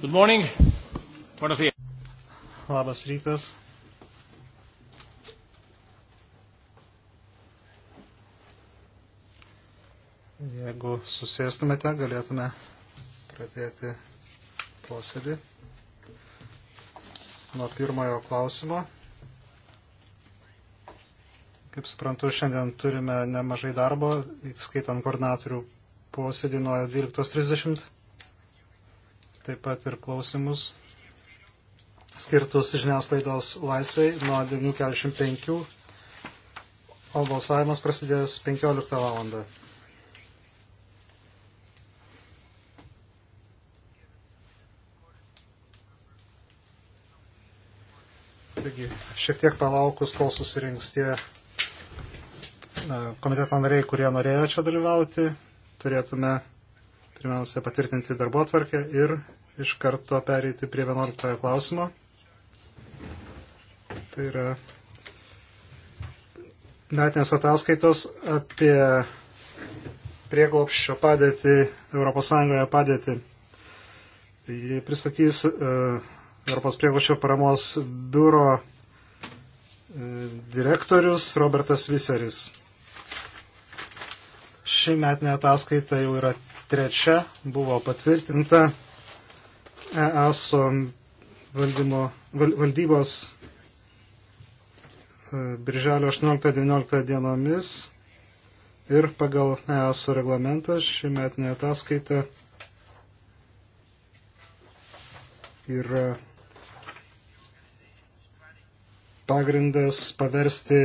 Good morning. Buenos días. Labas rytas. Jeigu susėstumėte, galėtume pradėti posėdį nuo pirmojo klausimo. Kaip suprantu, šiandien turime nemažai darbo, skaitant koordinatorių posėdį nuo 12.30 taip pat ir klausimus skirtus žiniasklaidos laisvai nuo 9.45, o balsavimas prasidės 15 val. Taigi, šiek tiek palaukus, kol susirinks tie komiteto nariai, kurie norėjo čia dalyvauti, turėtume pirmiausia patvirtinti darbo atvarkę ir iš karto pereiti prie 11 klausimo. Tai yra metinės ataskaitos apie prieglopščio padėtį, ES padėtį. Tai jį pristatys e, Europos prieglopščio paramos biuro e, direktorius Robertas Viseris. Ši metinė ataskaita jau yra trečia, buvo patvirtinta EASO valdymo, val, valdybos e, birželio 18-19 dienomis ir pagal EASO reglamentą ši metinė ataskaita yra pagrindas paversti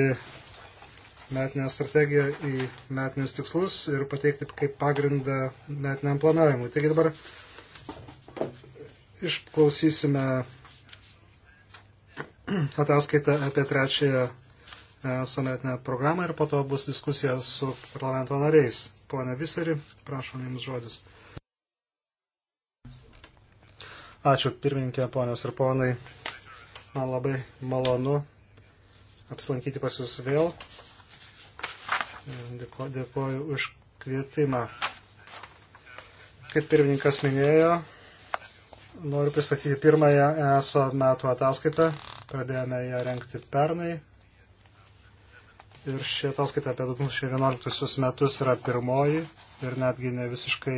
metinę strategiją į metinius tikslus ir pateikti kaip pagrindą metiniam planavimui. Taigi dabar išklausysime ataskaitą apie trečiąją e, sometinę programą ir po to bus diskusija su parlamento nariais. Pone Viseri, prašom Jums žodis. Ačiū pirmininkė, ponios ir ponai. Man labai malonu apsilankyti pas Jūs vėl. Dėkuoju už kvietimą. Kaip pirmininkas minėjo, Noriu pristatyti pirmąją ESO metų ataskaitą. Pradėjome ją renkti pernai. Ir ši ataskaita apie 2011 metus yra pirmoji ir netgi ne visiškai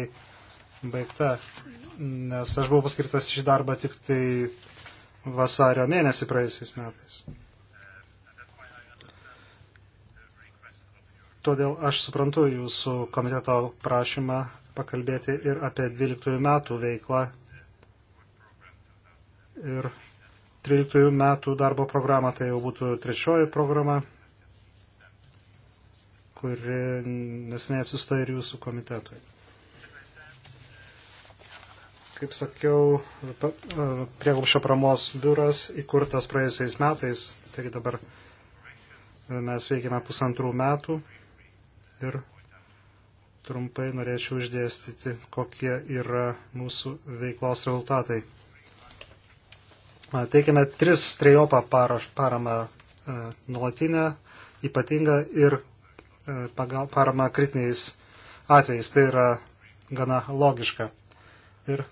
baigta, nes aš buvau paskirtas šį darbą tik tai vasario mėnesį praėjusiais metais. Todėl aš suprantu jūsų komiteto prašymą pakalbėti ir apie 12 metų veiklą ir 13 metų darbo programą, tai jau būtų trečioji programa, kuri nesiniai atsista ir jūsų komitetui. Kaip sakiau, prieglupšio pramos biuras įkurtas praėjusiais metais, taigi dabar mes veikiame pusantrų metų ir trumpai norėčiau išdėstyti, kokie yra mūsų veiklos rezultatai. Teikiame tris trejopą paramą e, nuolatinę, ypatingą ir e, paramą kritiniais atvejais. Tai yra gana logiška. Ir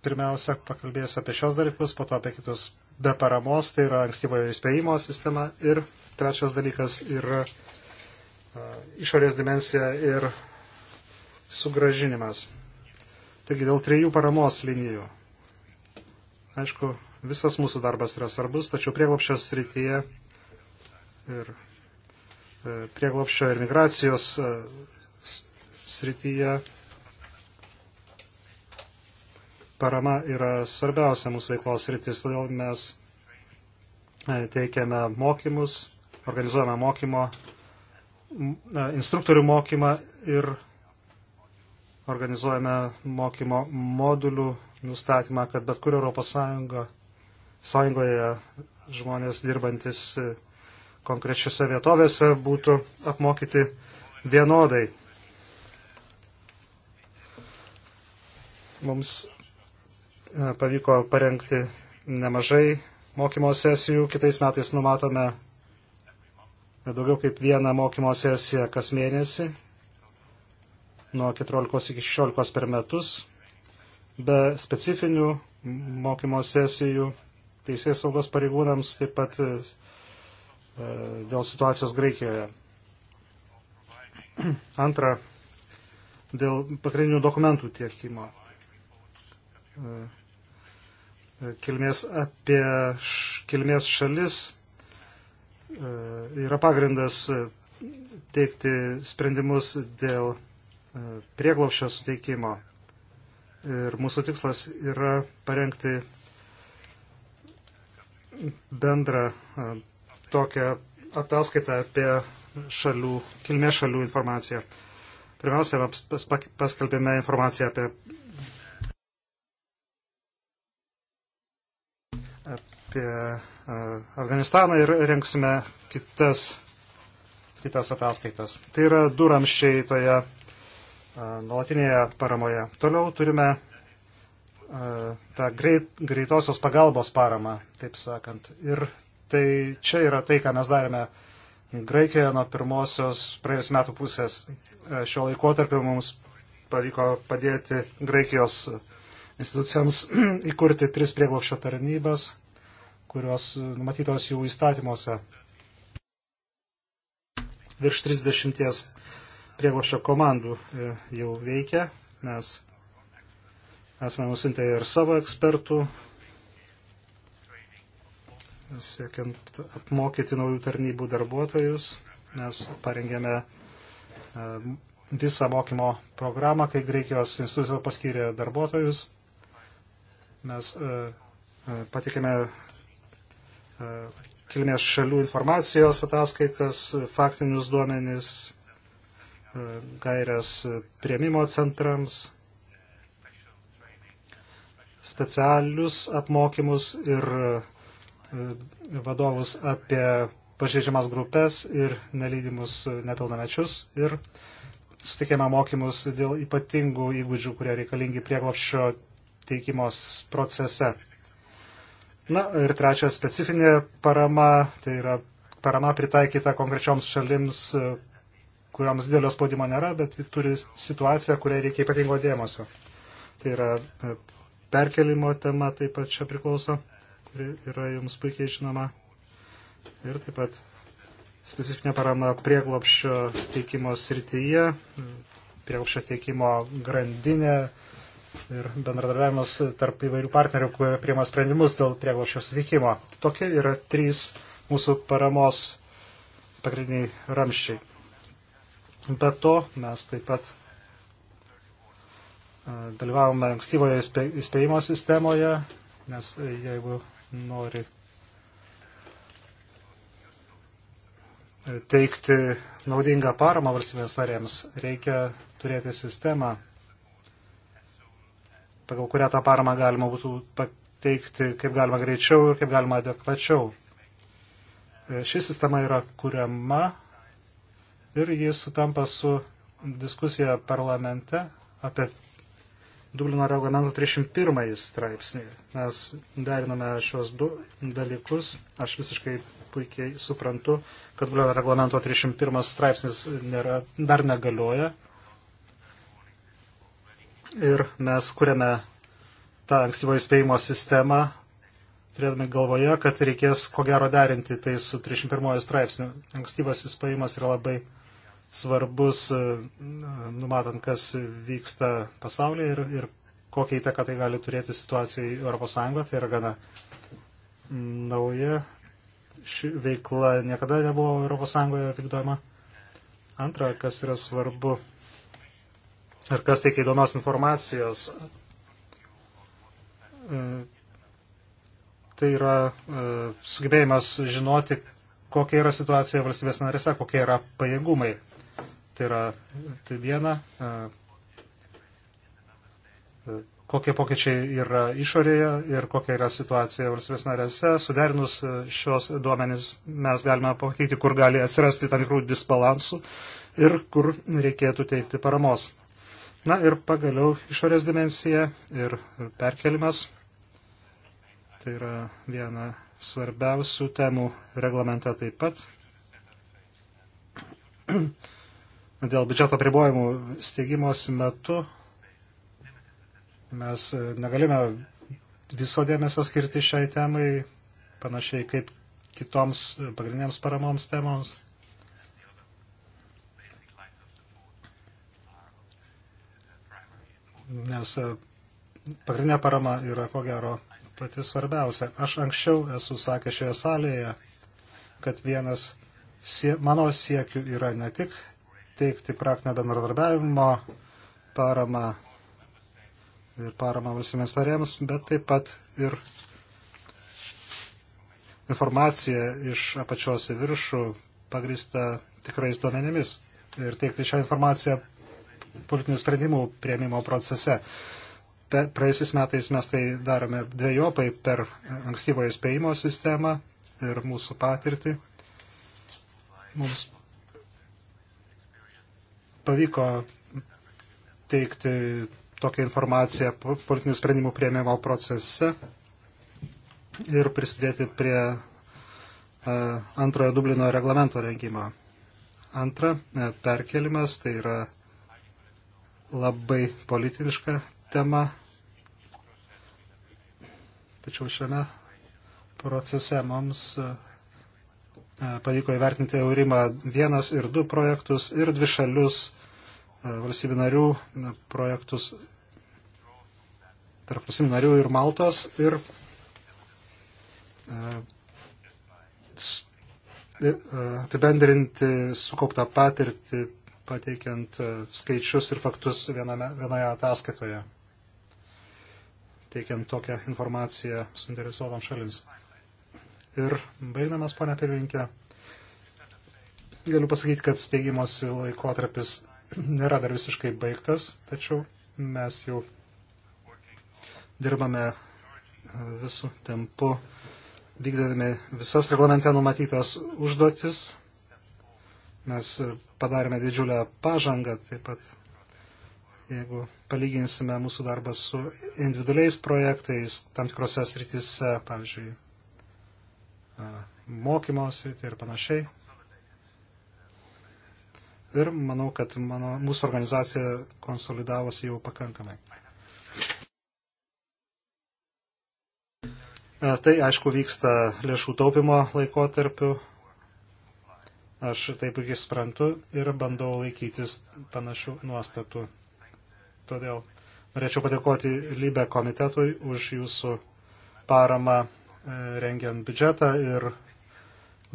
pirmiausia, pakalbėsiu apie šios dalykus, po to apie kitus be paramos, tai yra ankstyvojo įspėjimo sistema. Ir trečias dalykas yra e, išorės dimensija ir sugražinimas. Taigi dėl trijų paramos linijų. Aišku, visas mūsų darbas yra svarbus, tačiau prieglopščio srityje ir e, prieglopščio ir migracijos e, srityje parama yra svarbiausia mūsų veiklos sritis, todėl mes e, teikiame mokymus, organizuojame mokymo, instruktorių mokymą ir organizuojame mokymo modulių nustatymą, kad bet kur Europos Sąjunga, Sąjungoje žmonės dirbantis e, konkrečiose vietovėse būtų apmokyti vienodai. Mums e, pavyko parengti nemažai mokymo sesijų. Kitais metais numatome daugiau kaip vieną mokymo sesiją kas mėnesį nuo 14 iki 16 per metus be specifinių mokymo sesijų teisės saugos pareigūnams taip pat e, dėl situacijos Graikijoje. Antra, dėl pagrindinių dokumentų tiekimo. E, e, kilmės apie kilmės šalis yra pagrindas teikti sprendimus dėl prieglopščio suteikimo. Ir mūsų tikslas yra parengti bendrą tokią ataskaitą apie šalių, kilmės šalių informaciją. Pirmiausia, paskelbėme informaciją apie, apie Afganistaną ir rengsime kitas, kitas ataskaitas. Tai yra du ramščiai toje nuolatinėje paramoje. Toliau turime tą greit, greitosios pagalbos paramą, taip sakant. Ir tai čia yra tai, ką mes darėme Graikijoje nuo pirmosios praėjus metų pusės. Šiuo laikotarpiu mums pavyko padėti Graikijos institucijoms įkurti tris prieglopšio tarnybas, kurios numatytos jų įstatymuose. Virš 30 prieglopščio komandų e, jau veikia. Mes esame nusintę ir savo ekspertų, siekiant apmokyti naujų tarnybų darbuotojus. Mes parengėme e, visą mokymo programą, kai Graikijos institucijos paskyrė darbuotojus. Mes e, patikėme kilmės šalių informacijos ataskaitas, faktinius duomenys, gairias prieimimo centrams, specialius apmokymus ir e, vadovus apie pažeidžiamas grupės ir nelydimus nepilnamečius ir sutikėme mokymus dėl ypatingų įgūdžių, kurie reikalingi prieglopščio teikimos procese. Na ir trečia specifinė parama, tai yra parama pritaikyta konkrečioms šalims, kuriams didelio spaudimo nėra, bet turi situaciją, kuriai reikia ypatingo dėmesio. Tai yra e, perkelimo tema taip pat čia priklauso, kuri yra jums puikiai žinoma. Ir taip pat specifinė parama prieglopščio teikimo srityje, prieglopščio teikimo grandinė ir bendradarbiavimas tarp įvairių partnerių, kurie priema sprendimus dėl prieglopščio suteikimo. Tokie yra trys mūsų paramos pagrindiniai ramščiai. Be to mes taip pat e, dalyvavome ankstyvoje įspėjimo sistemoje, nes jeigu nori e, teikti naudingą paramą valstybės narėms, reikia turėti sistemą, pagal kurią tą paramą galima būtų pateikti kaip galima greičiau ir kaip galima adekvačiau. E, ši sistema yra kuriama ir jis sutampa su diskusija parlamente apie Dublino reglamento 301 straipsnį. Mes deriname šios du dalykus. Aš visiškai puikiai suprantu, kad Dublino reglamento 301 straipsnis nėra, dar negalioja. Ir mes kuriame tą ankstyvo įspėjimo sistemą, turėdami galvoje, kad reikės ko gero derinti tai su 301 straipsniu. Ankstyvas įspėjimas yra labai svarbus, e, numatant, kas vyksta pasaulyje ir, ir kokią įtaką tai gali turėti situacijai ES. Tai yra gana nauja ši veikla, niekada nebuvo ES vykdoma. Antra, kas yra svarbu ir kas teikia įdomios informacijos, e, tai yra e, sugebėjimas žinoti, kokia yra situacija valstybės narėse, kokie yra pajėgumai Tai yra tai viena, e, e, kokie pokyčiai yra išorėje ir kokia yra situacija valstybės narėse. Suderinus e, šios duomenys mes galime pamatyti, kur gali atsirasti tam tikrų disbalansų ir kur reikėtų teikti paramos. Na ir pagaliau išorės dimensija ir perkelimas. Tai yra viena svarbiausių temų reglamente taip pat. dėl biudžeto pribojimų steigimos metu mes e, negalime viso dėmesio skirti šiai temai, panašiai kaip kitoms pagrindiniams paramoms temoms. Nes e, pagrindinė parama yra ko gero pati svarbiausia. Aš anksčiau esu sakęs šioje salėje, kad vienas sie mano siekių yra ne tik teikti praktinio bendradarbiavimo paramą ir paramą valstybėms narėms, bet taip pat ir informacija iš apačios į viršų pagrįsta tikrais duomenimis ir teikti šią informaciją politinių sprendimų prieimimo procese. Praėjusiais metais mes tai darome dviejopai per ankstyvojo įspėjimo sistemą ir mūsų patirtį. Mums pavyko teikti tokią informaciją politinių sprendimų prieimimo procese ir prisidėti prie e, antrojo Dublino reglamento rengimo. Antra, e, perkelimas tai yra labai politiniška tema. Tačiau šiame procese mums e, E, pavyko įvertinti Eurimą 1 ir 2 projektus ir dvišalius e, valstybių narių e, projektus tarp valstybių narių ir Maltos ir apibendrinti sukauptą patirtį, pateikiant skaičius ir faktus viename, vienoje ataskaitoje, teikiant tokią informaciją suinteresuotam šalims. Ir baigdamas, ponė pirmininkė, galiu pasakyti, kad steigimosi laikotarpis nėra dar visiškai baigtas, tačiau mes jau dirbame e, visų tempu, vykdami visas reglamente numatytas užduotis. Mes padarėme didžiulę pažangą taip pat, jeigu palyginsime mūsų darbą su individualiais projektais tam tikrose srityse, pavyzdžiui, mokymosi tai ir panašiai. Ir manau, kad mano, mūsų organizacija konsolidavosi jau pakankamai. Tai, aišku, vyksta lėšų taupimo laikotarpiu. Aš tai puikiai suprantu ir bandau laikytis panašių nuostatų. Todėl norėčiau padėkoti Lybe komitetui už jūsų paramą E, rengiant biudžetą ir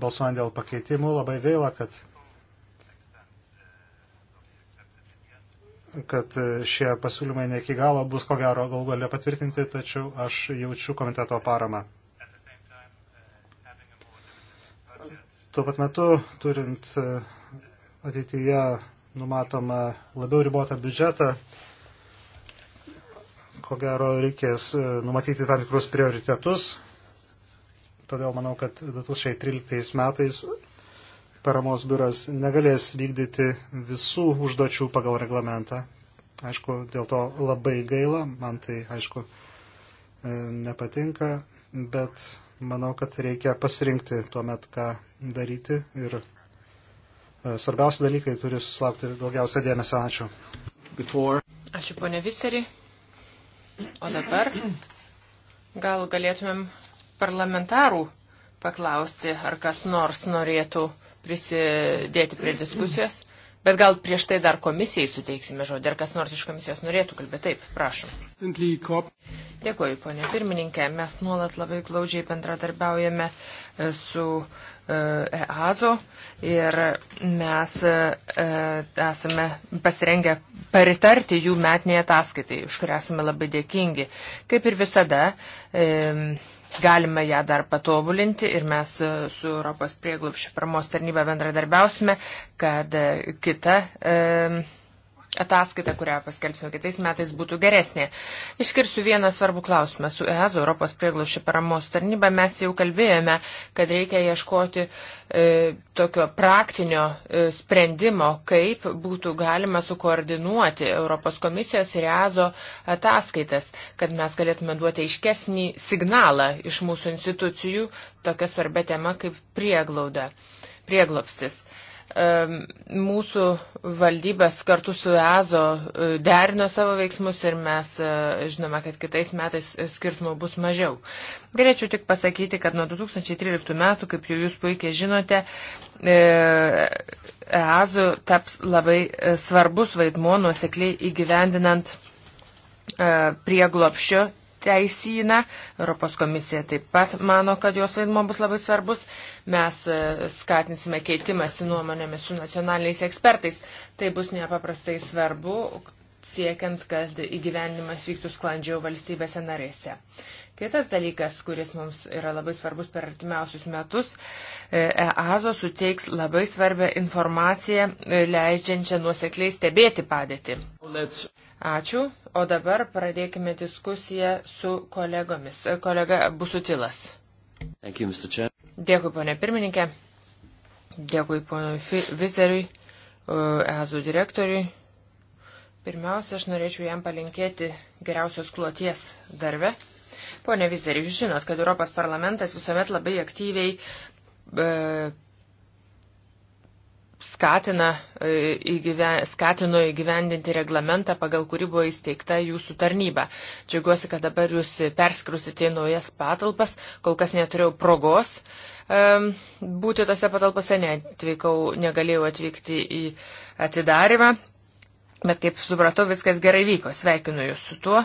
balsuojant dėl pakeitimų. Labai gaila, kad, kad šie pasiūlymai ne iki galo bus ko gero gal galia patvirtinti, tačiau aš jaučiu komiteto paramą. Tuo pat metu, turint e, ateityje numatomą labiau ribotą biudžetą, ko gero reikės e, numatyti tam tikrus prioritetus Todėl manau, kad 2013 metais paramos biuras negalės vykdyti visų užduočių pagal reglamentą. Aišku, dėl to labai gaila, man tai, aišku, e, nepatinka, bet manau, kad reikia pasirinkti tuomet, ką daryti ir e, svarbiausi dalykai turi susilaukti daugiausia dėmesio. Ačiū. Before. Ačiū, ponė Viseri. O dabar gal galėtumėm parlamentarų paklausti, ar kas nors norėtų prisidėti prie diskusijos. Bet gal prieš tai dar komisijai suteiksime žodį, ar kas nors iš komisijos norėtų kalbėti. Taip, prašom. Dėkuoju, ponė pirmininkė. Mes nuolat labai glaudžiai bendradarbiaujame e, su EASO e ir mes e, esame pasirengę paritarti jų metinėje ataskaitai, už kurią esame labai dėkingi. Kaip ir visada. E, Galime ją dar patobulinti ir mes e, su Europos prieglupščio paramos tarnyba bendradarbiausime, kad e, kita. E, ataskaita, kurią paskelbsime kitais metais, būtų geresnė. Iškirsiu vieną svarbų klausimą. Su EASO, Europos prieglošio paramos tarnyba, mes jau kalbėjome, kad reikia ieškoti e, tokio praktinio e, sprendimo, kaip būtų galima sukoordinuoti Europos komisijos ir EASO ataskaitas, kad mes galėtume duoti aiškesnį signalą iš mūsų institucijų tokią svarbę temą kaip prieglauda prieglopstis. Mūsų valdybės kartu su EASO e, derino savo veiksmus ir mes e, žinome, kad kitais metais skirtumo bus mažiau. Galėčiau tik pasakyti, kad nuo 2013 metų, kaip jau jūs puikiai žinote, e, EASO taps labai svarbus vaidmuo nuosekliai įgyvendinant prieglopščio teisyną. Europos komisija taip pat mano, kad jos vaidmo bus labai svarbus. Mes e, skatinsime keitimąsi nuomonėmis su nacionaliniais ekspertais. Tai bus nepaprastai svarbu siekiant, kad įgyvendimas vyktų sklandžiau valstybėse narėse. Kitas dalykas, kuris mums yra labai svarbus per artimiausius metus, EASO e suteiks labai svarbę informaciją, e, leidžiančią nuosekliai stebėti padėtį. Let's... Ačiū. O dabar pradėkime diskusiją su kolegomis. Kolega Busutilas. Dėkui, ponė pirmininkė. Dėkui, ponui Vizeriui, EZU direktoriui. Pirmiausia, aš norėčiau jam palinkėti geriausios kloties darbe. Pone Vizeri, jūs žinot, kad Europos parlamentas visuomet labai aktyviai e, skatina, e, įgyven, skatino įgyvendinti reglamentą, pagal kurį buvo įsteigta jūsų tarnyba. Džiaugiuosi, kad dabar jūs perskrusite į naujas patalpas, kol kas neturėjau progos e, būti tose patalpose, neatvykau, negalėjau atvykti į atidarimą, Bet kaip supratau, viskas gerai vyko. Sveikinu Jūs su tuo,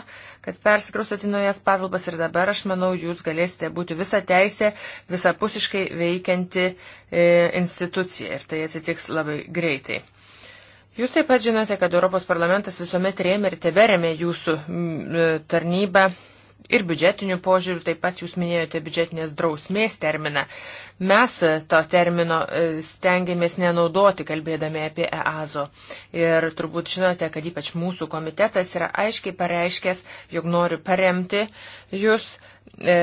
kad persikraustot į naujas patalpas ir dabar, aš manau, Jūs galėsite būti visą teisę, visapusiškai veikianti e, institucija. Ir tai atsitiks labai greitai. Jūs taip pat žinote, kad Europos parlamentas visuomet rėmė ir teberėmė Jūsų e, tarnybą ir biudžetinių požiūrių, taip pat jūs minėjote biudžetinės drausmės terminą. Mes to termino e, stengiamės nenaudoti, kalbėdami apie EASO. Ir turbūt žinote, kad ypač mūsų komitetas yra aiškiai pareiškęs, jog noriu paremti jūs. E,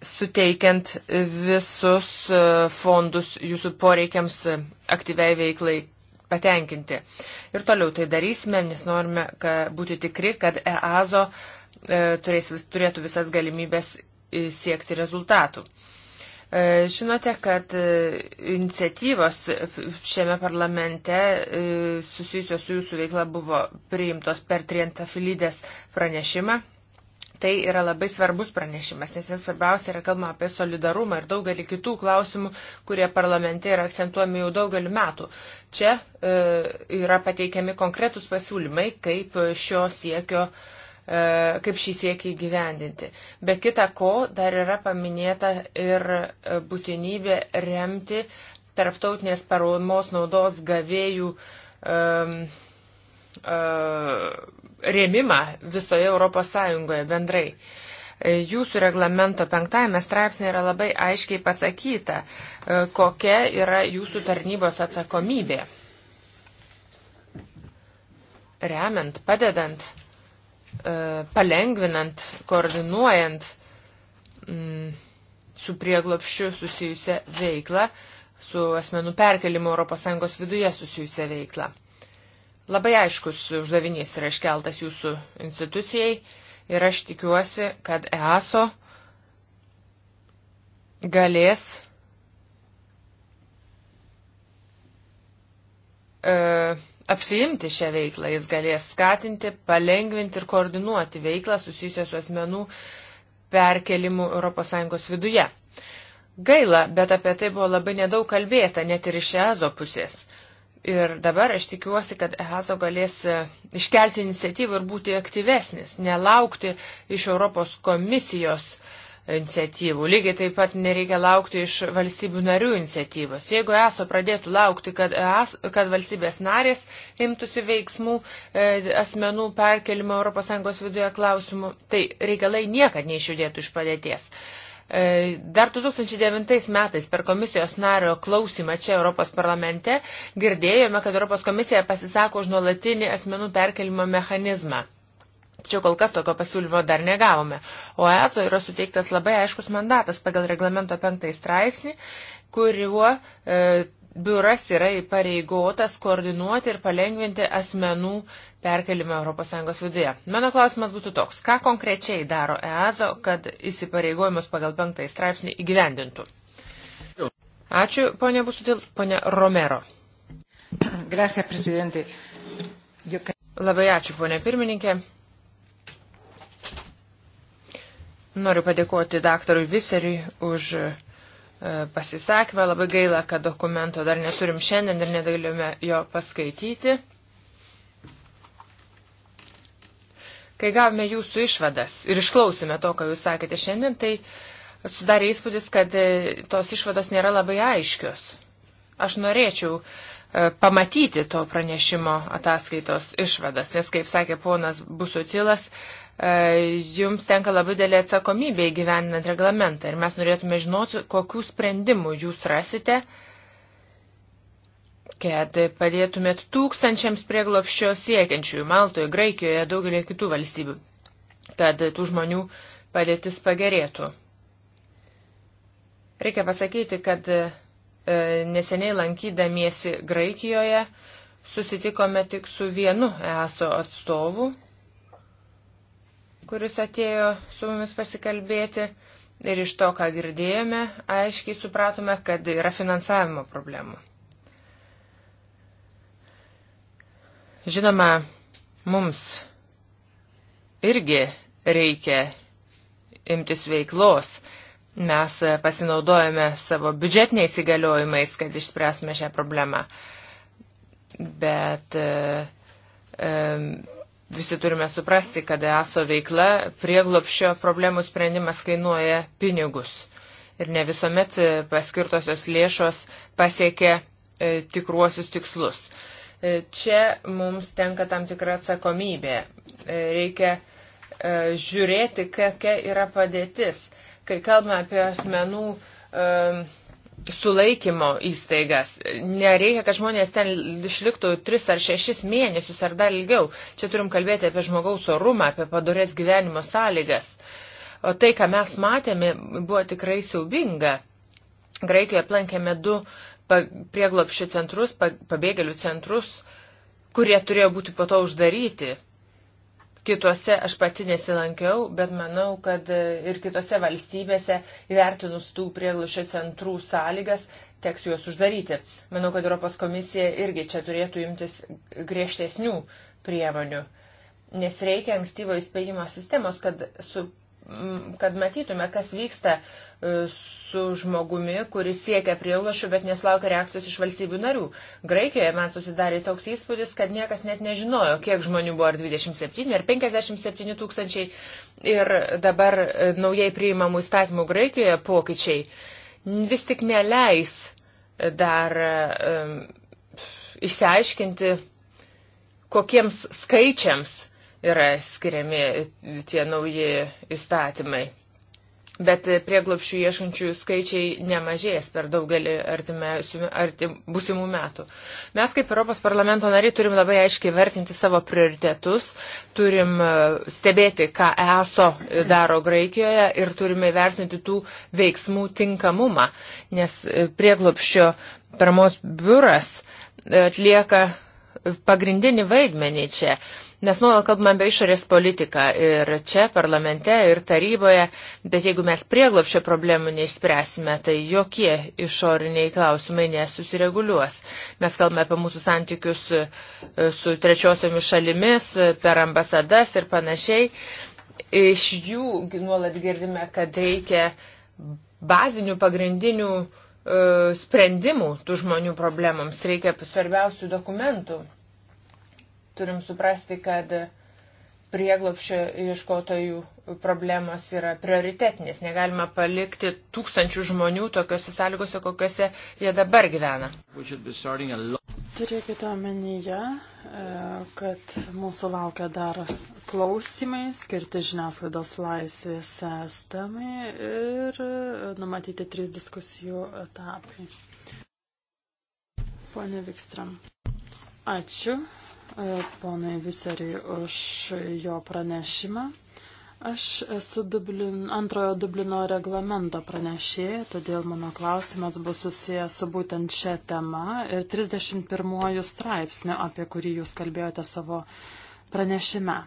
suteikiant visus e, fondus jūsų poreikiams aktyviai veiklai patenkinti. Ir toliau tai darysime, nes norime ka, būti tikri, kad EASO E, turės, turėtų visas galimybės e, siekti rezultatų. E, žinote, kad iniciatyvos šiame parlamente susijusios su jūsų veikla buvo priimtos per Trientafilydės pranešimą. Tai yra labai svarbus pranešimas, nes jis svarbiausia yra kalbama apie solidarumą ir daugelį kitų klausimų, kurie parlamente yra akcentuojami jau daugelį metų. Čia e, yra pateikiami konkretus pasiūlymai, kaip šio siekio e, E, kaip šį siekį įgyvendinti. Be kita ko, dar yra paminėta ir e, būtinybė remti tarptautinės paramos naudos gavėjų um, rėmimą visoje Europos Sąjungoje bendrai. Jūsų reglamento penktajame straipsnė yra labai aiškiai pasakyta, kokia yra jūsų tarnybos atsakomybė. Remiant, padedant E, palengvinant, koordinuojant mm, su prieglopščiu susijusią veiklą, su asmenų perkelimu ES viduje susijusią veiklą. Labai aiškus uždavinys yra iškeltas jūsų institucijai ir aš tikiuosi, kad EASO galės e, apsiimti šią veiklą. Jis galės skatinti, palengvinti ir koordinuoti veiklą susijusią su asmenų perkelimu ES viduje. Gaila, bet apie tai buvo labai nedaug kalbėta, net ir iš EZO pusės. Ir dabar aš tikiuosi, kad EHASO galės e, iškelti iniciatyvą ir būti aktyvesnis, nelaukti iš Europos komisijos uh, iniciatyvų. Lygiai taip pat nereikia laukti iš valstybių narių iniciatyvos. Jeigu ESO pradėtų laukti, kad, ES, kad valstybės narės imtųsi veiksmų e, asmenų perkelimo ES viduje klausimų, tai reikalai niekad neišjudėtų iš padėties. E, dar 2009 metais per komisijos nario klausimą čia Europos parlamente girdėjome, kad Europos komisija pasisako už nuolatinį asmenų perkelimo mechanizmą. Čia kol kas tokio pasiūlymo dar negavome. O ESO yra suteiktas labai aiškus mandatas pagal reglamento penktąjį straipsnį, kuriuo e, biuras yra įpareigotas koordinuoti ir palengvinti asmenų perkelimą ES viduje. Mano klausimas būtų toks, ką konkrečiai daro EASO, kad įsipareigojimus pagal penktąjį straipsnį įgyvendintų? Ačiū, ponė Busutil, ponė Romero. Gracias, Labai ačiū, ponė pirmininkė. Noriu padėkoti daktarui Viseriui už e, pasisakymą. Labai gaila, kad dokumento dar neturim šiandien ir negalėjome jo paskaityti. Kai gavome jūsų išvadas ir išklausime to, ką jūs sakėte šiandien, tai sudarė įspūdis, kad e, tos išvados nėra labai aiškios. Aš norėčiau e, pamatyti to pranešimo ataskaitos išvadas, nes, kaip sakė ponas Busotilas, E, jums tenka labai dėlė atsakomybė įgyveninant reglamentą ir mes norėtume žinoti, kokių sprendimų jūs rasite, kad padėtumėt tūkstančiams prieglopščio siekiančiųjų Maltoje, Graikijoje, daugelį kitų valstybių, kad tų žmonių padėtis pagerėtų. Reikia pasakyti, kad e, neseniai lankydamiesi Graikijoje susitikome tik su vienu ESO atstovu kuris atėjo su mumis pasikalbėti. Ir iš to, ką girdėjome, aiškiai supratome, kad yra finansavimo problemų. Žinoma, mums irgi reikia imtis veiklos. Mes pasinaudojame savo biudžetiniais įgaliojimais, kad išspręsime šią problemą. Bet e, e, visi turime suprasti, kad ESO veikla prieglopščio problemų sprendimas kainuoja pinigus. Ir ne visuomet e, paskirtosios lėšos pasiekia e, tikruosius tikslus. E, čia mums tenka tam tikra atsakomybė. Reikia žiūrėti, kokia yra padėtis. Kai kalbame apie asmenų sulaikymo įstaigas. Nereikia, kad žmonės ten išliktų tris ar šešis mėnesius ar dar ilgiau. Čia turim kalbėti apie žmogaus orumą, apie padorės gyvenimo sąlygas. O tai, ką mes matėme, buvo tikrai siaubinga. Graikijoje aplankėme du prieglopščių centrus, pabėgėlių centrus, kurie turėjo būti po to uždaryti. Kitose aš pati nesilankiau, bet manau, kad e, ir kitose valstybėse įvertinus tų prieglušio centrų sąlygas teks juos uždaryti. Manau, kad Europos komisija irgi čia turėtų imtis griežtesnių priemonių, nes reikia ankstyvo įspėjimo sistemos, kad, su, kad matytume, kas vyksta uh, E, su žmogumi, kuris siekia prieglašų, bet neslaukia reakcijos iš valstybių narių. Graikijoje man susidarė toks įspūdis, kad niekas net nežinojo, kiek žmonių buvo, ar 27, ar 57 tūkstančiai. Ir dabar e, naujai priimamų įstatymų Graikijoje pokyčiai vis tik neleis dar um, išsiaiškinti, kokiems skaičiams yra skiriami tie nauji įstatymai bet prieglopšių iešančių skaičiai nemažės per daugelį artim, būsimų metų. Mes kaip Europos parlamento nariai turim labai aiškiai vertinti savo prioritetus, turim e, stebėti, ką ESO daro Graikijoje ir turime vertinti tų veiksmų tinkamumą, nes e, prieglopščio paramos biuras e, atlieka pagrindinį vaidmenį čia. Nes nuolat kalbame apie išorės politiką ir čia, parlamente, ir taryboje, bet jeigu mes prieglopšio problemų neišspręsime, tai jokie išoriniai klausimai nesusireguliuos. Mes kalbame apie mūsų santykius su, e, su trečiosiomis šalimis, per ambasadas ir panašiai. Iš jų nuolat girdime, kad reikia bazinių pagrindinių e, sprendimų tų žmonių problemams, reikia svarbiausių dokumentų. Turim suprasti, kad prieglopščio ieškotojų problemos yra prioritetinės. Negalima palikti tūkstančių žmonių tokiuose sąlygose, kokiuose jie dabar gyvena. Turėkite omenyje, e, kad mūsų laukia dar klausimai skirti žiniasklaidos laisvės sistemai ir e, numatyti trys diskusijų etapai. Pone Vikstram. Ačiū. E, ponui Viseriui už jo pranešimą. Aš esu Dublin, antrojo Dublino reglamento pranešėja, todėl mano klausimas bus susijęs su būtent šią temą ir 31 straipsniu, apie kurį jūs kalbėjote savo pranešime.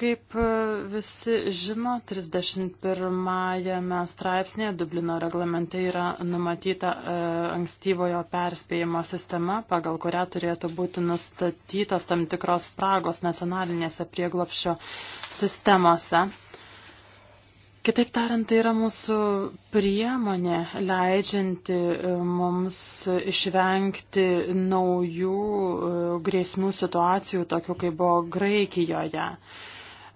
Kaip e, visi žino, 31 straipsnėje Dublino reglamente yra numatyta e, ankstyvojo perspėjimo sistema, pagal kurią turėtų būti nustatytos tam tikros spragos nacionalinėse prieglopščio sistemose. Kitaip tariant, tai yra mūsų priemonė leidžianti e, mums išvengti naujų e, grėsmių situacijų, tokių kaip buvo Graikijoje.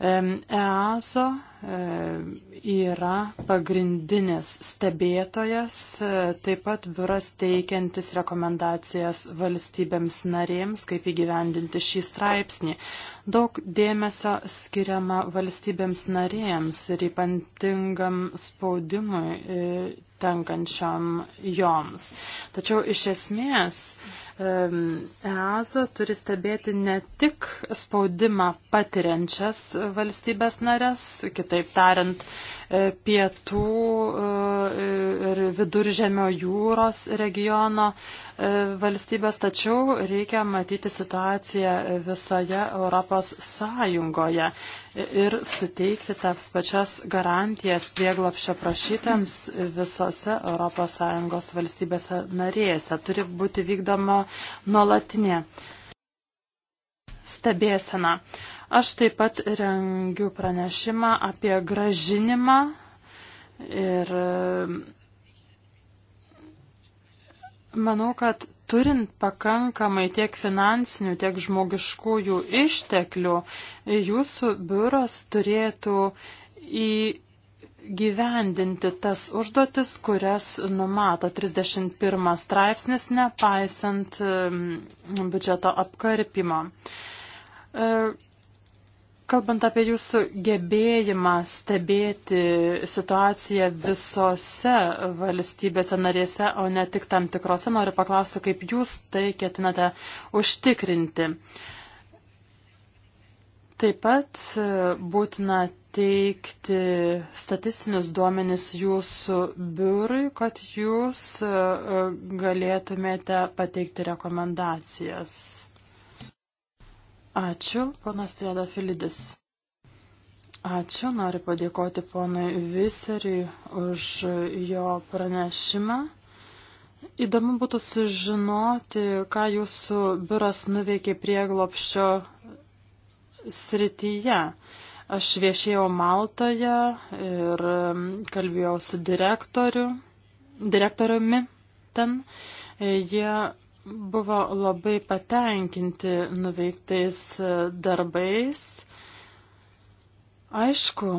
EASO yra pagrindinis stebėtojas, e, taip pat biuras teikiantis rekomendacijas valstybėms narėms, kaip įgyvendinti šį straipsnį. Daug dėmesio skiriama valstybėms narėms ir ypatingam spaudimui e, tenkančiam joms. Tačiau iš esmės EASO turi stebėti ne tik spaudimą patiriančias valstybės narės, kitaip tariant, e, pietų e, ir viduržemio jūros regiono e, valstybės, tačiau reikia matyti situaciją visoje Europos Sąjungoje ir suteikti tas pačias garantijas prieglapščio prašytams visose ES valstybėse narėse. Turi būti vykdoma nuolatinė stebėsena. Aš taip pat rengiu pranešimą apie gražinimą ir manau, kad turint pakankamai tiek finansinių, tiek žmogiškųjų išteklių, jūsų biuras turėtų įgyvendinti tas užduotis, kurias numato 31 straipsnis, nepaisant mm, biudžeto apkarpimo. E, Kalbant apie jūsų gebėjimą stebėti situaciją visose valstybėse narėse, o ne tik tam tikrose, noriu paklausti, kaip jūs tai ketinate užtikrinti. Taip pat e, būtina teikti statistinius duomenis jūsų biurui, kad jūs e, e, galėtumėte pateikti rekomendacijas. Ačiū, ponas Trėda Filidis. Ačiū, noriu padėkoti ponui Viseriui už jo pranešimą. Įdomu būtų sužinoti, ką jūsų biuras nuveikė prieglopščio srityje. Aš viešėjau Maltoje ir um, kalbėjau su direktoriu, direktoriumi ten. Jie buvo labai patenkinti nuveiktais e, darbais. Aišku,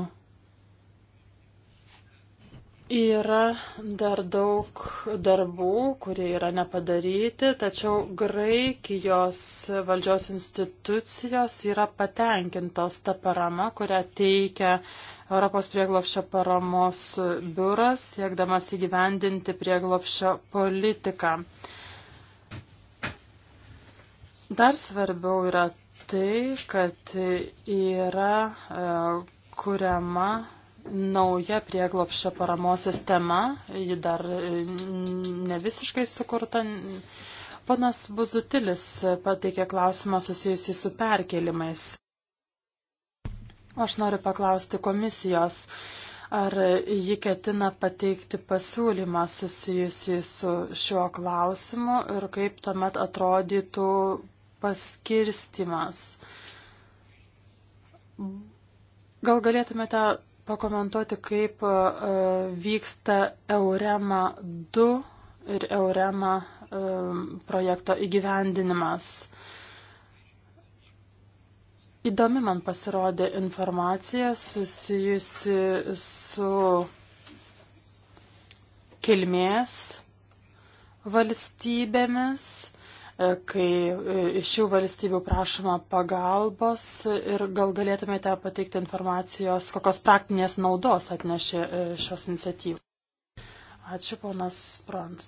yra dar daug darbų, kurie yra nepadaryti, tačiau Graikijos valdžios institucijos yra patenkintos tą paramą, kurią teikia Europos prieglopščio paramos biuras, siekdamas įgyvendinti prieglopščio politiką. Dar svarbiau yra tai, kad yra e, kuriama nauja prieglopščio paramos sistema, ji dar e, ne visiškai sukurta. Panas Buzutilis pateikė klausimą susijusį su perkelimais. Aš noriu paklausti komisijos, ar ji ketina pateikti pasiūlymą susijusį su šiuo klausimu ir kaip tuomet atrodytų paskirstimas. Gal galėtumėte pakomentuoti, kaip e, vyksta Eurema 2 ir Eurema e, projekto įgyvendinimas. Įdomi man pasirodė informacija susijusi su kilmės valstybėmis E, kai e, iš šių valstybių prašoma pagalbos ir gal galėtumėte pateikti informacijos, kokios praktinės naudos atnešė e, šios iniciatyvos. Ačiū, ponas Prans.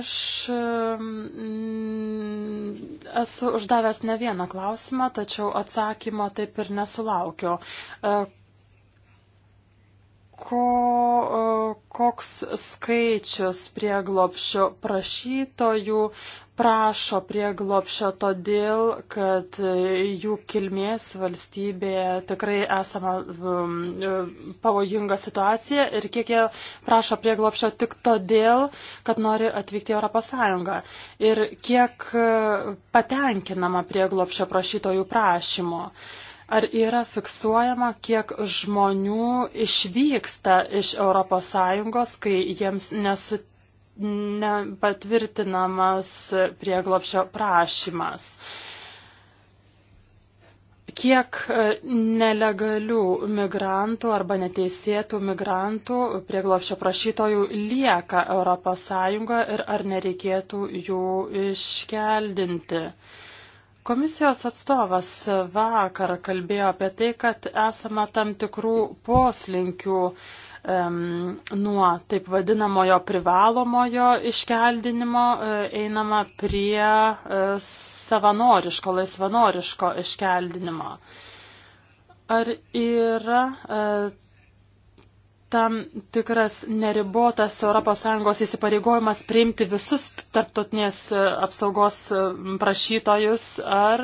Aš esu uždavęs ne vieną klausimą, tačiau atsakymo taip ir nesulaukiu ko, e, koks skaičius prieglopšio prašytojų prašo prieglopšio todėl, kad jų kilmės valstybėje tikrai esama um, e, pavojinga situacija ir kiek jie prašo prieglopšio tik todėl, kad nori atvykti į ES. Ir kiek e, patenkinama prieglopšio prašytojų prašymo. Uh, Ar yra fiksuojama, kiek žmonių išvyksta iš ES, kai jiems nesu, nepatvirtinamas prieglopšio prašymas? kiek e, nelegalių migrantų arba neteisėtų migrantų prieglopščio prašytojų lieka ES ir ar nereikėtų jų iškeldinti. Komisijos atstovas vakar kalbėjo apie tai, kad esame tam tikrų poslinkių um, nuo taip vadinamojo privalomojo iškeldinimo e, einama prie e, savanoriško, laisvanoriško iškeldinimo. Ar yra e, tam tikras neribotas ES įsipareigojimas priimti visus tarptautinės e, apsaugos e, prašytojus, ar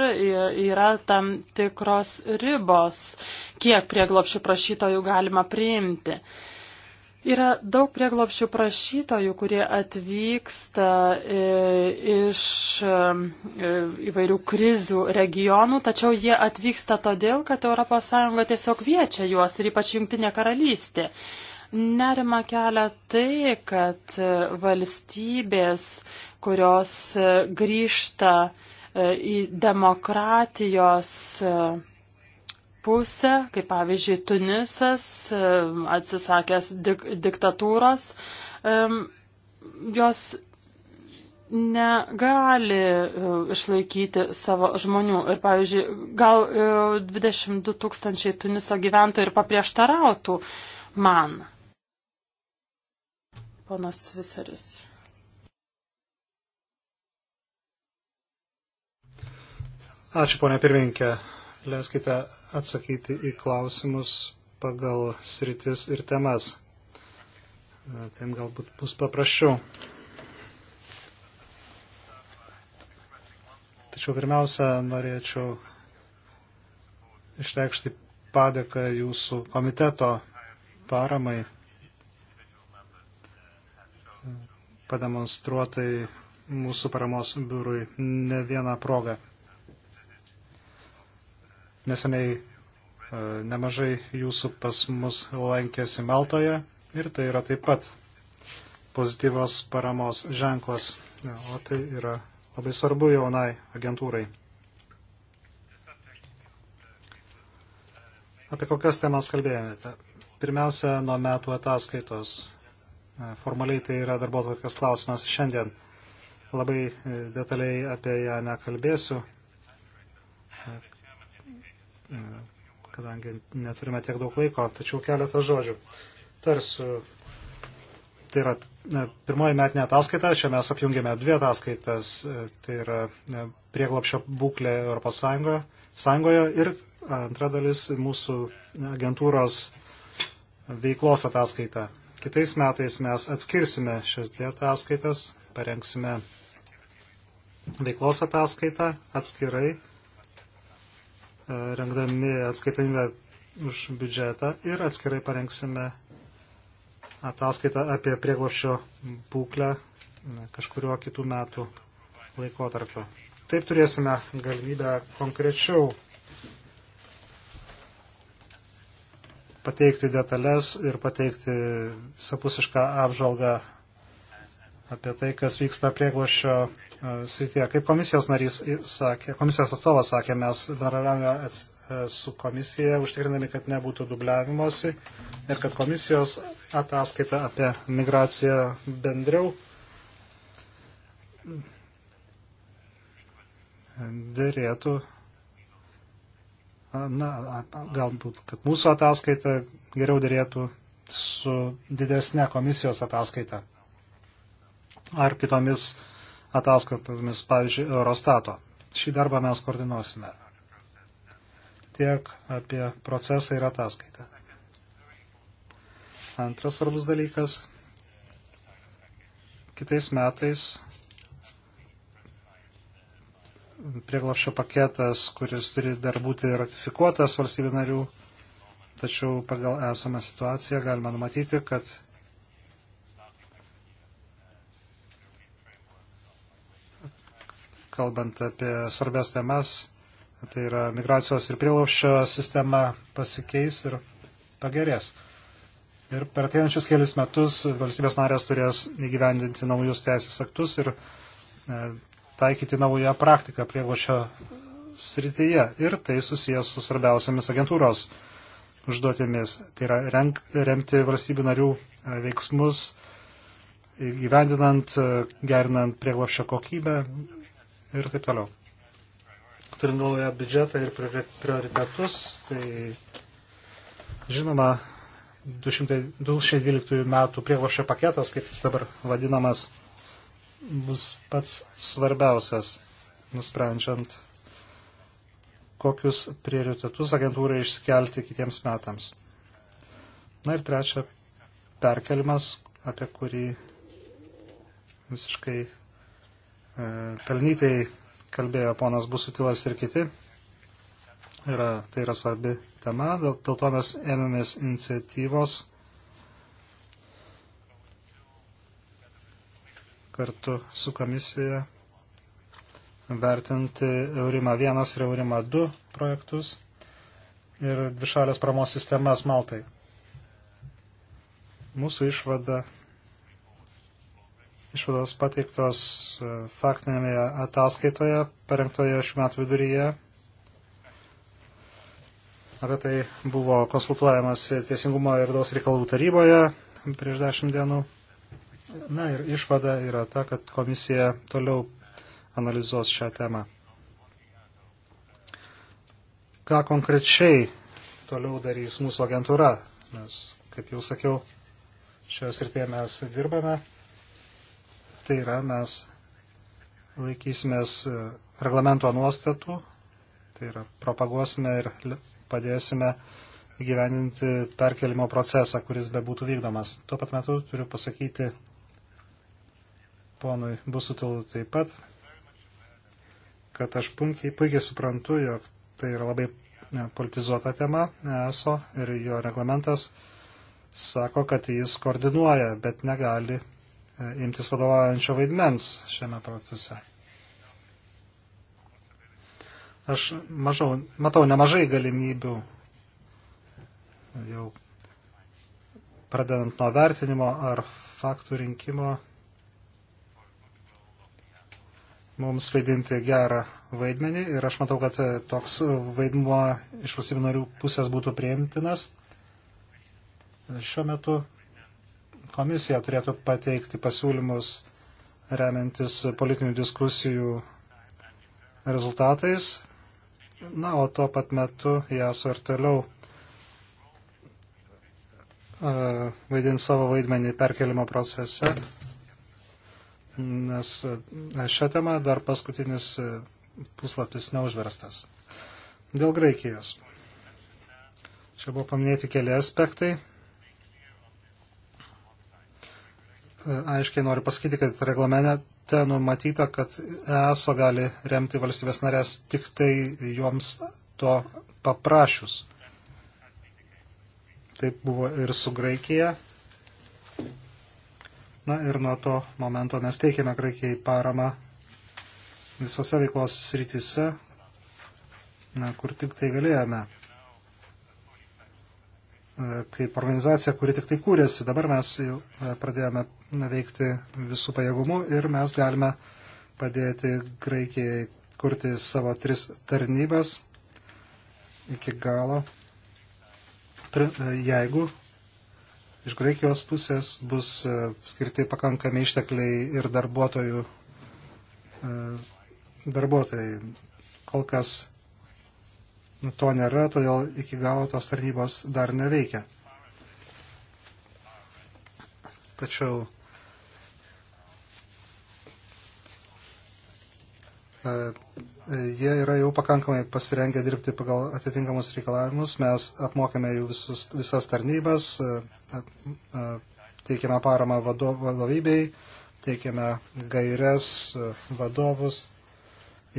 yra tam tikros ribos, kiek prieglopšių prašytojų galima priimti. Uh, Yra daug prieglopščių prašytojų, kurie atvyksta e, iš e, įvairių krizių regionų, tačiau jie atvyksta todėl, kad ES tiesiog viečia juos ir ypač Junktinė karalystė. Nerima kelia tai, kad e, valstybės, kurios grįžta į demokratijos pusę, kaip pavyzdžiui Tunisas, atsisakęs dik diktatūros, jos negali e, išlaikyti savo žmonių. Ir, pavyzdžiui, gal 22 e, tūkstančiai Tuniso gyventojų ir paprieštarautų man. Ponas Viseris. Ačiū, ponė pirmininkė. Leiskite atsakyti į klausimus pagal sritis ir temas. E, tiem galbūt bus paprasčiau. Tačiau pirmiausia, norėčiau išreikšti padėką jūsų komiteto paramai pademonstruotai mūsų paramos biurui ne vieną progą. Neseniai e, nemažai jūsų pas mus lankėsi Maltoje ir tai yra taip pat pozityvos paramos ženklas, e, o tai yra labai svarbu jaunai agentūrai. Apie kokias temas kalbėjome? Pirmiausia, nuo metų ataskaitos. E, formaliai tai yra darbo tvarkės klausimas šiandien. Labai detaliai apie ją nekalbėsiu, kadangi neturime tiek daug laiko, tačiau keletą žodžių. Tarsiu, tai yra pirmoji metinė ataskaita, čia mes apjungėme dvi ataskaitas, e, tai yra e, prieglapšio būklė Europos Sąjungoje, Sąjungoje ir antra dalis mūsų agentūros veiklos ataskaita. Kitais metais mes atskirsime šias dvi ataskaitas, parengsime veiklos ataskaitą atskirai E, rengdami atskaitomybę už biudžetą ir atskirai parengsime ataskaitą apie prieglopščio būklę e, kažkurio kitų metų laikotarpio. Taip turėsime galimybę konkrečiau pateikti detalės ir pateikti visapusišką apžvalgą apie tai, kas vyksta prieglošio srityje. Kaip komisijos narys sakė, komisijos atstovas sakė, mes bendradarbiavome e, su komisija, užtikrinami, kad nebūtų dubliavimosi ir kad komisijos ataskaita apie migraciją bendriau dėrėtų. Na, galbūt, kad mūsų ataskaita geriau dėrėtų su didesne komisijos ataskaita ar kitomis uh, ataskatomis, pavyzdžiui, Eurostato. Šį darbą mes koordinuosime. Tiek apie procesą ir ataskaitą. Antras svarbus dalykas. Kitais metais prieglapšio paketas, kuris turi dar būti ratifikuotas valstybių narių, tačiau pagal esamą situaciją galima numatyti, kad kalbant apie svarbės temas, tai yra migracijos ir prilaušio sistema pasikeis ir pagerės. Ir per ateinančius kelius metus valstybės narės turės įgyvendinti naujus teisės aktus ir e, taikyti naują praktiką prieglošio srityje. Ir tai susijęs su svarbiausiamis agentūros užduotimis. Tai yra renk, remti valstybių narių e, veiksmus, įgyvendinant, e, gerinant prieglopšio kokybę, ir taip toliau. Turint galvoje biudžetą ir prioritetus, tai žinoma, 2012 metų prieglošio paketas, kaip dabar vadinamas, bus pats svarbiausias, nusprendžiant, kokius prioritetus agentūrai išskelti kitiems metams. Na ir trečia, perkelimas, apie kurį visiškai E, pelnytai kalbėjo ponas Busutilas ir kiti. Yra, tai yra svarbi tema, dėl, dėl to mes ėmėmės iniciatyvos kartu su komisija vertinti Eurima 1 ir Eurima 2 projektus ir dvišalės pramos sistemas Maltai. Mūsų išvada Išvados pateiktos e, faktinėje ataskaitoje, parengtoje šių metų viduryje. Apie tai buvo konsultuojamas Teisingumo ir Daus reikalų taryboje prieš dešimt dienų. Na ir išvada yra ta, kad komisija toliau analizuos šią temą. Ką konkrečiai toliau darys mūsų agentūra? Nes, kaip jau sakiau, šioje srityje mes dirbame. Tai yra, mes laikysimės e, reglamento nuostatų, tai yra propaguosime ir padėsime įgyveninti perkelimo procesą, kuris bebūtų vykdomas. Tuo pat metu turiu pasakyti ponui Busutilu taip pat, kad aš punkiai, puikiai suprantu, jog tai yra labai e, politizuota tema e, ESO ir jo reglamentas sako, kad jis koordinuoja, bet negali E, imtis vadovaujančio vaidmens šiame procese. Aš mažau, matau nemažai galimybių jau pradedant nuo vertinimo ar faktų rinkimo mums vaidinti gerą vaidmenį ir aš matau, kad e, toks vaidmuo iš valstybių narių pusės būtų priimtinas. Šiuo metu Komisija turėtų pateikti pasiūlymus remiantis politinių diskusijų rezultatais. Na, o tuo pat metu jas ir toliau e, vaidins savo vaidmenį perkelimo procese, nes e, šią temą dar paskutinis e, puslapis neužverstas. Dėl Graikijos. Čia buvo paminėti keli aspektai. aiškiai noriu pasakyti, kad reglamente numatyta, kad ESO gali remti valstybės narės tik tai joms to paprašius. Taip buvo ir su Graikija. Na ir nuo to momento mes teikiame Graikijai paramą visose veiklos srityse, na, kur tik tai galėjome kaip organizacija, kuri tik tai kūrėsi. Dabar mes jau e, pradėjome veikti visų pajėgumų ir mes galime padėti Graikijai kurti savo tris tarnybas iki galo, e, jeigu iš Graikijos pusės bus e, skirti pakankami ištekliai ir darbuotojų darbuotojai. Kol kas Nu, to nėra, todėl iki galo tos tarnybos dar neveikia. Tačiau e, e, jie yra jau pakankamai pasirengę dirbti pagal atitinkamus reikalavimus. Mes apmokėme jų visus, visas tarnybas, e, teikiame paramą vadovybei, teikiame gairias vadovus,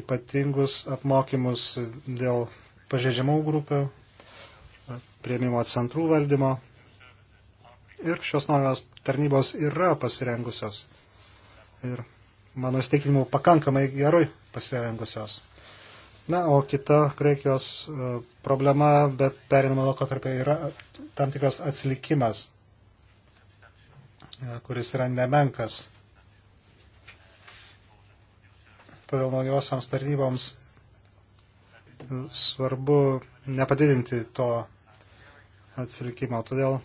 ypatingus apmokymus dėl pažeidžiamų grupių, prieimimo centrų valdymo. Ir šios naujos tarnybos yra pasirengusios. Ir mano įsteiginimu pakankamai gerai pasirengusios. Na, o kita Graikijos e, problema, bet perinamo laikotarpio yra tam tikras atsilikimas, e, kuris yra nemenkas. Todėl naujosiams tarnyboms svarbu nepadidinti to atsilikimo. Todėl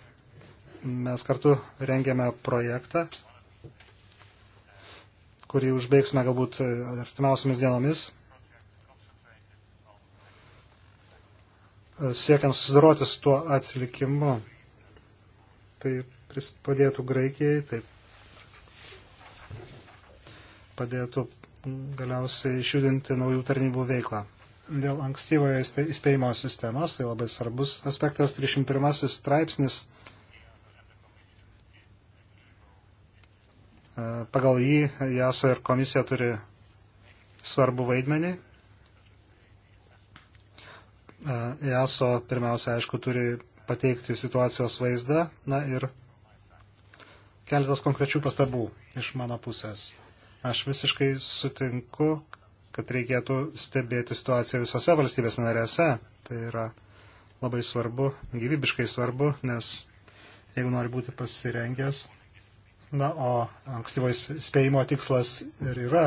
mes kartu rengiame projektą, kurį užbaigsime galbūt artimiausiamis dienomis, siekiant susidoroti su tuo atsilikimu. Tai padėtų Graikijai, taip padėtų galiausiai išjudinti naujų tarnybų veiklą dėl ankstyvojo įspėjimo sistemos, tai labai svarbus aspektas, 31 straipsnis. E, pagal jį JASO ir komisija turi svarbu vaidmenį. JASO e, pirmiausia, aišku, turi pateikti situacijos vaizdą. Na ir keletas konkrečių pastabų iš mano pusės. Aš visiškai sutinku, kad reikėtų stebėti situaciją visose valstybės narėse. Tai yra labai svarbu, gyvybiškai svarbu, nes jeigu nori būti pasirengęs, na, o ankstyvo spėjimo tikslas ir yra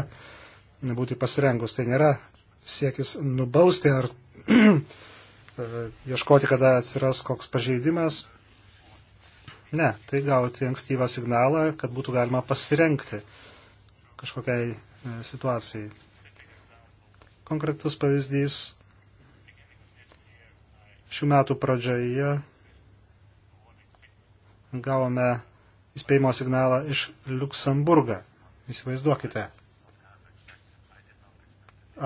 būti pasirengus, tai nėra siekis nubausti ar ieškoti, kada atsiras koks pažeidimas. Ne, tai gauti ankstyvą signalą, kad būtų galima pasirenkti kažkokiai e, situacijai. Konkretus pavyzdys šių metų pradžioje gavome įspėjimo signalą iš Luksemburgą. Įsivaizduokite.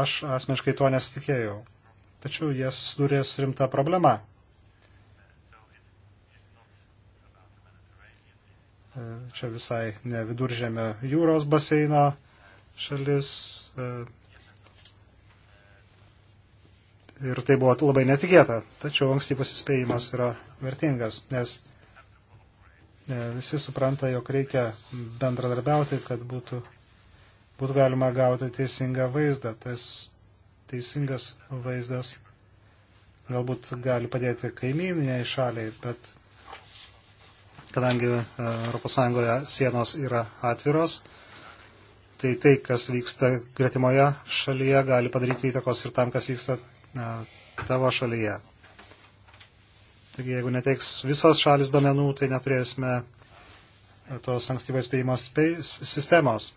Aš asmeniškai to nesitikėjau. Tačiau jie susidūrė su rimta problema. Čia visai ne viduržėmio jūros baseino šalis, ir tai buvo labai netikėta. Tačiau ankstyvas įspėjimas yra vertingas, nes e, visi supranta, jog reikia bendradarbiauti, kad būtų, būtų galima gauti teisingą vaizdą. Tas teisingas vaizdas galbūt gali padėti kaimyniniai šaliai, bet kadangi ES sienos yra atviros, tai tai, kas vyksta gretimoje šalyje, gali padaryti įtakos ir tam, kas vyksta tavo šalyje. Taigi, jeigu neteiks visos šalis domenų, tai neturėsime tos ankstyvos spėjimo sistemos.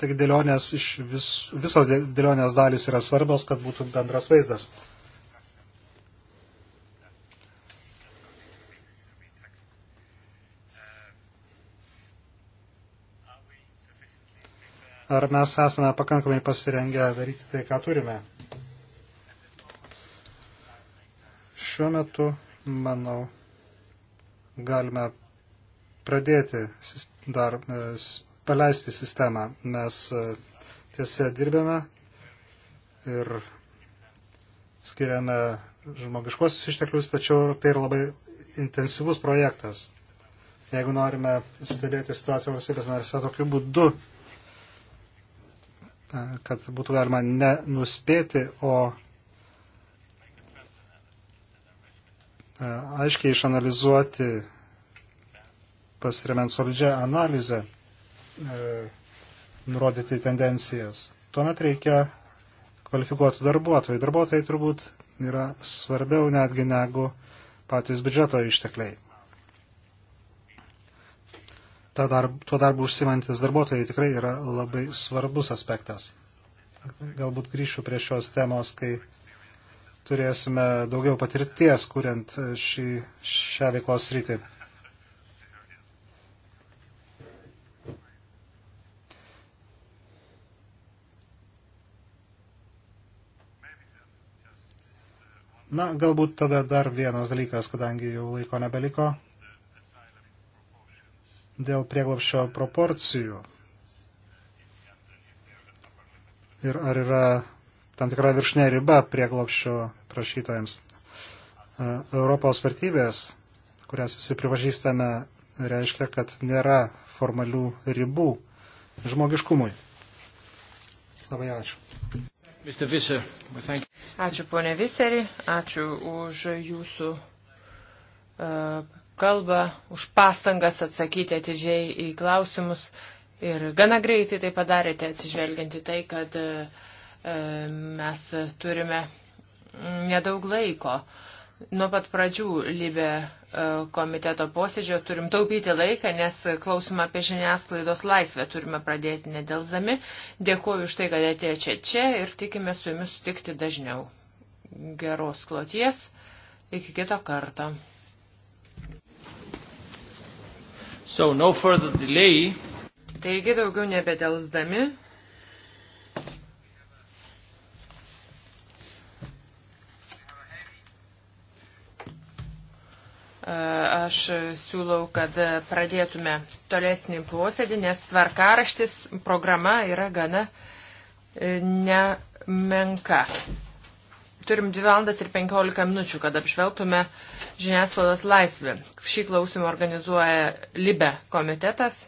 Taigi dėlionės iš vis, visos dėlionės dalis yra svarbios, kad būtų bendras vaizdas. ar mes esame pakankamai pasirengę daryti tai, ką turime. Šiuo metu, manau, galime pradėti dar e, paleisti sistemą. Mes e, tiesa dirbėme ir skiriame žmogiškosius išteklius, tačiau tai yra labai intensyvus projektas. Jeigu norime stebėti situaciją valstybės narėse tokiu būdu, E, kad būtų galima nenuspėti, o e, aiškiai išanalizuoti, pasiremiant solidžią analizę, e, nurodyti tendencijas. Tuomet reikia kvalifikuotų darbuotojų. Darbuotojai turbūt yra svarbiau netgi negu patys biudžeto ištekliai darb, tuo darbu užsimantis darbuotojai tikrai yra labai svarbus aspektas. Galbūt grįšiu prie šios temos, kai turėsime daugiau patirties, kuriant šį, šią veiklos rytį. Na, galbūt tada dar vienas dalykas, kadangi jau laiko nebeliko dėl prieglopščio proporcijų. Ir ar yra tam tikra viršnė riba prieglopščio prašytojams. E, Europos vertybės, kurias visi pripažįstame, reiškia, kad nėra formalių ribų žmogiškumui. Labai ačiū. Ačiū ponė Viseri, ačiū už jūsų uh, kalbą, už pastangas atsakyti atidžiai į klausimus. Ir gana greitai tai padarėte, atsižvelgiant į tai, kad e, e, mes turime nedaug laiko. Nuo pat pradžių Libė e, komiteto posėdžio turim taupyti laiką, nes klausimą apie žiniasklaidos laisvę turime pradėti nedėlzami. Dėkuoju už tai, kad atėjote čia ir tikime su jumis sutikti dažniau. Geros kloties. Iki kito karto. So, no further delay. Taigi daugiau nebedelsdami. Aš siūlau, kad pradėtume tolesnį posėdį, nes tvarkaraštis programa yra gana e, nemenka. Turim 2 valandas ir 15 minučių, kad apžvelgtume žiniasklaidos laisvę. Šį klausimą organizuoja LIBE komitetas.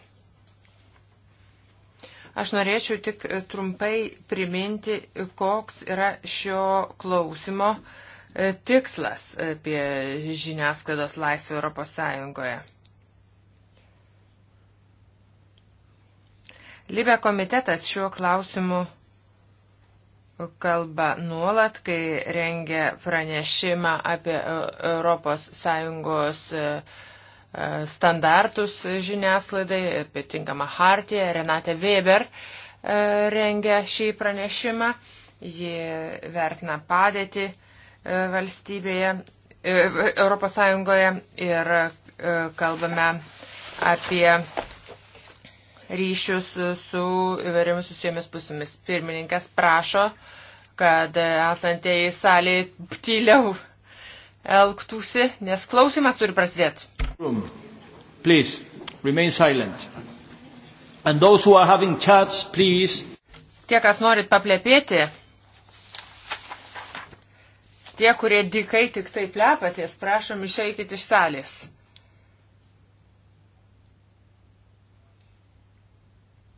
Aš norėčiau tik trumpai priminti, koks yra šio klausimo e, tikslas e, apie žiniasklaidos laisvę Europos Sąjungoje. Libė komitetas šiuo klausimu kalba nuolat, kai rengia pranešimą apie ES e, e, standartus žiniasklaidai, apie tinkamą hartiją. Renate Weber e, rengia šį pranešimą, ji vertina padėtį valstybėje, ES ir kalbame apie ryšius su įvairiomis susijomis pusėmis. Pirmininkas prašo, kad esantieji salėje tyliau elgtųsi, nes klausimas turi prasidėti. Please, remain silent. And those who are having chats, please. Tie, kas norit paplepėti, tie, kurie dikai tik taip lepatės, prašom išeikit iš salės.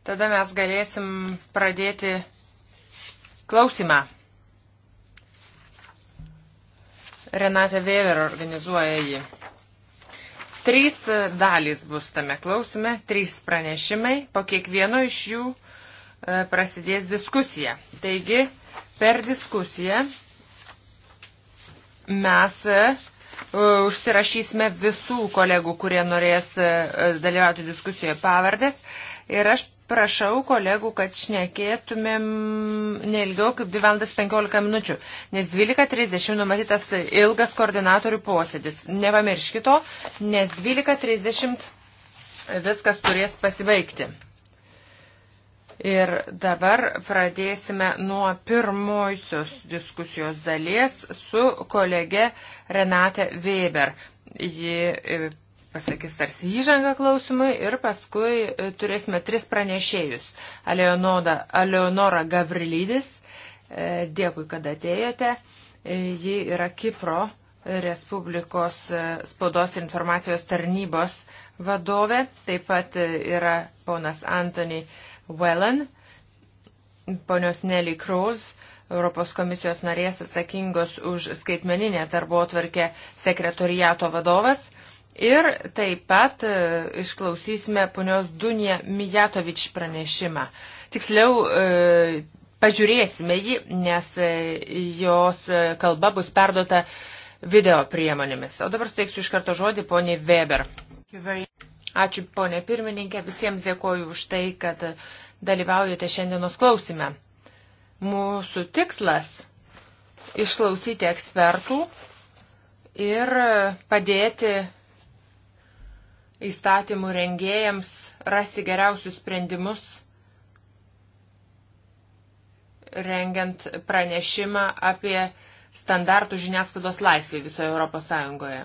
Tada mes galėsim pradėti klausimą. Renate Weber organizuoja jį. Trys dalys bus tame klausime, trys pranešimai, po kiekvieno iš jų e, prasidės diskusija. Taigi, per diskusiją mes e, E, užsirašysime visų kolegų, kurie norės e, dalyvauti diskusijoje pavardės. Ir aš prašau kolegų, kad šnekėtumėm neilgiau kaip 2 valandas 15 minučių, nes 12.30 numatytas ilgas koordinatorių posėdis. Nepamirškito, nes 12.30 viskas turės pasibaigti. Ir dabar pradėsime nuo pirmosios diskusijos dalies su kolege Renate Weber. Ji e, pasakys tarsi įžanga klausimui ir paskui e, turėsime tris pranešėjus. Aleonoda, Aleonora Gavrilydis, e, dėkui, kad atėjote. Ji yra Kipro Respublikos spaudos informacijos tarnybos vadovė. Taip pat yra ponas Antoniai. Wellen, ponios Nelly Cruz, Europos komisijos narės atsakingos už skaitmeninę darbo atvarkę sekretoriato vadovas. Ir taip pat e, išklausysime ponios Dunija Mijatovič pranešimą. Tiksliau, e, pažiūrėsime jį, nes e, jos kalba bus perduota video priemonėmis. O dabar steiksiu iš karto žodį poniai Weber. Ačiū, ponė pirmininkė, visiems dėkoju už tai, kad dalyvaujate šiandienos klausime. Mūsų tikslas - išklausyti ekspertų ir padėti įstatymų rengėjams rasti geriausius sprendimus, rengiant pranešimą apie standartų žiniasklaidos laisvę visoje Europos Sąjungoje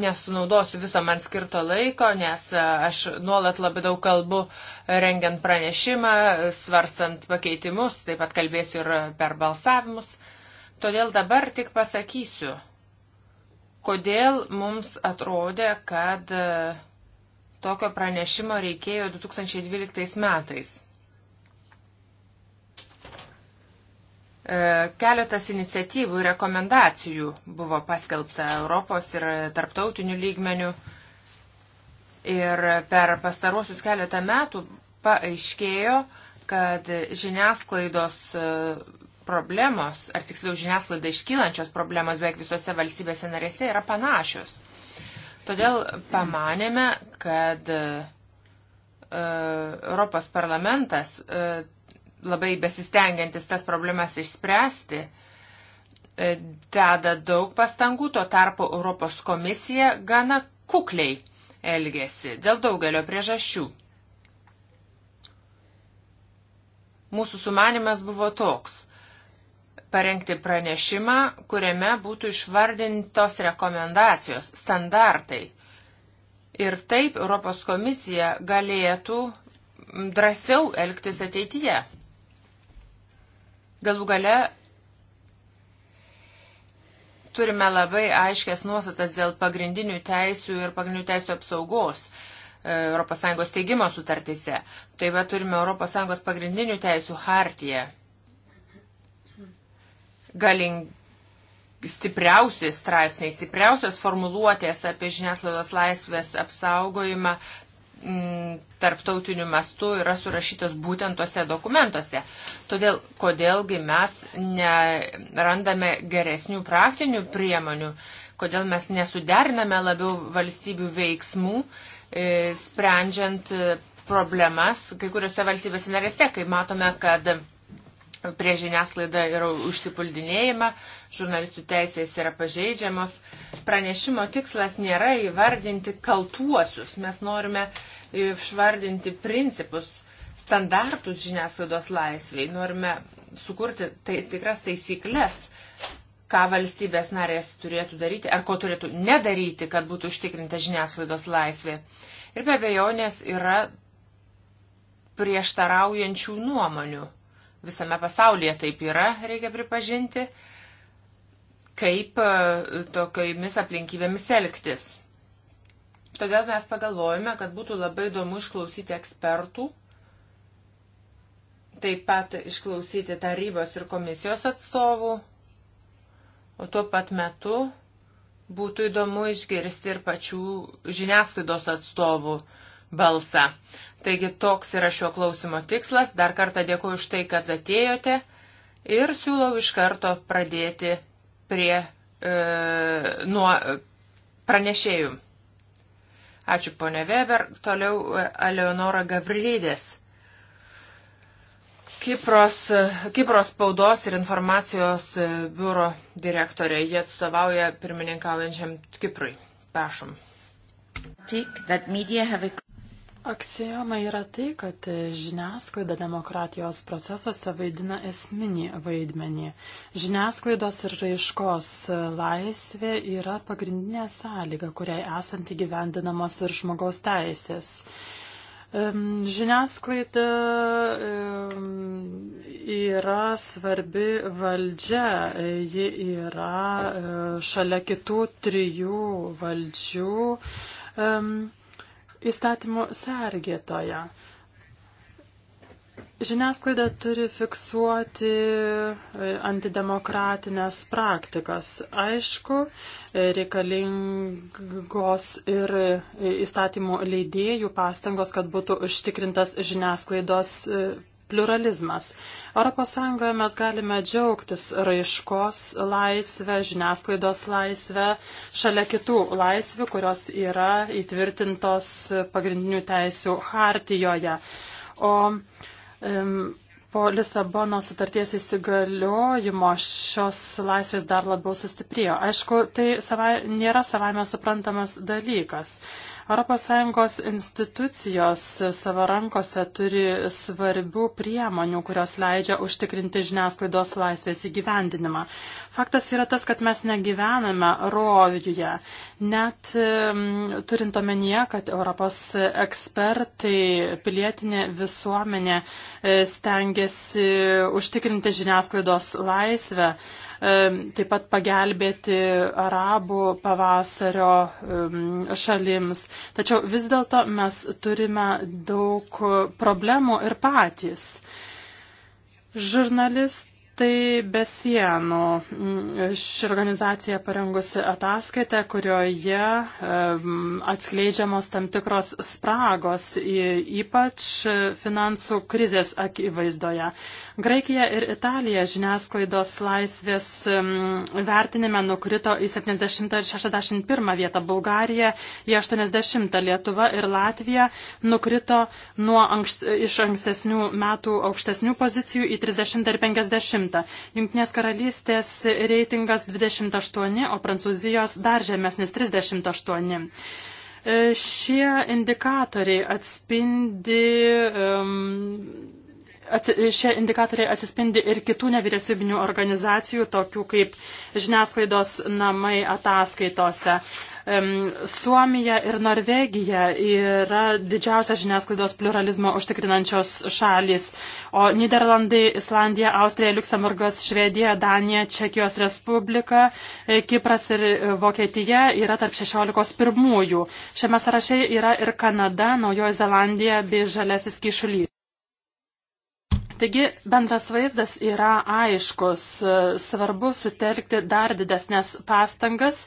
nesunaudosiu viso man skirto laiko, nes e, aš nuolat labai daug kalbu e, rengiant pranešimą, e, svarstant pakeitimus, taip pat kalbėsiu ir per balsavimus. Todėl dabar tik pasakysiu, kodėl mums atrodė, kad tokio pranešimo reikėjo 2012 metais. E, keletas iniciatyvų ir rekomendacijų buvo paskelbta Europos ir tarptautinių lygmenių. Ir per pastaruosius keletą metų paaiškėjo, kad žiniasklaidos e, problemos, ar tiksliau žiniasklaida iškylančios problemos beveik visose valstybėse narėse yra panašios. Todėl pamanėme, kad e, Europos parlamentas labai besistengiantis tas problemas išspręsti, e, deda daug pastangų, tuo tarpu Europos komisija gana kukliai elgesi dėl daugelio priežasčių. Mūsų sumanimas buvo toks - parengti pranešimą, kuriame būtų išvardintos rekomendacijos, standartai. Ir taip Europos komisija galėtų drąsiau elgtis ateityje. Galų gale turime labai aiškias nuostatas dėl pagrindinių teisių ir pagrindinių teisių apsaugos. E, ES teigimo sutartyse. Taip pat turime ES pagrindinių teisių hartiją. Galing stipriausi straipsniai, stipriausios formuluotės apie žiniasklaidos laisvės apsaugojimą m, mm, tarptautiniu mastu yra surašytos būtent tose dokumentuose. Todėl kodėlgi mes nerandame geresnių praktinių priemonių, kodėl mes nesuderiname labiau valstybių veiksmų, e, sprendžiant e, problemas kai kuriuose valstybėse narėse, kai matome, kad prie žiniasklaida yra užsipuldinėjama, žurnalistų teisės yra pažeidžiamos. Pranešimo tikslas nėra įvardinti kaltuosius. Mes norime uh, išvardinti principus, standartus žiniasklaidos laisviai, norime sukurti tai, tikras taisyklės, ką valstybės narės turėtų daryti ar ko turėtų nedaryti, kad būtų užtikrinta žiniasklaidos laisvė. Ir be abejonės yra prieštaraujančių nuomonių. Visame pasaulyje taip yra, reikia pripažinti, kaip e, tokiamis aplinkybėmis elgtis. Todėl mes pagalvojame, kad būtų labai įdomu išklausyti ekspertų, taip pat išklausyti tarybos ir komisijos atstovų, o tuo pat metu būtų įdomu išgirsti ir pačių žiniasklaidos atstovų balsą. Taigi toks yra šio klausimo tikslas. Dar kartą dėkuoju už tai, kad atėjote ir siūlau iš karto pradėti prie, e, nuo pranešėjų. Ačiū, ponė Weber. Toliau e, Eleonora Gavrydės. Kipros, e, Kipros spaudos ir informacijos e, biuro direktorė. Jie atstovauja pirmininkaujančiam Kiprui. Prašom. A... Aksijoma yra tai, kad žiniasklaida demokratijos procesuose vaidina esminį vaidmenį. Žiniasklaidos ir raiškos laisvė yra pagrindinė sąlyga, kuriai esant įgyvendinamos ir žmogaus teisės. Žiniasklaida yra svarbi valdžia, ji yra e, šalia kitų trijų valdžių įstatymų sergėtoja. Žiniasklaida turi fiksuoti e, antidemokratinės praktikas. Aišku, e, reikalingos ir e, įstatymų leidėjų pastangos, kad būtų užtikrintas žiniasklaidos pluralizmas. ES mes galime džiaugtis raiškos laisvę, žiniasklaidos laisvę, šalia kitų laisvių, kurios yra įtvirtintos pagrindinių teisių hartijoje. O um, po Lisabono sutarties įsigaliojimo šios laisvės dar labiau sustiprėjo. Aišku, tai savai, nėra savaime suprantamas dalykas. ES institucijos savo rankose turi svarbių priemonių, kurios leidžia užtikrinti žiniasklaidos laisvės įgyvendinimą. Faktas yra tas, kad mes negyvename rojuje. Net turint omenyje, kad Europos ekspertai, pilietinė visuomenė e, stengiasi užtikrinti žiniasklaidos laisvę, taip pat pagelbėti arabų pavasario šalims. Tačiau vis dėlto mes turime daug problemų ir patys. Žurnalistų Tai be sienų mm, ši organizacija parengusi ataskaitę, kurioje atskleidžiamos tam tikros spragos, ypač finansų krizės akivaizdoje. Graikija ir Italija žiniasklaidos laisvės vertinime nukrito į 70 ir 61 vietą, Bulgarija į 80, Lietuva ir Latvija nukrito nuo ankst, iš ankstesnių metų aukštesnių pozicijų į 30 ir 50. Junktinės karalystės reitingas 28, o Prancūzijos dar žemesnis 38. E, šie indikatoriai atspindi um, šie indikatoriai atsispindi ir kitų nevyriausybinių organizacijų, tokių kaip žiniasklaidos namai ataskaitose. Suomija ir Norvegija yra didžiausia žiniasklaidos pluralizmo užtikrinančios šalis, o Niderlandai, Islandija, Austrija, Luksemburgas, Švedija, Danija, Čekijos Respublika, e, Kipras ir e, Vokietija yra tarp 16 pirmųjų. Šiame sąraše yra ir Kanada, Naujoji Zelandija bei Žalesis Kišulys. Taigi bendras vaizdas yra aiškus, svarbu sutelkti dar didesnės pastangas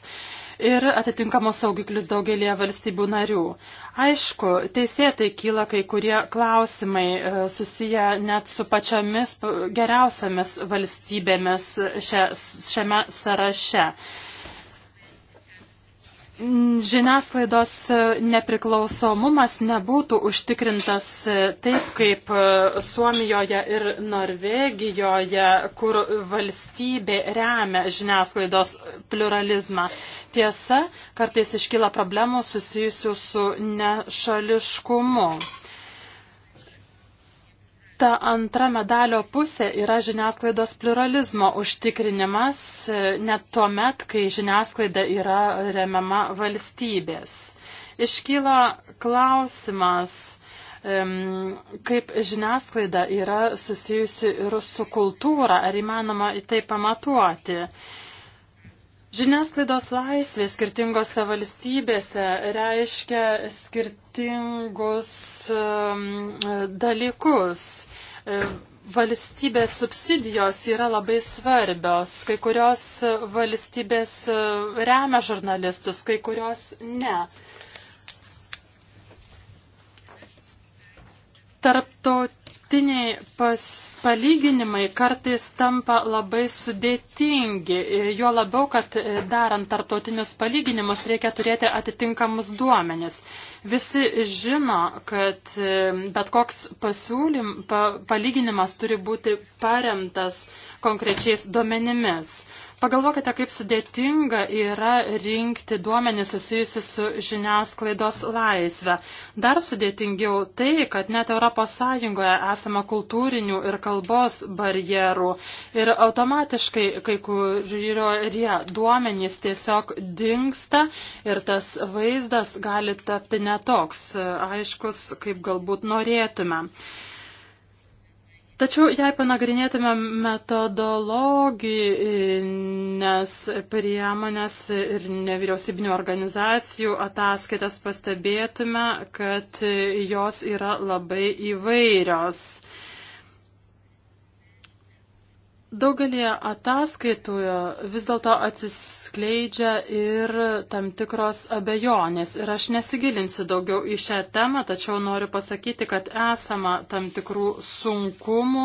ir atitinkamos saugiklius daugelie valstybių narių. Aišku, teisėtai kyla kai kurie klausimai e, susiję net su pačiamis geriausiamis valstybėmis šia, šiame sąraše. Mm, žiniasklaidos e, nepriklausomumas nebūtų užtikrintas e, taip, kaip e, Suomijoje ir Norvegijoje, kur valstybė remia žiniasklaidos pluralizmą. Tiesa, kartais iškyla problemų susijusių su nešališkumu. Ta antra medalio pusė yra žiniasklaidos pluralizmo užtikrinimas e, net tuo met, kai žiniasklaida yra remiama valstybės. Iškyla klausimas, kaip žiniasklaida yra susijusi ir su kultūra, ar įmanoma į tai pamatuoti. Žiniasklaidos laisvė skirtingose valstybėse reiškia skirtingus um, dalykus. Um, valstybės subsidijos yra labai svarbios. Kai kurios valstybės um, remia žurnalistus, kai kurios ne. Tarptaut Dabartiniai pas, palyginimai kartais tampa labai sudėtingi, e, jo labiau, kad e, darant tarptautinius palyginimus reikia turėti atitinkamus duomenis. Visi žino, kad e, bet koks pasiūlym, pa, palyginimas turi būti paremtas konkrečiais duomenimis. Pagalvokite, kaip sudėtinga yra rinkti duomenį susijusius su žiniasklaidos laisvė. Dar sudėtingiau tai, kad net ES esama kultūrinių ir kalbos barjerų ir automatiškai kai kurie duomenys tiesiog dinksta ir tas vaizdas gali tapti netoks aiškus, kaip galbūt norėtume. Tačiau jei panagrinėtume metodologinės priemonės ir nevyriausybinių organizacijų ataskaitas, pastebėtume, kad jos yra labai įvairios. Daugelį ataskaitų vis dėlto atsiskleidžia ir tam tikros abejonės. Ir aš nesigilinsiu daugiau į šią temą, tačiau noriu pasakyti, kad esama tam tikrų sunkumų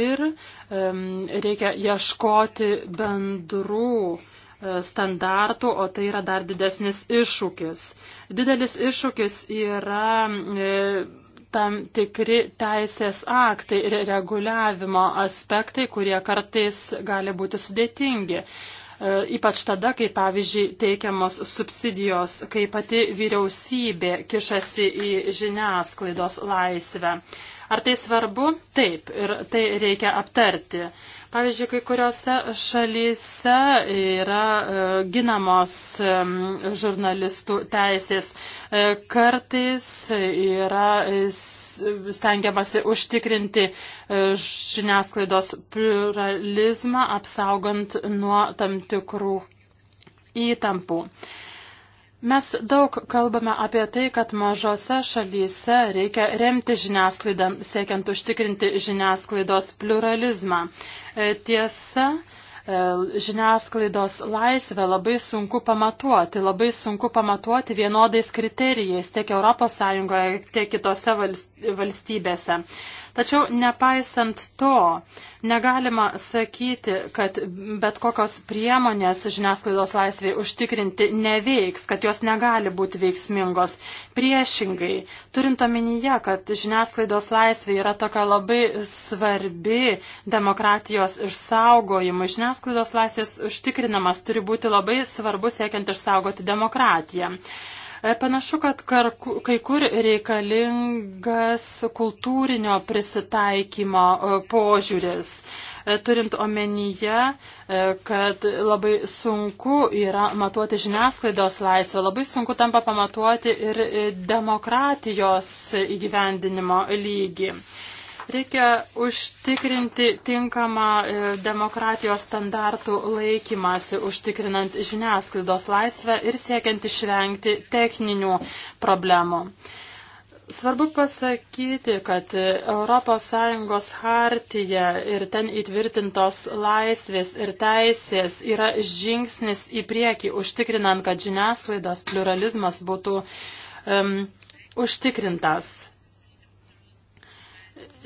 ir um, reikia ieškoti bendrų e, standartų, o tai yra dar didesnis iššūkis. Didelis iššūkis yra. E, tam tikri teisės aktai ir reguliavimo aspektai, kurie kartais gali būti sudėtingi. E, ypač tada, kai, pavyzdžiui, teikiamos subsidijos, kai pati vyriausybė kišasi į žiniasklaidos laisvę. Ar tai svarbu? Taip, ir tai reikia aptarti. Pavyzdžiui, kai kuriuose šalyse yra e, ginamos žurnalistų teisės. E, kartais yra e, stengiamasi užtikrinti žiniasklaidos pluralizmą, apsaugant nuo tam tikrų įtampų. Mes daug kalbame apie tai, kad mažose šalyse reikia remti žiniasklaidą, siekiant užtikrinti žiniasklaidos pluralizmą. E, tiesa, e, žiniasklaidos laisvę labai sunku pamatuoti, labai sunku pamatuoti vienodais kriterijais tiek ES, tiek kitose valstybėse. Tačiau nepaisant to, negalima sakyti, kad bet kokios priemonės žiniasklaidos laisvėje užtikrinti neveiks, kad jos negali būti veiksmingos. Priešingai, turint omenyje, kad žiniasklaidos laisvė yra tokia labai svarbi demokratijos išsaugojimui, žiniasklaidos laisvės užtikrinimas turi būti labai svarbus siekiant išsaugoti demokratiją. E, panašu, kad kai kur reikalingas kultūrinio prisitaikymo e, požiūris, e, turint omenyje, kad labai sunku yra matuoti žiniasklaidos laisvę, labai sunku tampa pamatuoti ir demokratijos įgyvendinimo lygį. Reikia užtikrinti tinkamą e, demokratijos standartų laikymasi, užtikrinant žiniasklaidos laisvę ir siekiant išvengti techninių problemų. Svarbu pasakyti, kad ES hartija ir ten įtvirtintos laisvės ir teisės yra žingsnis į priekį, užtikrinant, kad žiniasklaidos pluralizmas būtų um, užtikrintas.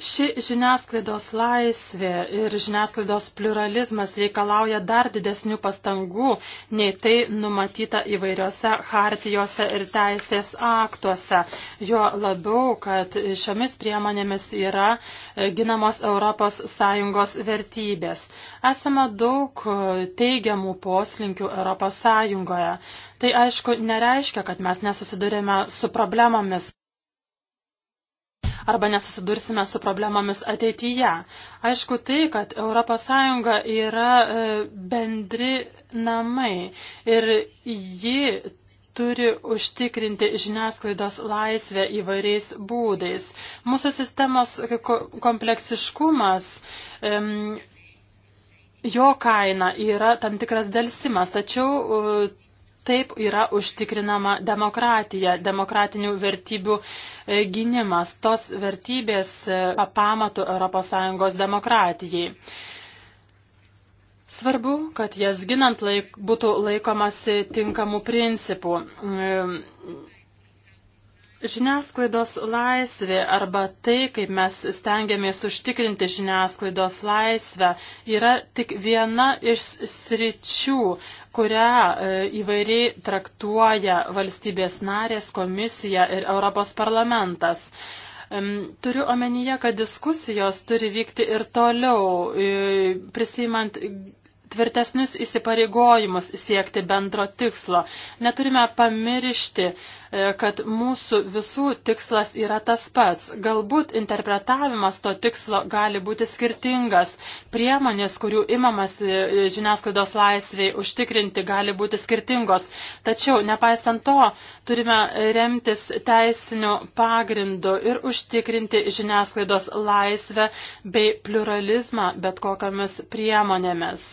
Ši žiniasklaidos laisvė ir žiniasklaidos pluralizmas reikalauja dar didesnių pastangų, nei tai numatyta įvairiose hartijose ir teisės aktuose. Jo labiau, kad šiomis priemonėmis yra e, ginamos ES vertybės. Esama daug e, teigiamų poslinkių ES. Tai aišku nereiškia, kad mes nesusidurime su problemomis arba nesusidursime su problemomis ateityje. Aišku tai, kad ES yra e, bendri namai ir ji turi užtikrinti žiniasklaidos laisvę įvairiais būdais. Mūsų sistemos kompleksiškumas jo kaina yra tam tikras dėlsimas, tačiau Taip yra užtikrinama demokratija, demokratinių vertybių e, gynimas, tos vertybės e, pamatų ES demokratijai. Svarbu, kad jas ginant laik, būtų laikomasi tinkamų principų. Mm, Žiniasklaidos laisvė arba tai, kaip mes stengiamės užtikrinti žiniasklaidos laisvę, yra tik viena iš sričių, kurią e, įvairiai traktuoja valstybės narės komisija ir Europos parlamentas. Turiu omenyje, kad diskusijos turi vykti ir toliau, e, prisimant tvirtesnius įsipareigojimus siekti bendro tikslo. Neturime pamiršti, E, kad mūsų visų tikslas yra tas pats. Galbūt interpretavimas to tikslo gali būti skirtingas. Priemonės, kurių imamas e, žiniasklaidos laisviai užtikrinti, gali būti skirtingos. Tačiau, nepaisant to, turime remtis teisiniu pagrindu ir užtikrinti žiniasklaidos laisvę bei pluralizmą bet kokiamis priemonėmis.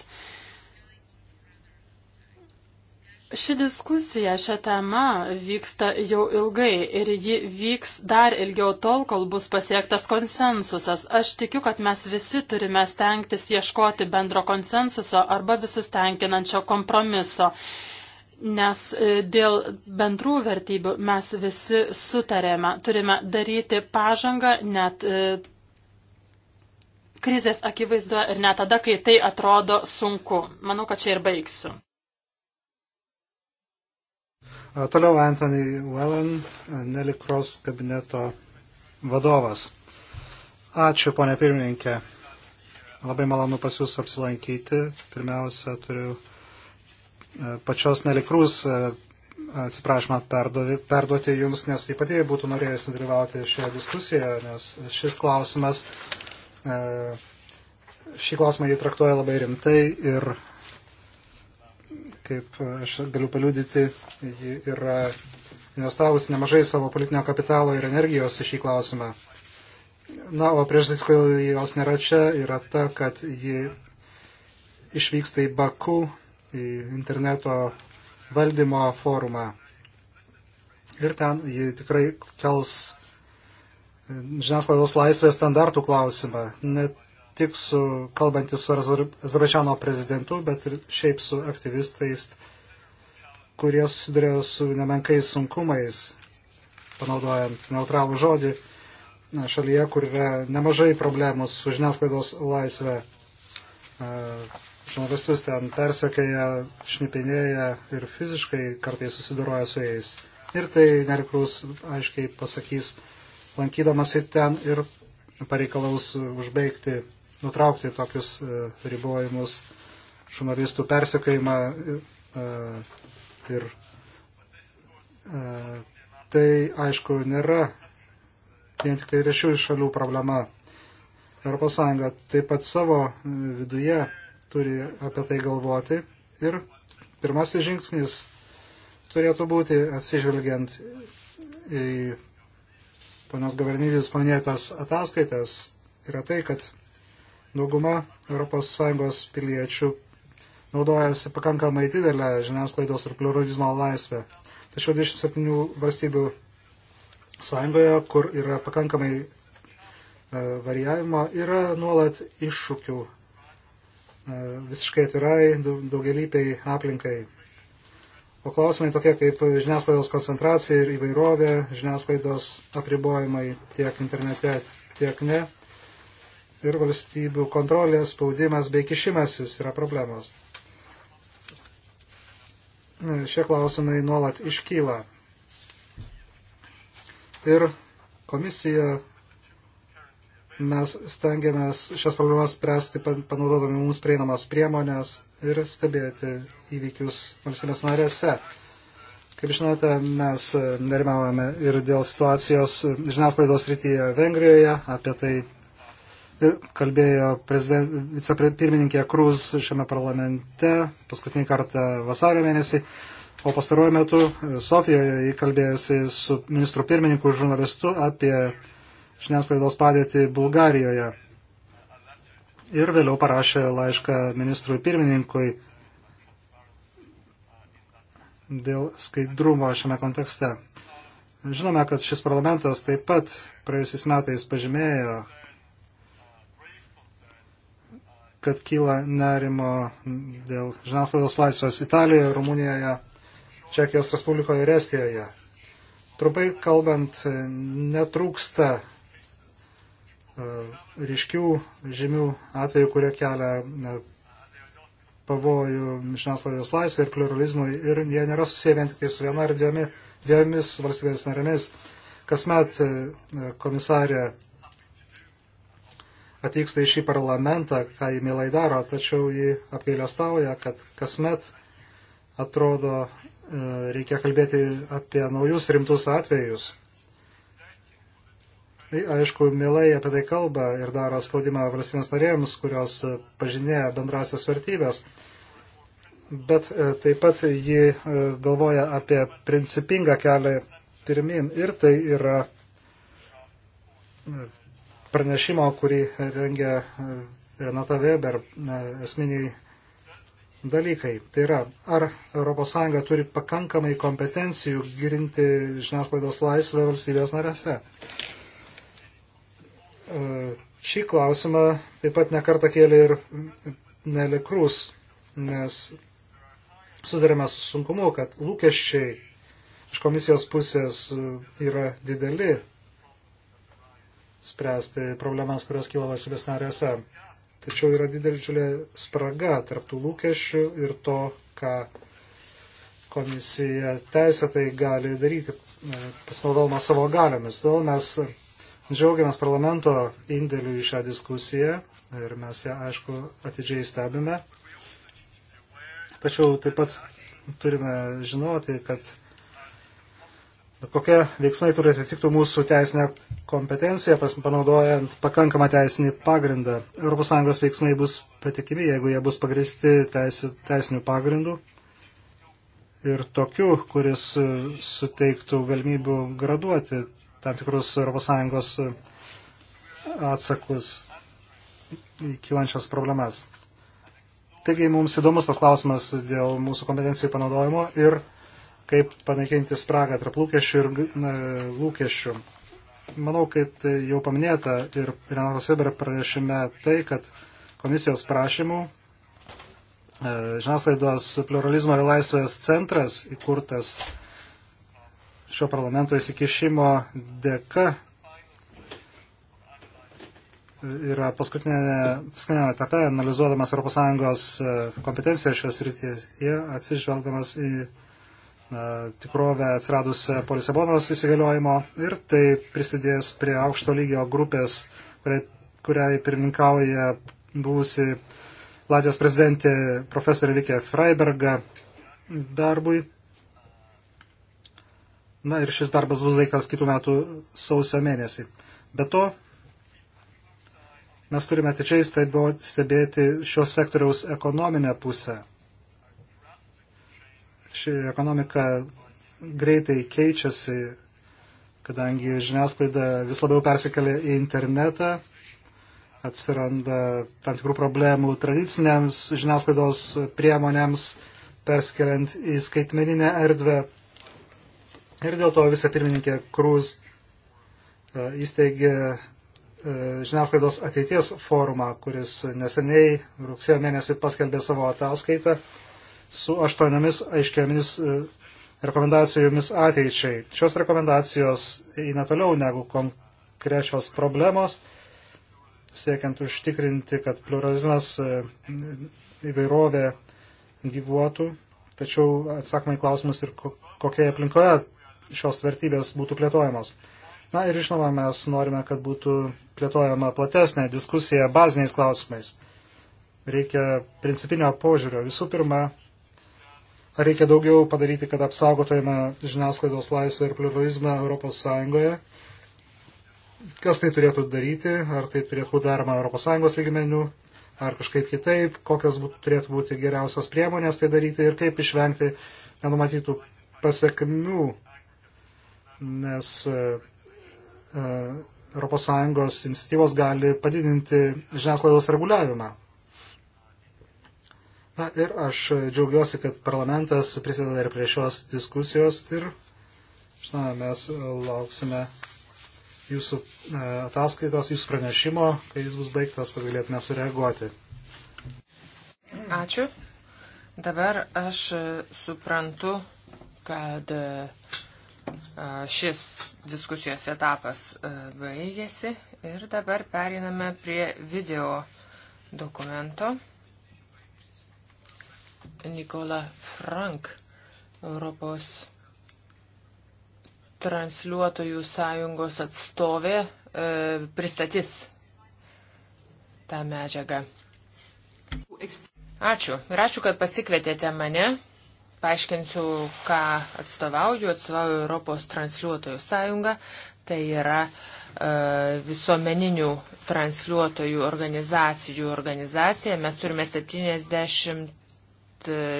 Ši diskusija šią temą vyksta jau ilgai ir ji vyks dar ilgiau tol, kol bus pasiektas konsensusas. Aš tikiu, kad mes visi turime stengtis ieškoti bendro konsensuso arba visus tenkinančio kompromiso, nes e, dėl bendrų vertybių mes visi sutarėme, turime daryti pažangą net e, krizės akivaizdoje ir net tada, kai tai atrodo sunku. Manau, kad čia ir baigsiu. Toliau Anthony Wellen, Nelikros kabineto vadovas. Ačiū, ponė pirmininkė. Labai malonu pas Jūs apsilankyti. Pirmiausia, turiu e, pačios Nelikrus e, atsiprašymą perduoti Jums, nes taip pat jie būtų norėjusi dalyvauti šioje diskusijoje, nes šis klausimas, e, šį klausimą jį traktuoja labai rimtai ir kaip aš galiu paliudyti, ji yra investavusi nemažai savo politinio kapitalo ir energijos į šį klausimą. Na, o priežastis, kodėl jos nėra čia, yra ta, kad ji išvyksta į Baku, į interneto valdymo forumą. Ir ten ji tikrai kels žiniasklaidos laisvės standartų klausimą. Net tik su, kalbantis su Azerbaidžiano prezidentu, bet ir šiaip su aktyvistais, kurie susidurė su nemenkais sunkumais, panaudojant neutralų žodį, na, šalyje, kur yra nemažai problemų su žiniasklaidos laisvė. Žurnalistus ten persekėja, šnipinėja ir fiziškai kartais susiduroja su jais. Ir tai Nerikrus aiškiai pasakys, lankydamasi ten ir pareikalaus užbaigti nutraukti tokius e, ribojimus žurnalistų persekėjimą e, e, ir tai aišku nėra vien tik tai rešių šalių problema. ES taip pat savo viduje turi apie tai galvoti ir pirmasis žingsnis turėtų būti atsižvelgiant į ponios Gavarnytis paminėtas ataskaitas yra tai, kad Dauguma ES piliečių naudojasi pakankamai didelę žiniasklaidos ir pluralizmo laisvę. Tačiau 27 valstybių sąjungoje, kur yra pakankamai e, varijavimo, yra nuolat iššūkių e, visiškai atvirai, daugelypiai aplinkai. O klausimai tokie kaip žiniasklaidos koncentracija ir įvairovė, žiniasklaidos apribojimai tiek internete, tiek ne, ir valstybių kontrolės spaudimas bei kišimasis yra problemos. Šie klausimai nuolat iškyla. Ir komisija mes stengiamės šias problemas spręsti panaudodami mums prieinamas priemonės ir stebėti įvykius valstybės narėse. Kaip žinote, mes nerimavome ir dėl situacijos žiniasklaidos rytyje Vengrijoje, apie tai kalbėjo vicepirmininkė Krūz šiame parlamente paskutinį kartą vasario mėnesį, o pastaruoju metu e, Sofijoje jį kalbėjosi su ministru pirmininku ir žurnalistu apie žiniasklaidos padėtį Bulgarijoje. Ir vėliau parašė laišką ministrui pirmininkui dėl skaidrumo šiame kontekste. Žinome, kad šis parlamentas taip pat praėjusiais metais pažymėjo, kad kyla nerimo dėl žiniasklaidos laisvės Italijoje, Rumunijoje, Čekijos Respublikoje ir Estijoje. Trumpai kalbant, netrūksta e, ryškių žymių atvejų, kurie kelia e, pavojų žiniasklaidos laisvė ir pluralizmui ir jie nėra susiję vien tik tai su viena ar dviemis, dviemis valstybės narėmis. Kasmet e, komisarė atvyksta į šį parlamentą, ką jį mielai daro, tačiau jį apgailestauja, kad kasmet atrodo e, reikia kalbėti apie naujus rimtus atvejus. Tai aišku, mielai apie tai kalba ir daro spaudimą valstybės narėms, kurios pažinėja bendrasias vertybės, bet e, taip pat ji e, galvoja apie principingą kelią pirmin ir tai yra pranešimo, kurį rengia e, Renata Weber, e, esminiai dalykai. Tai yra, ar ES turi pakankamai kompetencijų girinti žiniasklaidos laisvę valstybės narėse? E, šį klausimą taip pat nekarta kėlė ir Nelikrus, nes sudarėme su sunkumu, kad lūkesčiai iš komisijos pusės yra dideli spręsti problemas, kurios kyla valstybės narėse. Tačiau yra didelė spraga tarptų lūkesčių ir to, ką komisija teisėtai gali daryti, e, pasinaudodama savo galiomis. Todėl mes džiaugiamės parlamento indėliu į šią diskusiją ir mes ją, aišku, atidžiai stebime. Tačiau taip pat turime žinoti, kad Bet kokie veiksmai turi atitiktų mūsų teisinę kompetenciją, panaudojant pakankamą teisinį pagrindą. ES veiksmai bus patikimi, jeigu jie bus pagristi teisi, teisinių pagrindų ir tokiu, kuris e, suteiktų galimybių graduoti tam tikrus ES e, atsakus į kylančias problemas. Taigi mums įdomus tas klausimas dėl mūsų kompetencijų panaudojimo ir kaip panaikinti spragą tarp lūkesčių ir na, lūkesčių. Manau, kad jau paminėta ir Renatas Weber pranešime tai, kad komisijos prašymų e, žiniasklaidos pluralizmo ir laisvės centras įkurtas šio parlamento įsikišimo dėka yra paskutinėme etape, analizuodamas ES e, kompetenciją šios rytyje, atsižvelgdamas į E, tikrovę atsiradusią po Lisabonos įsigaliojimo ir tai prisidės prie aukšto lygio grupės, kuriai, kuriai pirmininkauja buvusi Latvijos prezidentė profesorė Vikė Freiberga darbui. Na ir šis darbas bus laikas kitų metų sausio mėnesį. Be to, mes turime tečiai stebėti šios sektoriaus ekonominę pusę ši ekonomika greitai keičiasi, kadangi žiniasklaida vis labiau persikelia į internetą, atsiranda tam tikrų problemų tradicinėms žiniasklaidos priemonėms, perskeliant į skaitmeninę erdvę. Ir dėl to visą pirmininkę Krūz e, įsteigė e, žiniasklaidos ateities forumą, kuris neseniai rugsėjo mėnesį paskelbė savo ataskaitą su aštuoniomis aiškiamis e, rekomendacijomis ateičiai. Šios rekomendacijos eina toliau negu konkrečios problemos, siekiant užtikrinti, kad pluralizmas e, įvairovė gyvuotų, tačiau atsakymai klausimus ir kokioje aplinkoje šios vertybės būtų plėtojamos. Na ir žinoma, mes norime, kad būtų plėtojama platesnė diskusija baziniais klausimais. Reikia principinio požiūrio. Visų pirma, Ar reikia daugiau padaryti, kad apsaugotojame žiniasklaidos laisvę ir pluralizmą ES? Kas tai turėtų daryti? Ar tai turėtų būti daroma ES lygmenių? Ar kažkaip kitaip? Kokios būtų, turėtų būti geriausios priemonės tai daryti ir kaip išvengti nenumatytų pasiekmių? Nes ES e, iniciatyvos gali padidinti žiniasklaidos reguliavimą. Na ir aš džiaugiuosi, kad parlamentas prisideda ir prie šios diskusijos ir žinoma, mes lauksime jūsų e, ataskaitos, jūsų pranešimo, kai jis bus baigtas, kad galėtume sureaguoti. Ačiū. Dabar aš suprantu, kad e, šis diskusijos etapas e, baigėsi ir dabar periname prie video dokumento. Nikola Frank, Europos transliuotojų sąjungos atstovė, e, pristatys tą medžiagą. Ačiū. Ir ačiū, kad pasikvietėte mane. Paaiškinsiu, ką atstovauju. Atstovauju Europos transliuotojų sąjungą. Tai yra e, visuomeninių transliuotojų organizacijų organizacija. Mes turime 70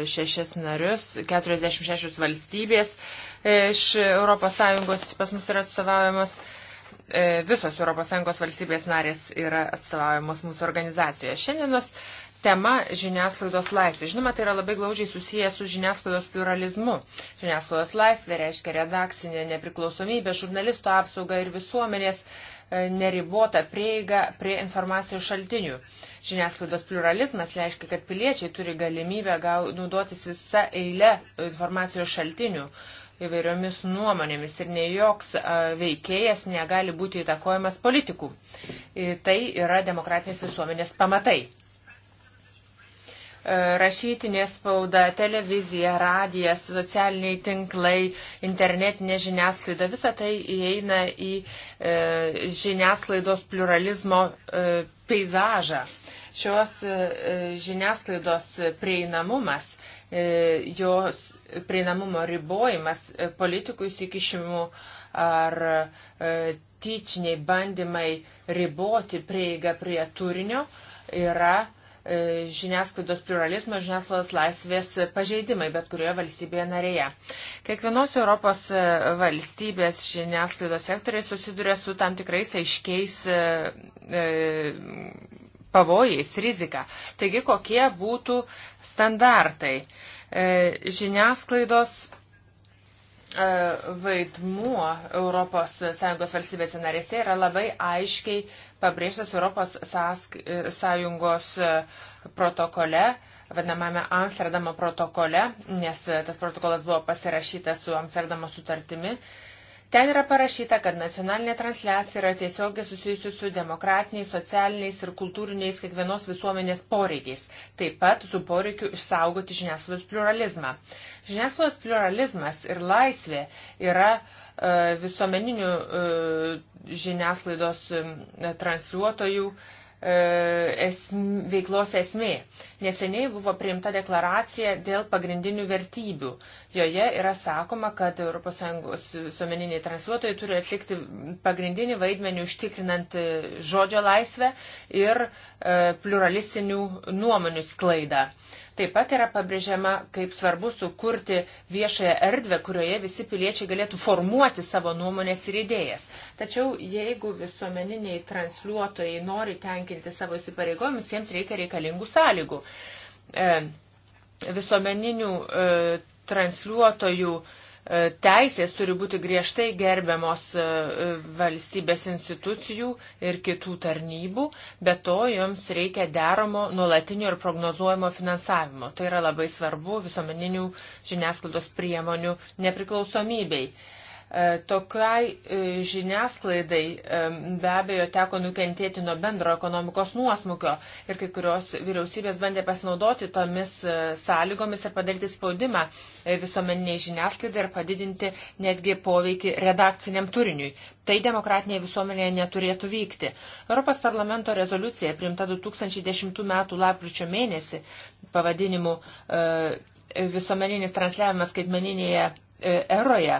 46 e, narius, 46 valstybės e, iš ES pas mus yra atstovaujamos. E, visos ES valstybės narės yra atstovaujamos mūsų organizacijoje. Šiandienos tema žiniasklaidos laisvė. Žinoma, tai yra labai glaužiai susijęs su žiniasklaidos pluralizmu. Žiniasklaidos laisvė reiškia redakcinė nepriklausomybė, žurnalisto apsauga ir visuomenės. E, neribotą prieigą prie informacijos šaltinių. Žiniasklaidos pluralizmas reiškia, kad piliečiai turi galimybę gau, naudotis visą eilę informacijos šaltinių įvairiomis nuomonėmis ir ne joks veikėjas negali būti įtakojamas politikų. Tai yra demokratinės visuomenės pamatai. E, rašytinė spauda, televizija, radijas, socialiniai tinklai, internetinė žiniasklaida, visa tai įeina į e, žiniasklaidos pluralizmo e, peizažą. Šios žiniasklaidos prieinamumas, jos prieinamumo ribojimas politikų įsikišimų ar tyčiniai bandymai riboti prieigą prie turinio yra uh, E, žiniasklaidos pluralizmo, žiniasklaidos laisvės pažeidimai bet kurioje valstybėje narėje. Kiekvienos Europos e, valstybės žiniasklaidos sektoriai susiduria su tam tikrais aiškiais e, pavojais, rizika. Taigi, kokie būtų standartai žiniasklaidos vaidmuo ES valstybėse narėse yra labai aiškiai pabrėžtas Europos sąsk, sąjungos e, protokole, vadinamame Amsterdamo protokole, nes tas protokolas buvo pasirašytas su Amsterdamo sutartimi. Uh, Ten yra parašyta, kad nacionalinė transliacija yra tiesiogiai susijusi su demokratiniais, socialiniais ir kultūriniais kiekvienos visuomenės poreikiais, taip pat su poreikiu išsaugoti žiniasklaidos pluralizmą. Žiniasklaidos pluralizmas ir laisvė yra e, visuomeninių e, žiniasklaidos e, transliuotojų e, E, esm, veiklos esmė. Neseniai buvo priimta deklaracija dėl pagrindinių vertybių. Joje yra sakoma, kad ES visuomeniniai transliuotojai turi atlikti pagrindinį vaidmenį užtikrinant e, žodžio laisvę ir e, pluralistinių nuomonių sklaidą. E, Taip pat yra pabrėžiama, kaip svarbu sukurti viešąją erdvę, kurioje visi piliečiai galėtų formuoti savo nuomonės ir idėjas. Tačiau jeigu visuomeniniai transliuotojai nori tenkinti savo įsipareigojimus, jiems reikia reikalingų sąlygų. E, visuomeninių e, transliuotojų e, E, teisės turi būti griežtai gerbiamos e, valstybės institucijų ir kitų tarnybų, bet to joms reikia deramo, nuolatinio ir prognozuojamo finansavimo. Tai yra labai svarbu visuomeninių žiniasklaidos priemonių nepriklausomybei. E, tokiai e, žiniasklaidai e, be abejo teko nukentėti nuo bendro ekonomikos nuosmukio ir kai kurios vyriausybės bandė pasinaudoti tomis sąlygomis ir padaryti spaudimą visuomeniniai žiniasklaidai ir padidinti netgi poveikį redakciniam turiniui. Tai demokratinėje visuomenėje neturėtų vykti. Europos parlamento rezoliucija priimta 2010 m. lapkričio mėnesį pavadinimu visuomeninis transliavimas skaitmeninėje eroje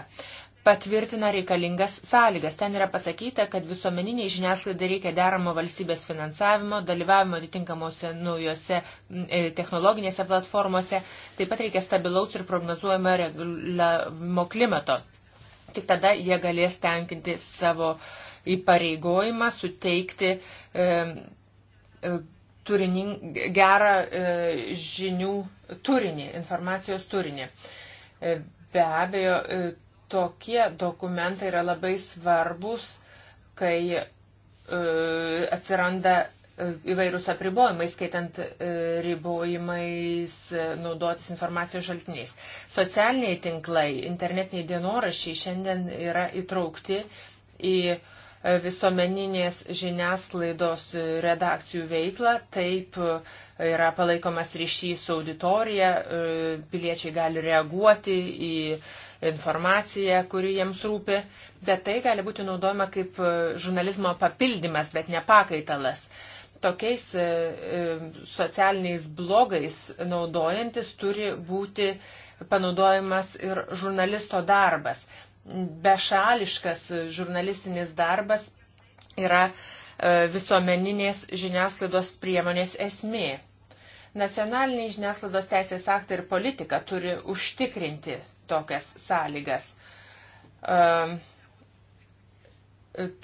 patvirtina reikalingas sąlygas. Ten yra pasakyta, kad visuomeniniai žiniasklaidai reikia deramo valstybės finansavimo, dalyvavimo atitinkamuose naujose e, technologinėse platformose, taip pat reikia stabilaus ir prognozuojamo reguliavimo klimato. Tik tada jie galės tenkinti savo įpareigojimą suteikti e, e, turining, gerą e, žinių turinį, informacijos turinį. E, be abejo, e, tokie dokumentai yra labai svarbus, kai e, atsiranda e, įvairūs apribojimai, skaitant e, ribojimais e, naudotis informacijos šaltiniais. Socialiniai tinklai, internetiniai dienorašiai šiandien yra įtraukti į e, visuomeninės žiniasklaidos redakcijų veiklą, taip yra palaikomas ryšys su auditorija, piliečiai gali reaguoti į uh, informaciją, kuri jiems rūpi, bet tai gali būti naudojama kaip e, žurnalizmo papildymas, bet ne pakaitalas. Tokiais e, e, socialiniais blogais naudojantis turi būti panaudojamas ir žurnalisto darbas. Bešališkas žurnalistinis darbas yra visuomeninės žiniasklaidos priemonės esmė. Nacionaliniai žiniasklaidos teisės aktai ir politika turi užtikrinti tokias sąlygas.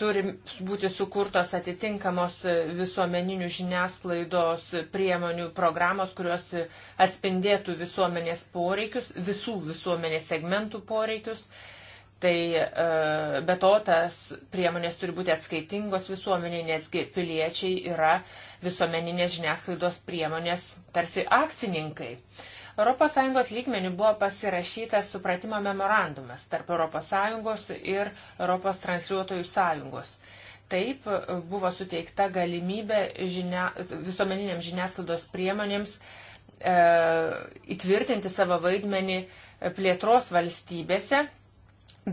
Turi būti sukurtos atitinkamos visuomeninių žiniasklaidos priemonių programos, kurios atspindėtų visuomenės poreikius, visų visuomenės segmentų poreikius. Tai e, be to tas priemonės turi būti atskaitingos visuomeniai, nesgi piliečiai yra visuomeninės žiniasklaidos priemonės tarsi akcininkai. Uh, ES lygmenių buvo pasirašytas supratimo memorandumas tarp ES ir ES transliuotojų sąjungos. Taip e, buvo suteikta galimybė žinia, visuomeniniams žiniasklaidos priemonėms e, įtvirtinti savo vaidmenį e, plėtros valstybėse,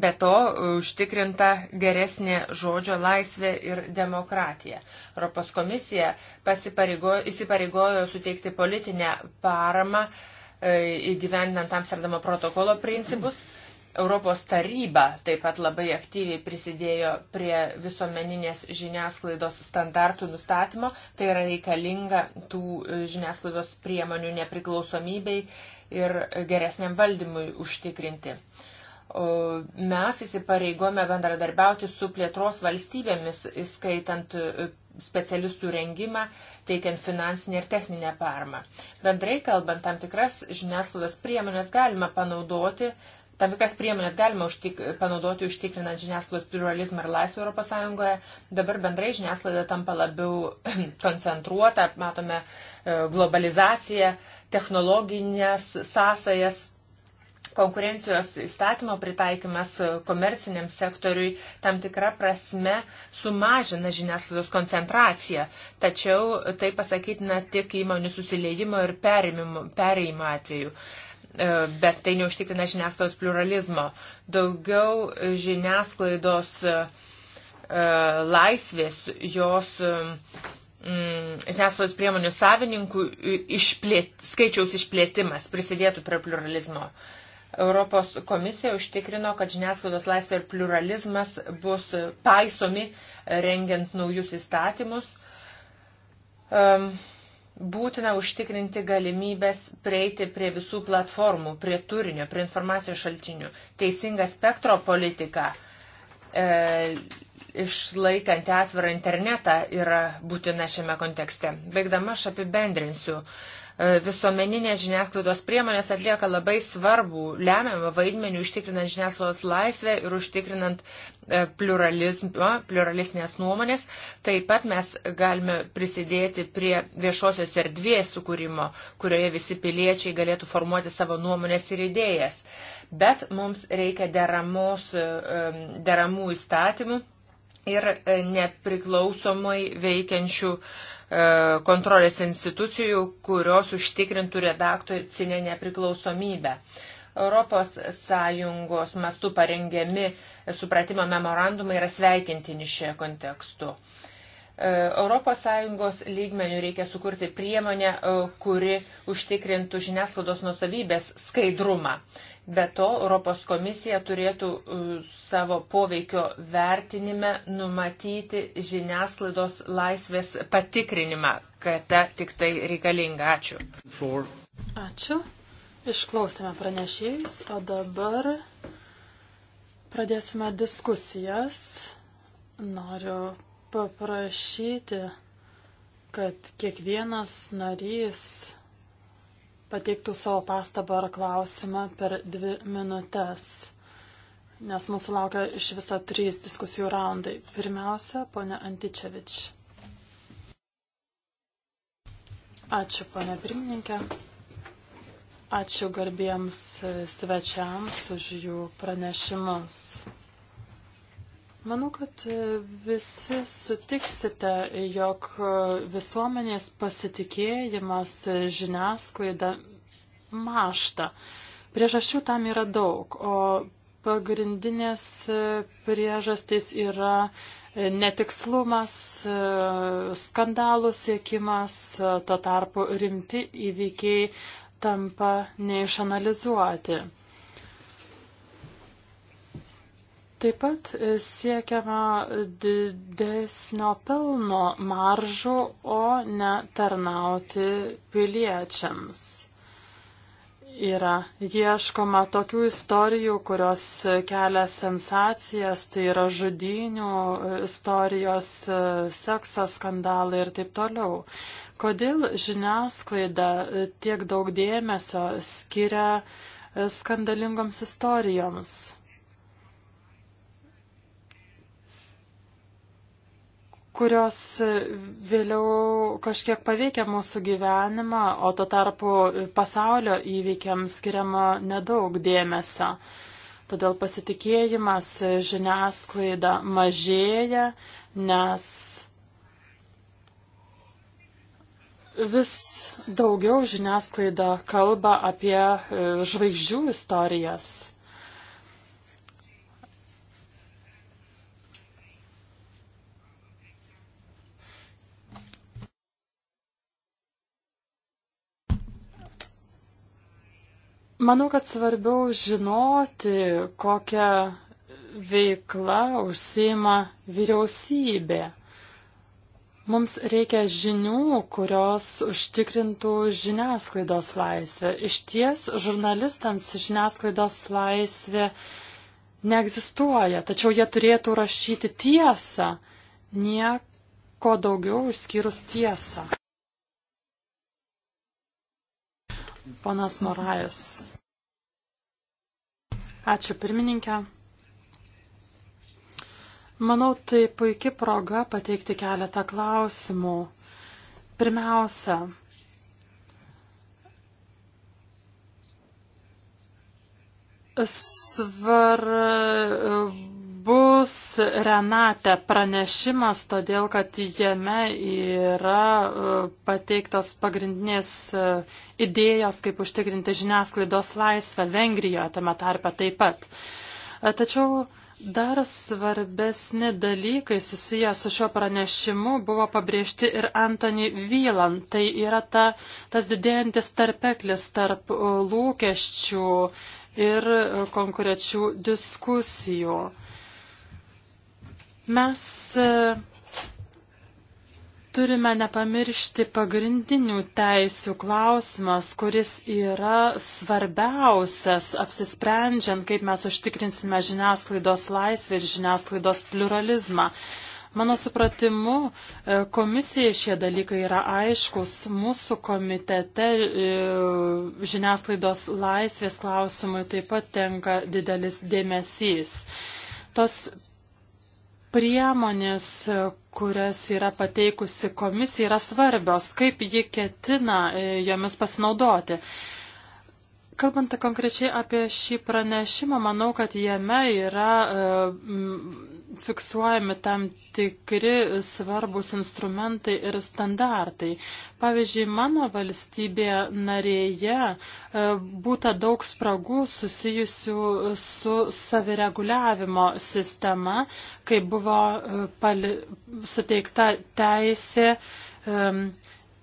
Be to e, užtikrinta geresnė žodžio laisvė ir demokratija. Europos komisija įsipareigojo suteikti politinę paramą uh, E, įgyvendinant Amsterdamo protokolo principus. Europos taryba taip pat labai aktyviai prisidėjo prie visuomeninės žiniasklaidos standartų nustatymo. Tai yra reikalinga tų e, žiniasklaidos priemonių nepriklausomybei ir geresniam valdymui užtikrinti. Mes įsipareigome bendradarbiauti su plėtros valstybėmis, įskaitant e, specialistų rengimą teikiant finansinę ir techninę paramą. Bendrai kalbant, tam tikras žiniasklaidos priemonės galima panaudoti, tam tikras priemonės galima užtik, panaudoti užtikrinant žiniasklaidos pluralizmą ir laisvę ES. Dabar bendrai žiniasklaida tampa labiau koncentruota, matome e, globalizaciją, technologinės sąsajas Konkurencijos įstatymo pritaikymas komerciniam sektoriui tam tikra prasme sumažina žiniasklaidos koncentraciją, tačiau tai pasakytina tik įmonių susiliejimo ir perėjimo atveju e, bet tai neužtikrina žiniasklaidos pluralizmo. Daugiau žiniasklaidos e, e, laisvės jos žiniasklaidos priemonių savininkų išplėt, skaičiaus išplėtimas prisidėtų prie pluralizmo. Uh, Europos komisija užtikrino, kad žiniasklaidos laisvė ir pluralizmas bus paisomi e, rengiant naujus įstatymus. Um, būtina užtikrinti galimybės prieiti prie visų platformų, prie turinio, prie informacijos šaltinių. Teisinga spektro politika, e, išlaikant atvirą internetą, yra būtina šiame kontekste. Baigdama aš apibendrinsiu. E, E, visuomeninės žiniasklaidos priemonės atlieka labai svarbų, lemiamą vaidmenį užtikrinant žiniasklaidos laisvę ir užtikrinant e, pluralizmą, pluralistinės nuomonės. Taip pat mes galime prisidėti prie viešosios erdvės sukūrimo, kurioje visi piliečiai galėtų formuoti savo nuomonės ir idėjas. Bet mums reikia deramos, e, deramų įstatymų ir nepriklausomai veikiančių uh, E, kontrolės institucijų, kurios užtikrintų redaktorinę nepriklausomybę. Europos Sąjungos mastu parengiami supratimo memorandumai yra sveikintini šioje kontekstu. E, Europos Sąjungos lygmenių reikia sukurti priemonę, e, kuri užtikrintų žiniasklaidos nusavybės skaidrumą. Be to, Europos komisija turėtų e, savo poveikio vertinime numatyti žiniasklaidos laisvės patikrinimą, kad ta tik tai reikalinga. Ačiū. For. Ačiū. Išklausėme pranešėjus, o dabar pradėsime diskusijas. Noriu paprašyti, kad kiekvienas narys pateiktų savo pastabą ar klausimą per dvi minutės, nes mūsų laukia iš viso trys diskusijų raundai. Pirmiausia, ponia Antičevič. Ačiū, ponia pirmininkė. Ačiū garbiems svečiams už jų pranešimus. Manau, kad e, visi sutiksite, jog e, visuomenės pasitikėjimas e, žiniasklaida mašta. Priežasčių tam yra daug, o pagrindinės priežastys yra netikslumas, skandalų siekimas, to tarpu rimti įvykiai tampa neišanalizuoti. Taip pat e, siekiama didesnio pelno maržų, o ne tarnauti piliečiams. Yra ieškoma tokių istorijų, kurios kelia sensacijas, tai yra žudynių istorijos, e, seksas skandalai ir taip toliau. Kodėl žiniasklaida e, tiek daug dėmesio skiria skandalingoms istorijoms? kurios vėliau kažkiek paveikia mūsų gyvenimą, o to tarpu pasaulio įvykiams skiriama nedaug dėmesio. Todėl pasitikėjimas žiniasklaida mažėja, nes vis daugiau žiniasklaida kalba apie e, žvaigždžių istorijas. Manau, kad svarbiau žinoti, kokią veiklą užsima vyriausybė. Mums reikia žinių, kurios užtikrintų žiniasklaidos laisvę. Iš ties žurnalistams žiniasklaidos laisvė neegzistuoja, tačiau jie turėtų rašyti tiesą, nieko daugiau išskyrus tiesą. Ponas Morais. Ačiū pirmininkė. Manau, tai puikia proga pateikti keletą klausimų. Pirmiausia, svar svarbus Renate pranešimas, todėl kad jame yra e, pateiktos pagrindinės e, idėjos, kaip užtikrinti žiniasklaidos laisvę Vengrijoje, tame tarpe taip pat. E, tačiau dar svarbesni dalykai susiję su šiuo pranešimu buvo pabrėžti ir Antony Vyland. Tai yra ta, tas didėjantis tarpeklis tarp lūkesčių ir konkrečių diskusijų. Mes e, turime nepamiršti pagrindinių teisių klausimas, kuris yra svarbiausias apsisprendžiant, kaip mes užtikrinsime žiniasklaidos laisvę ir žiniasklaidos pluralizmą. Mano supratimu, e, komisijai šie dalykai yra aiškus. Mūsų komitete e, žiniasklaidos laisvės klausimui taip pat tenka didelis dėmesys. Tos priemonės, kurias yra pateikusi komisija, yra svarbios, kaip ji ketina e, jomis pasinaudoti. Kalbant konkrečiai apie šį pranešimą, manau, kad jame yra e, fiksuojami tam tikri svarbus instrumentai ir standartai. Pavyzdžiui, mano valstybėje narėje e, būta daug spragų susijusių su savireguliavimo sistema, kai buvo e, pali, suteikta teisė um,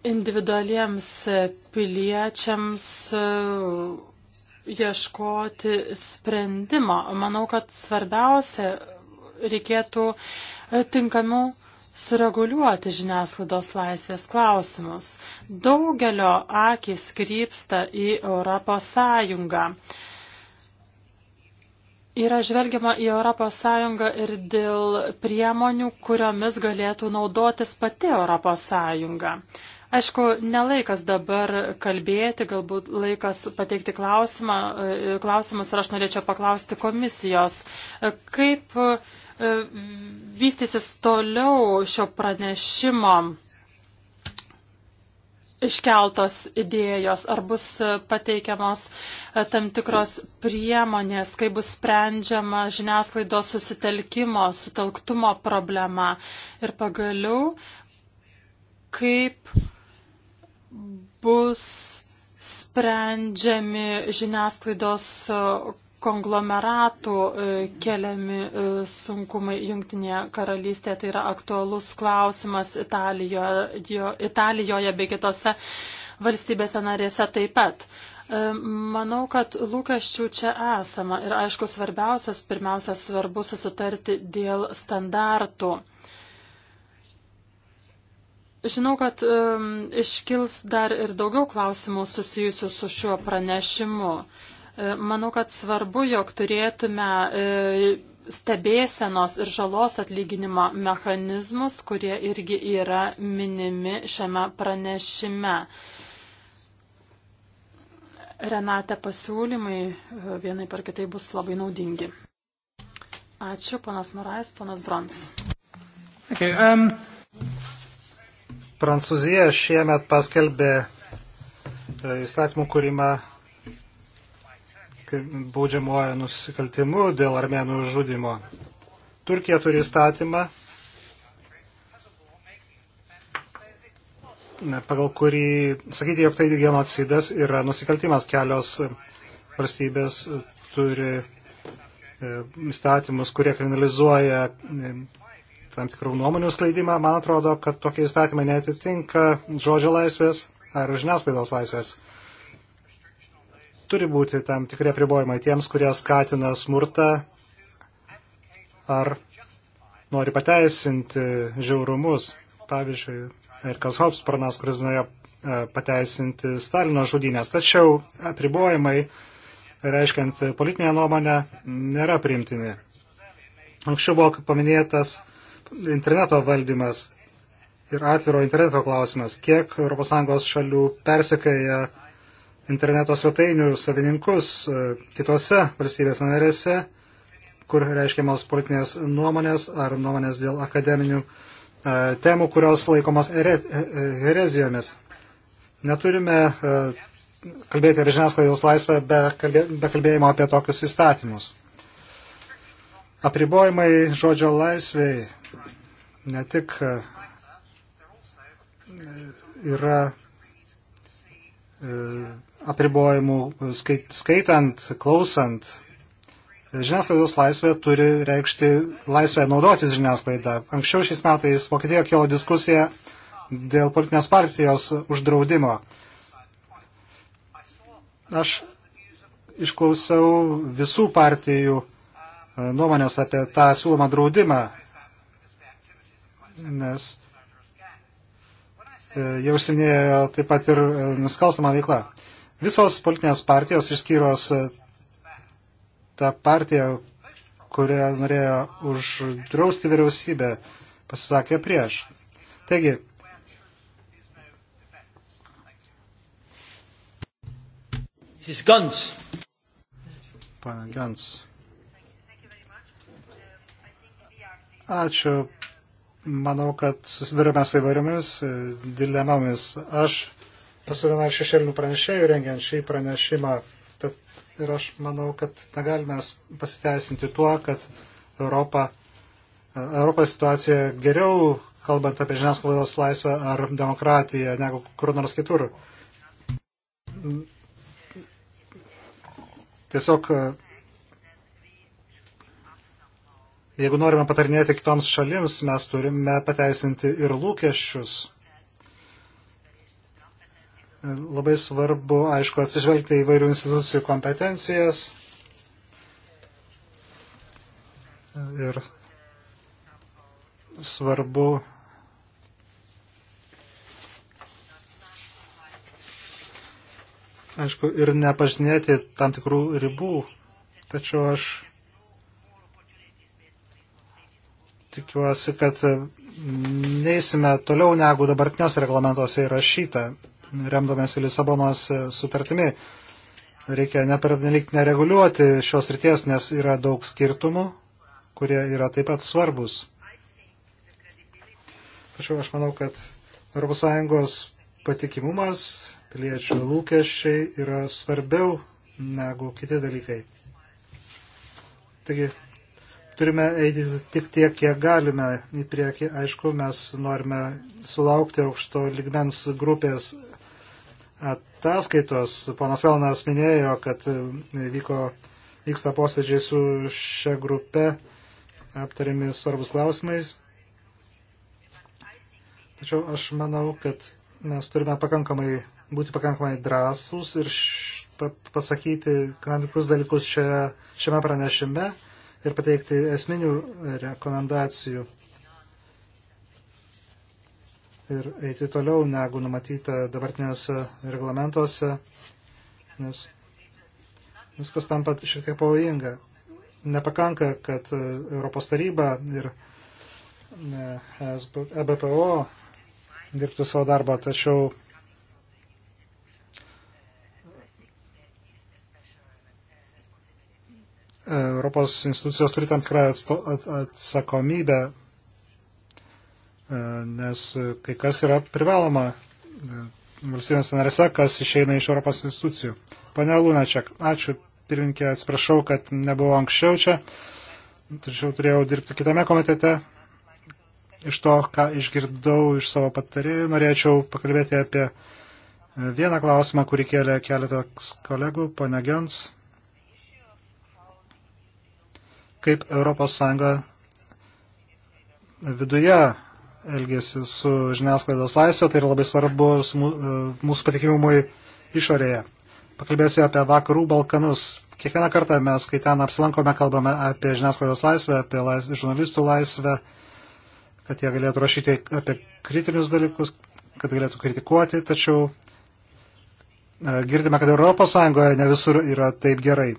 individualiems piliečiams uh, ieškoti sprendimo. Manau, kad svarbiausia reikėtų uh, tinkamiau sureguliuoti žiniasklaidos laisvės klausimus. Daugelio akis krypsta į Europos Sąjungą. Yra žvelgiama į Europos Sąjungą ir dėl priemonių, kuriomis galėtų naudotis pati Europos Sąjunga. Aišku, nelaikas dabar kalbėti, galbūt laikas pateikti klausimą, e, klausimus ir aš norėčiau paklausti komisijos, e, kaip e, vystysis toliau šio pranešimo iškeltos idėjos, ar bus pateikiamos tam tikros priemonės, kaip bus sprendžiama žiniasklaidos susitelkimo, sutelktumo problema ir pagaliau, kaip bus sprendžiami žiniasklaidos konglomeratų e, keliami e, sunkumai Junktinėje karalystėje. Tai yra aktualus klausimas Italijoje, Italijoje bei kitose valstybėse narėse taip pat. E, manau, kad lūkesčių čia esama ir aišku svarbiausias, pirmiausia svarbu susitarti dėl standartų. Žinau, kad um, iškils dar ir daugiau klausimų susijusių su šiuo pranešimu. E, manau, kad svarbu, jog turėtume e, stebėsenos ir žalos atlyginimo mechanizmus, kurie irgi yra minimi šiame pranešime. Renate pasiūlymai e, vienai par kitai bus labai naudingi. Ačiū, panas Morais, panas Brons. Okay, um... Prancūzija šiemet paskelbė e, įstatymų kūrimą baudžiamuoju nusikaltimu dėl armenų žudimo. Turkija turi įstatymą, pagal kurį sakyti, jog tai genocidas yra nusikaltimas. Kelios valstybės turi e, įstatymus, kurie kriminalizuoja e, tam tikrų nuomonių skleidimą, man atrodo, kad tokie įstatymai netitinka žodžio laisvės ar žiniasklaidos laisvės. Turi būti tam tikrie pribojimai tiems, kurie skatina smurtą ar nori pateisinti žiaurumus. Pavyzdžiui, Erkas Hofsparnas, kuris norėjo e, pateisinti Stalino žudynės. Tačiau apribojimai, reiškiant politinę nuomonę, nėra primtini. Anksčiau buvo paminėtas interneto valdymas ir atviro interneto klausimas. Kiek ES šalių persekėja interneto svetainių savininkus e, kitose valstybės narėse, kur reiškiamos politinės nuomonės ar nuomonės dėl akademinių e, temų, kurios laikomos e, herezijomis. Neturime kalbėti apie žiniasklaidos laisvę be kalbėjimo apie tokius įstatymus. Apribojimai žodžio laisviai ne tik e, yra e, apribojimų skaitant, klausant. Žiniasklaidos laisvė turi reikšti laisvę naudotis žiniasklaidą. Anksčiau šiais metais Vokietijoje kilo diskusija dėl politinės partijos uždraudimo. Aš išklausiau visų partijų e, nuomonės apie tą siūlomą draudimą nes e, jie užsiminėjo taip pat ir e, nusikalstama veikla. Visos politinės partijos išskyros e, tą partiją, kurią norėjo uždrausti vyriausybę, pasisakė prieš. Taigi, Mrs. Guns. Pana Guns. Ačiū, manau, kad susidurime su įvairiomis e, dilemomis. Aš esu viena iš šešėlinių pranešėjų rengiant šį pranešimą. Tad, ir aš manau, kad negalime pasiteisinti tuo, kad Europa, e, Europos situacija geriau, kalbant apie žiniasklaidos laisvę ar demokratiją, negu kur nors kitur. Tiesiog e, Jeigu norime patarinėti kitoms šalims, mes turime pateisinti ir lūkesčius. Labai svarbu, aišku, atsižvelgti į vairių institucijų kompetencijas ir svarbu aišku, ir nepažinėti tam tikrų ribų. Tačiau aš tikiuosi, kad neįsime toliau negu dabartiniuose reglamentuose įrašyta, remdamėsi Lisabonos sutartimi. Reikia nepernelik nereguliuoti šios ryties, nes yra daug skirtumų, kurie yra taip pat svarbus. Tačiau aš manau, kad ES patikimumas, piliečių lūkesčiai yra svarbiau negu kiti dalykai. Taigi turime eiti tik tiek, kiek galime į priekį. Aišku, mes norime sulaukti aukšto ligmens grupės ataskaitos. Ponas Velnas minėjo, kad vyko, vyksta posėdžiai su šia grupe, aptarimi svarbus klausimais. Tačiau aš manau, kad mes turime pakankamai, būti pakankamai drąsūs ir š, pa, pasakyti tam tikrus dalykus šia, šiame pranešime ir pateikti esminių rekomendacijų ir eiti toliau negu numatyta dabartinėse reglamentuose, nes viskas tampa šiek tiek pavojinga. Nepakanka, kad e, Europos taryba ir EBPO e dirbtų savo darbą, tačiau Europos institucijos turi tam tikrą atsakomybę, e, nes kai kas yra privaloma e, valstybės narėse, kas išeina iš Europos institucijų. Pane Lunačiak, ačiū pirminkė, atsiprašau, kad nebuvau anksčiau čia, tačiau turėjau dirbti kitame komitete. Iš to, ką išgirdau iš savo patarėjų, norėčiau pakalbėti apie e, vieną klausimą, kurį kėlė keletas kolegų, pane Gens kaip ES viduje elgėsi su žiniasklaidos laisvė, tai yra labai svarbu e, mūsų patikimumui išorėje. Pakalbėsiu apie vakarų Balkanus. Kiekvieną kartą mes, kai ten apsilankome, kalbame apie žiniasklaidos laisvę, apie laisvę, žurnalistų laisvę, kad jie galėtų rašyti apie kritinius dalykus, kad galėtų kritikuoti, tačiau e, girdime, kad ES ne visur yra taip gerai.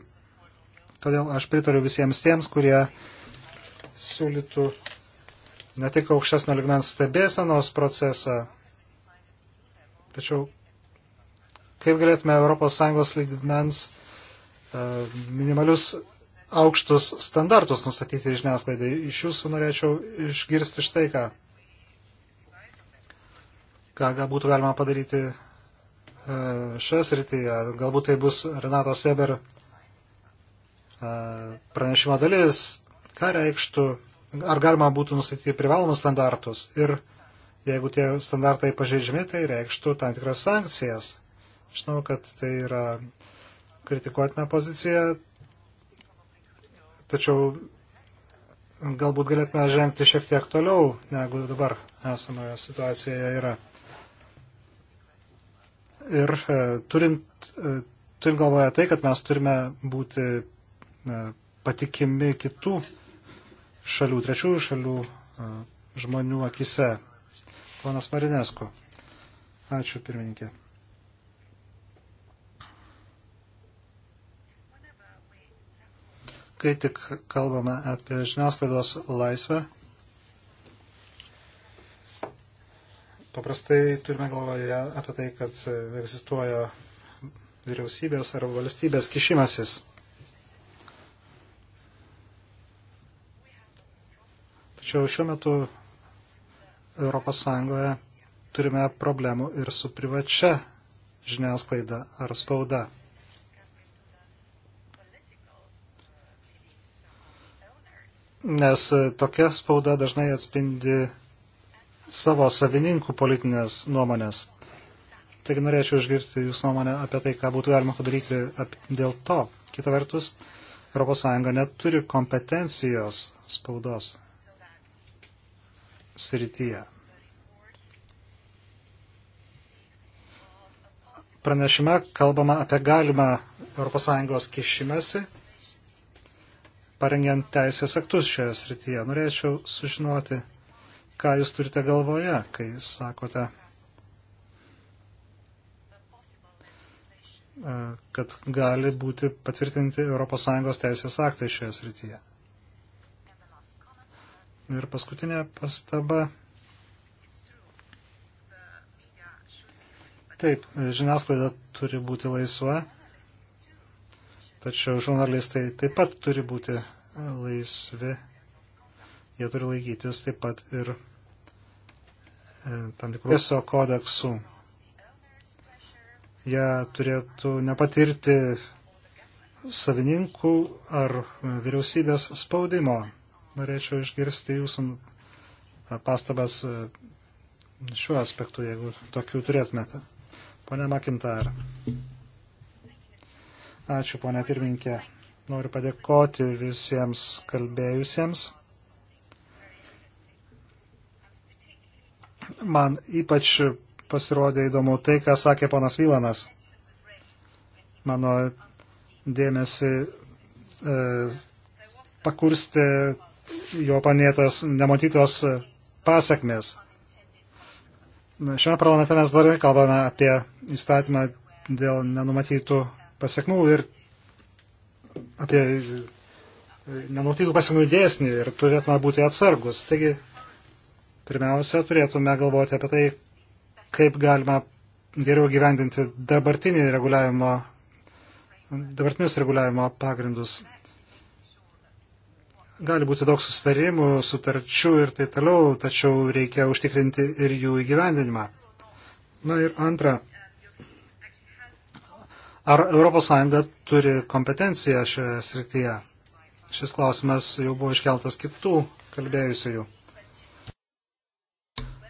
Todėl aš pritariu visiems tiems, kurie siūlytų ne tik aukštesnio ligmens stebėsenos procesą, tačiau kaip galėtume ES ligmens e, minimalius aukštus standartus nustatyti žiniasklaidai. Iš jūsų norėčiau išgirsti štai ką. Ką, ką būtų galima padaryti e, šioje srityje. Galbūt tai bus Renatos Weber pranešimo dalis, ką reikštų, ar galima būtų nustatyti privalomus standartus ir jeigu tie standartai pažeidžiami, tai reikštų tam tikras sankcijas. Žinau, kad tai yra kritikuotina pozicija, tačiau galbūt galėtume žengti šiek tiek toliau, negu dabar esamoje situacijoje yra. Ir e, turint, e, turint galvoje tai, kad mes turime būti E, patikimi kitų šalių, trečiųjų šalių e, žmonių akise. Ponas Marinesko. Ačiū, pirmininkė. Kai tik kalbame apie žiniasklaidos laisvę, paprastai turime galvoje apie tai, kad egzistuoja vyriausybės ar valstybės kišimasis Tačiau šiuo metu ES turime problemų ir su privačia žiniasklaida ar spauda. Nes tokia spauda dažnai atspindi savo savininkų politinės nuomonės. Taigi norėčiau išgirsti Jūsų nuomonę apie tai, ką būtų galima padaryti dėl to. Kita vertus, ES neturi kompetencijos spaudos srityje. Pranešime kalbama apie galimą ES kišimėsi, parengiant teisės aktus šioje srityje. Norėčiau sužinoti, ką jūs turite galvoje, kai sakote, e, kad gali būti patvirtinti ES teisės aktai šioje srityje. Ir paskutinė pastaba. Taip, žiniasklaida turi būti laisva, tačiau žurnalistai taip pat turi būti laisvi. Jie turi laikytis taip pat ir e, tam tikrų viso kodeksų. Jie turėtų nepatirti savininkų ar vyriausybės spaudimo norėčiau išgirsti jūsų e, pastabas e, šiuo aspektu, jeigu tokių turėtumėte. Pone Makintar. Ačiū, ponė pirminkė. Noriu padėkoti visiems kalbėjusiems. Man ypač pasirodė įdomu tai, ką sakė ponas Vylanas. Mano dėmesį e, pakursti jo panėtas nematytos pasakmės. Šiame parlamente mes dar kalbame apie įstatymą dėl nenumatytų pasiekmių ir apie nenumatytų pasiekmių dėsnį ir turėtume būti atsargus. Taigi, pirmiausia, turėtume galvoti apie tai, kaip galima geriau gyvendinti dabartinį reguliavimo, dabartinius reguliavimo pagrindus gali būti daug susitarimų, sutarčių ir taip toliau, tačiau reikia užtikrinti ir jų įgyvendinimą. Na ir antra, ar ES turi kompetenciją šioje srityje? Šis klausimas jau buvo iškeltas kitų kalbėjusiųjų.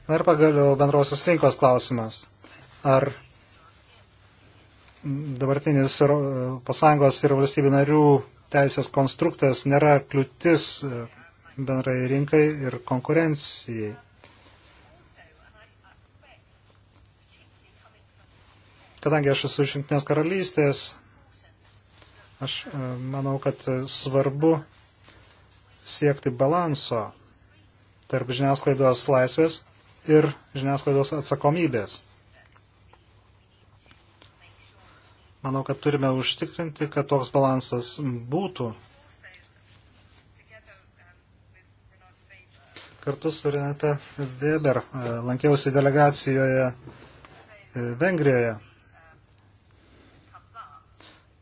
Na ir pagaliau bendrosios rinkos klausimas. Ar dabartinis pasąjungos ir valstybių narių teisės konstruktas nėra kliūtis e, bendrai rinkai ir konkurencijai. Kadangi aš esu iš Junktinės karalystės, aš e, manau, kad svarbu siekti balanso tarp žiniasklaidos laisvės ir žiniasklaidos atsakomybės. Manau, kad turime užtikrinti, kad toks balansas būtų. Kartu su Renata Weber e, lankiausi delegacijoje e, Vengrijoje.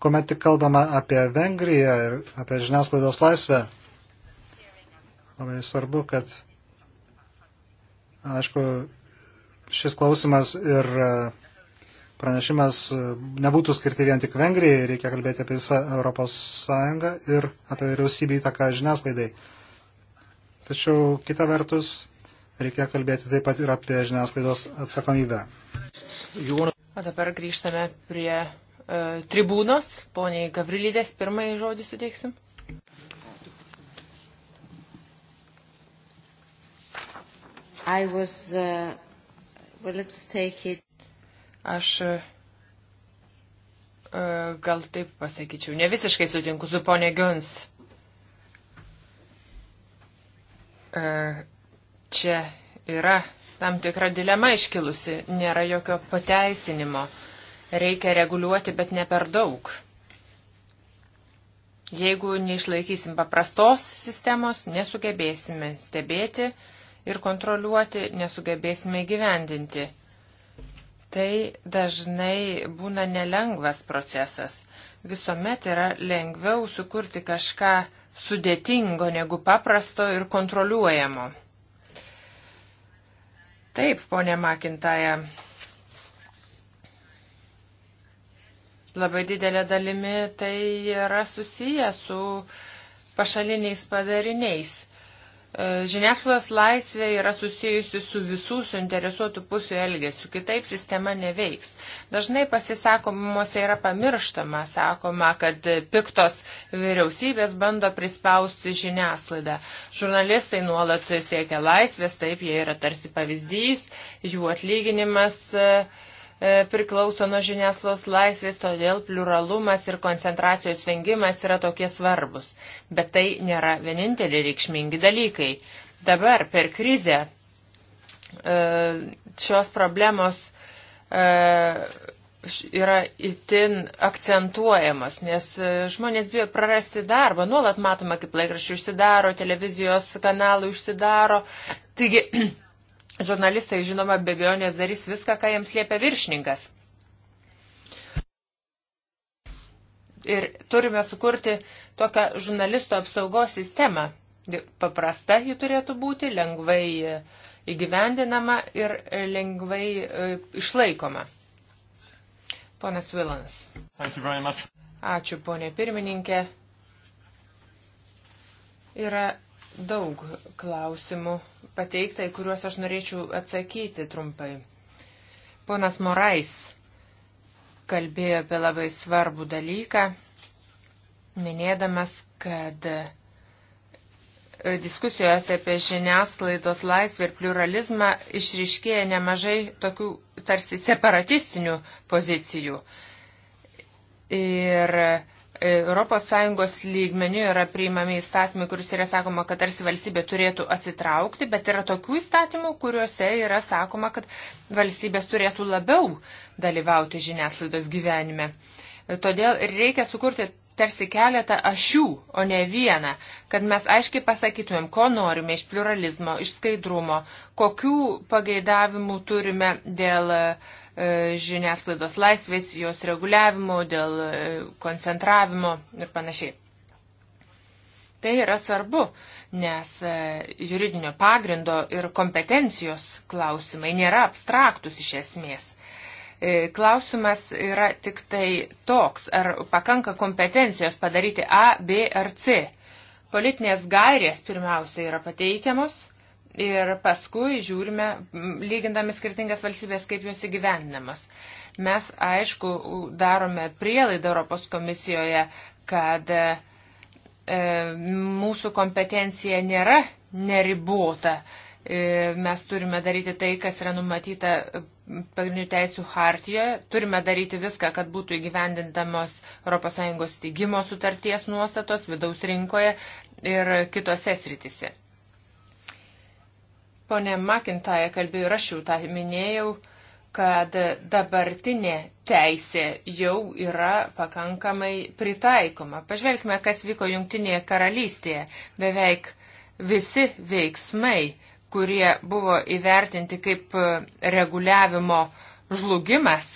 Kuomet tik kalbama apie Vengriją ir apie žiniasklaidos laisvę, labai svarbu, kad, aišku, šis klausimas ir e, pranešimas e, nebūtų skirti vien tik Vengrijai, reikia kalbėti apie visą Europos Sąjungą ir apie vyriausybę įtaką žiniasklaidai. Tačiau kita vertus, reikia kalbėti taip pat ir apie žiniasklaidos atsakomybę. O dabar grįžtame prie e, tribūnos. Poniai Gavrilydės pirmąjį žodį suteiksim. I was, uh, well, let's take it. Aš e, gal taip pasakyčiau, ne visiškai sutinku su ponė Gions. E, čia yra tam tikra dilema iškilusi, nėra jokio pateisinimo. Reikia reguliuoti, bet ne per daug. Jeigu neišlaikysim paprastos sistemos, nesugebėsime stebėti ir kontroliuoti, nesugebėsime gyvendinti tai dažnai būna nelengvas procesas. Visuomet yra lengviau sukurti kažką sudėtingo negu paprasto ir kontroliuojamo. Taip, ponė Makintaja, labai didelė dalimi tai yra susiję su pašaliniais padariniais. E, žiniasklaidos laisvė yra susijusi su visų suinteresuotų pusių elgesiu, kitaip sistema neveiks. Dažnai pasisakomuose yra pamirštama, sakoma, kad piktos vyriausybės bando prispausti žiniasklaidą. Žurnalistai nuolat siekia laisvės, taip jie yra tarsi pavyzdys, jų atlyginimas. Uh, E, priklauso nuo žiniaslos laisvės, todėl pluralumas ir koncentracijos vengimas yra tokie svarbus. Bet tai nėra vieninteliai reikšmingi dalykai. Dabar per krizę e, šios problemos e, yra itin akcentuojamos, nes žmonės bijo prarasti darbą. Nuolat matoma, kaip laikraščių užsidaro, televizijos kanalai užsidaro. Taigi Žurnalistai, žinoma, be abejonės darys viską, ką jiems liepia viršininkas. Ir turime sukurti tokią žurnalisto apsaugos sistemą. Paprasta ji turėtų būti, lengvai e, įgyvendinama ir lengvai e, išlaikoma. Ponas Vilanas. Ačiū, ponė pirmininkė. Yra daug klausimų pateikta, į kuriuos aš norėčiau atsakyti trumpai. Ponas Morais kalbėjo apie labai svarbų dalyką, minėdamas, kad e, diskusijose apie žiniasklaidos laisvę ir pluralizmą išriškėja nemažai tokių tarsi separatistinių pozicijų. Ir ES lygmenių yra priimami įstatymai, kuris yra sakoma, kad tarsi valstybė turėtų atsitraukti, bet yra tokių įstatymų, kuriuose yra sakoma, kad valstybės turėtų labiau dalyvauti žiniasklaidos gyvenime. Todėl ir reikia sukurti tarsi keletą ašių, o ne vieną, kad mes aiškiai pasakytumėm, ko norime iš pluralizmo, iš skaidrumo, kokių pageidavimų turime dėl uh, E, žiniasklaidos laisvės, jos reguliavimo, dėl e, koncentravimo ir panašiai. Tai yra svarbu, nes e, juridinio pagrindo ir kompetencijos klausimai nėra abstraktus iš esmės. Klausimas yra tik tai toks, ar pakanka kompetencijos padaryti A, B ar C. Politinės gairės pirmiausia yra pateikiamos ir paskui žiūrime, lygindami skirtingas valstybės, kaip jos įgyvendinamos. Mes, aišku, darome prielaidą Europos komisijoje, kad e, e, mūsų kompetencija nėra neribota. E, mes turime daryti tai, kas yra numatyta e, pagrindinių teisų hartijoje. Turime daryti viską, kad būtų įgyvendintamos ES steigimo sutarties nuostatos vidaus rinkoje ir kitose sritise. Pone Makintaja kalbėjo ir aš jau tą minėjau, kad dabartinė teisė jau yra pakankamai pritaikoma. Pažvelgime, kas vyko Junktinėje karalystėje. Beveik visi veiksmai, kurie buvo įvertinti kaip reguliavimo žlugimas,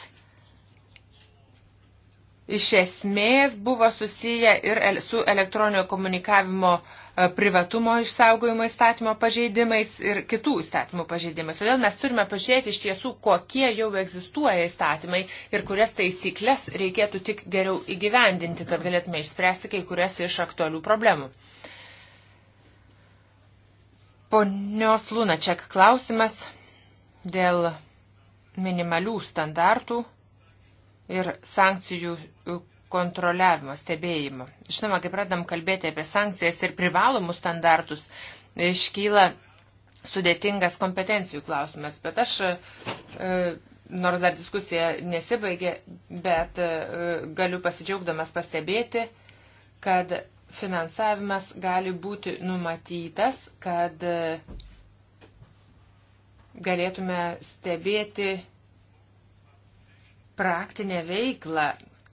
iš esmės buvo susiję ir su elektroninio komunikavimo uh, E, privatumo išsaugojimo įstatymo pažeidimais ir kitų įstatymų pažeidimais. Todėl mes turime pažiūrėti iš tiesų, kokie jau egzistuoja įstatymai ir kurias taisyklės reikėtų tik geriau įgyvendinti, kad galėtume išspręsti kai kurias iš aktualių problemų. Ponios Lunačiak klausimas dėl minimalių standartų ir sankcijų kontroliavimo, stebėjimo. Žinoma, kai pradam kalbėti apie sankcijas ir privalomus standartus, iškyla sudėtingas kompetencijų klausimas, bet aš, e, nors dar diskusija nesibaigė, bet e, galiu pasidžiaugdamas pastebėti, kad finansavimas gali būti numatytas, kad e, galėtume stebėti praktinę veiklą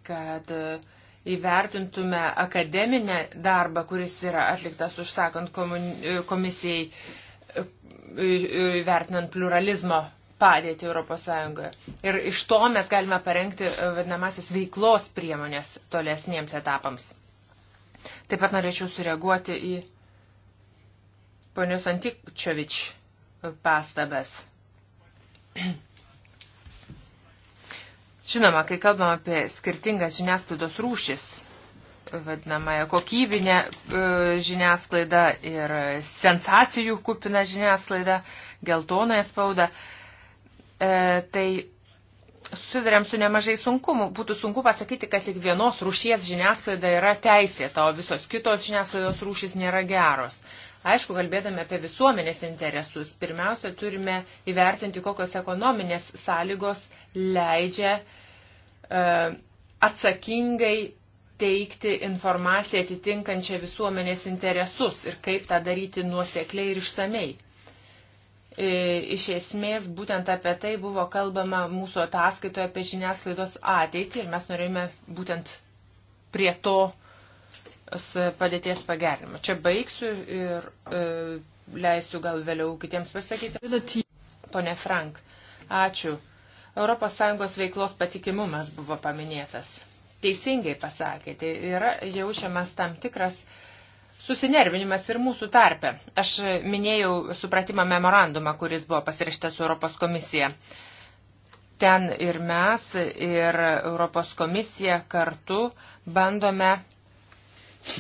kad e, įvertintume akademinę darbą, kuris yra atliktas užsakant e, komisijai, e, įvertinant pluralizmo padėtį ES. Ir iš to mes galime parengti vadinamasis veiklos priemonės tolesniems etapams. Taip pat norėčiau sureaguoti į ponios Antikčiovič pastabas. Žinoma, kai kalbam apie skirtingas žiniasklaidos rūšis, vadinamąją kokybinę e, žiniasklaidą ir sensacijų kupiną žiniasklaidą, geltonąją spaudą, e, tai susidurėm su nemažai sunkumu. Būtų sunku pasakyti, kad tik vienos rūšies žiniasklaida yra teisėta, o visos kitos žiniasklaidos rūšys nėra geros. Aišku, kalbėdami apie visuomenės interesus, pirmiausia, turime įvertinti, kokios ekonominės sąlygos leidžia uh, atsakingai teikti informaciją atitinkančią visuomenės interesus ir kaip tą daryti nuosekliai ir išsamei. E, iš esmės, būtent apie tai buvo kalbama mūsų ataskaitoje apie žiniasklaidos ateitį ir mes norėjome būtent prie to padėties pagerinimo. Čia baigsiu ir e, leisiu gal vėliau kitiems pasakyti. Pone Frank, ačiū. ES veiklos patikimumas buvo paminėtas. Teisingai pasakėte, tai yra jaučiamas tam tikras susinervinimas ir mūsų tarpe. Aš minėjau supratimą memorandumą, kuris buvo pasirašytas su Europos komisija. Ten ir mes, ir Europos komisija kartu bandome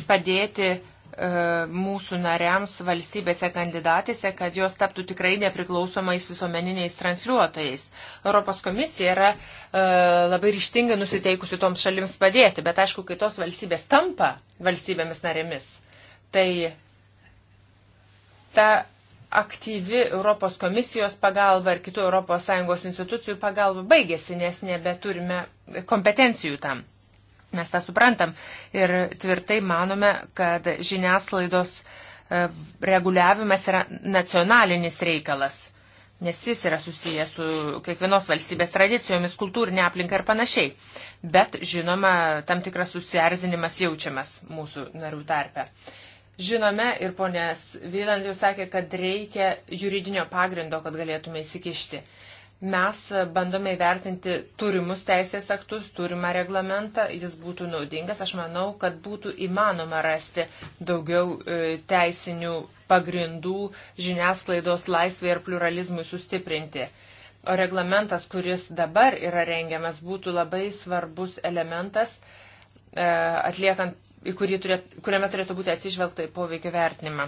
padėti E, mūsų nariams valstybėse kandidatėse, kad jos taptų tikrai nepriklausomais visuomeniniais transliuotojais. Europos komisija yra e, labai ryštingai nusiteikusi toms šalims padėti, bet aišku, kai tos valstybės tampa valstybėmis narėmis, tai ta aktyvi Europos komisijos pagalba ir kitų ES institucijų pagalba baigėsi, nes nebeturime kompetencijų tam. Mes tą suprantam ir tvirtai manome, kad žiniasklaidos e, reguliavimas yra nacionalinis reikalas, nes jis yra susijęs su kiekvienos valstybės tradicijomis, kultūrinė aplinka ir panašiai. Bet, žinoma, tam tikras susierzinimas jaučiamas mūsų narių tarpe. Žinome ir ponės Vyland jau sakė, kad reikia juridinio pagrindo, kad galėtume įsikišti mes bandome įvertinti turimus teisės aktus, turimą reglamentą, jis būtų naudingas. Aš manau, kad būtų įmanoma rasti daugiau e, teisinių pagrindų žiniasklaidos laisvė ir pluralizmui sustiprinti. O reglamentas, kuris dabar yra rengiamas, būtų labai svarbus elementas, e, atliekant į kurį turėt, kuriame turėtų būti atsižvelgta į poveikio vertinimą.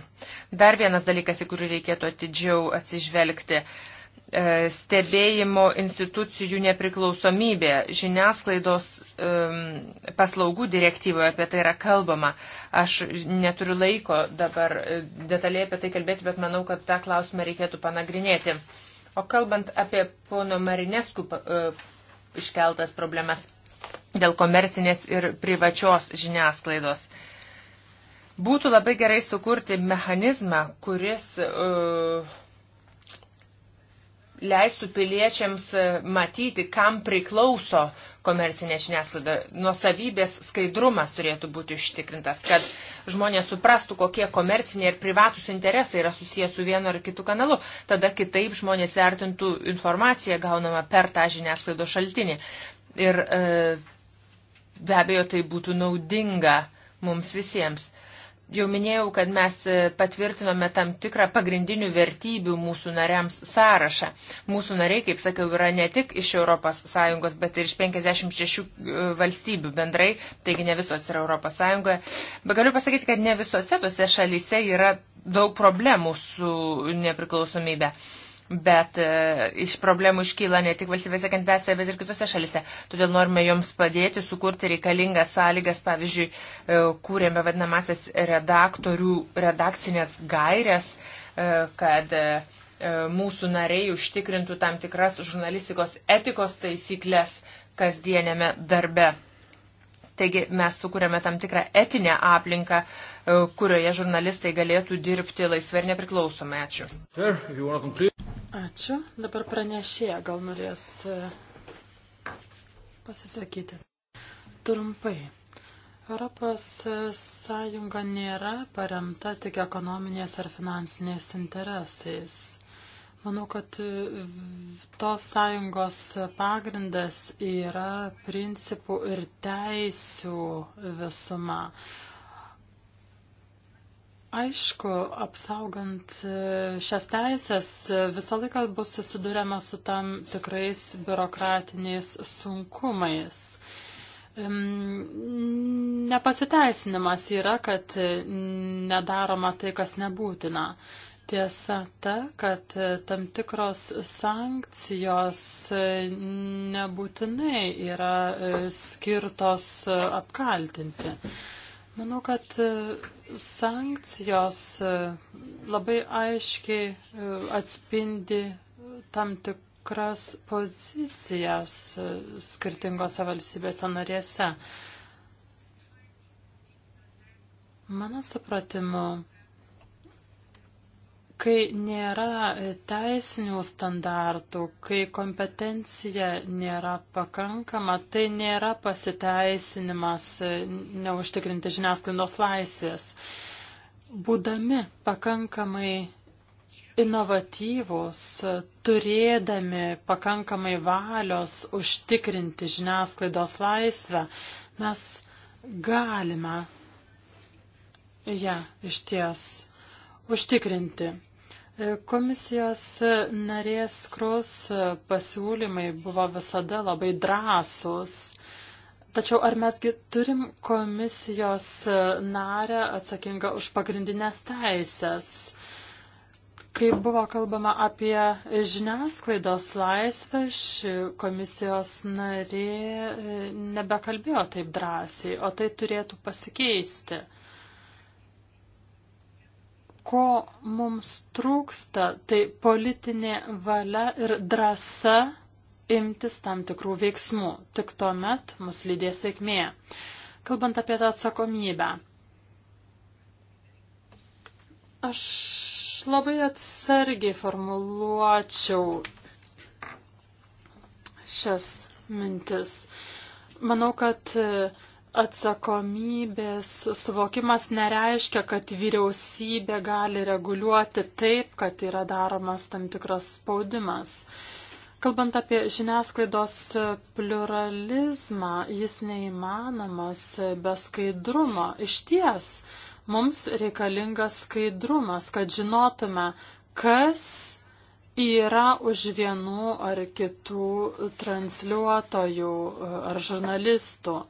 Dar vienas dalykas, į kurį reikėtų atidžiau atsižvelgti. Uh, E, stebėjimo institucijų nepriklausomybė. Žiniasklaidos e, paslaugų direktyvoje apie tai yra kalbama. Aš neturiu laiko dabar e, detaliai apie tai kalbėti, bet manau, kad tą klausimą reikėtų panagrinėti. O kalbant apie pono Marineskų iškeltas problemas dėl komercinės ir privačios žiniasklaidos. Būtų labai gerai sukurti mechanizmą, kuris uh, leistų piliečiams e, matyti, kam priklauso komercinė žiniasklaida. Nuosavybės skaidrumas turėtų būti užtikrintas, kad žmonės suprastų, kokie komerciniai ir privatus interesai yra susijęs su vienu ar kitu kanalu. Tada kitaip žmonės vertintų informaciją gaunamą per tą žiniasklaido šaltinį. Ir e, be abejo, tai būtų naudinga mums visiems. Jau minėjau, kad mes e, patvirtinome tam tikrą pagrindinių vertybių mūsų nariams sąrašą. Mūsų nariai, kaip sakiau, yra ne tik iš ES, bet ir iš 56 e, valstybių bendrai, taigi ne visos yra ES. Bet galiu pasakyti, kad ne visose tose šalyse yra daug problemų su nepriklausomybė. Uh, bet e, iš problemų iškyla ne tik valstybėse kandidatėse, bet ir kitose šalise. Todėl norime joms padėti sukurti reikalingas sąlygas. Pavyzdžiui, e, kūrėme vadinamasias redaktorių redakcinės gairias, e, kad e, e, mūsų nariai užtikrintų tam tikras žurnalistikos etikos taisyklės kasdienėme darbe. Taigi mes sukūrėme tam tikrą etinę aplinką, e, kurioje žurnalistai galėtų dirbti laisvai ir nepriklausomai. Ačiū. Ačiū. Dabar pranešėja gal norės e, pasisakyti. Trumpai. Europos e, sąjunga nėra paremta tik ekonominės ar finansinės interesais. Manau, kad e, tos sąjungos pagrindas yra principų ir teisių visuma. Aišku, apsaugant e, šias teisės e, visą laiką bus susidurėma su tam tikrais biurokratiniais sunkumais. Nepasiteisinimas yra, kad nedaroma tai, kas nebūtina. Tiesa ta, kad e, tam tikros sankcijos nebūtinai yra skirtos apkaltinti. Manau, kad Sankcijos e, labai aiškiai e, atspindi tam tikras pozicijas e, skirtingose valstybėse narėse. Mano supratimu, kai nėra teisinių standartų, kai kompetencija nėra pakankama, tai nėra pasiteisinimas neužtikrinti žiniasklaidos laisvės. Būdami pakankamai inovatyvūs, turėdami pakankamai valios užtikrinti žiniasklaidos laisvę, mes galime ją ja, iš ties užtikrinti. E, komisijos narės krus pasiūlymai buvo visada labai drąsūs. Tačiau ar mesgi turim komisijos narę atsakingą už pagrindinės teisės? Kai buvo kalbama apie žiniasklaidos laisvę, ši komisijos narė e, nebekalbėjo taip drąsiai, o tai turėtų pasikeisti ko mums trūksta, tai politinė valia ir drąsa imtis tam tikrų veiksmų. Tik tuomet mus lydės sėkmė. Kalbant apie tą atsakomybę. Aš labai atsargiai formuluočiau šias mintis. Manau, kad atsakomybės suvokimas nereiškia, kad vyriausybė gali reguliuoti taip, kad yra daromas tam tikras spaudimas. Kalbant apie žiniasklaidos pluralizmą, jis neįmanomas be skaidrumo. Iš ties, mums reikalingas skaidrumas, kad žinotume, kas yra už vienų ar kitų transliuotojų ar žurnalistų.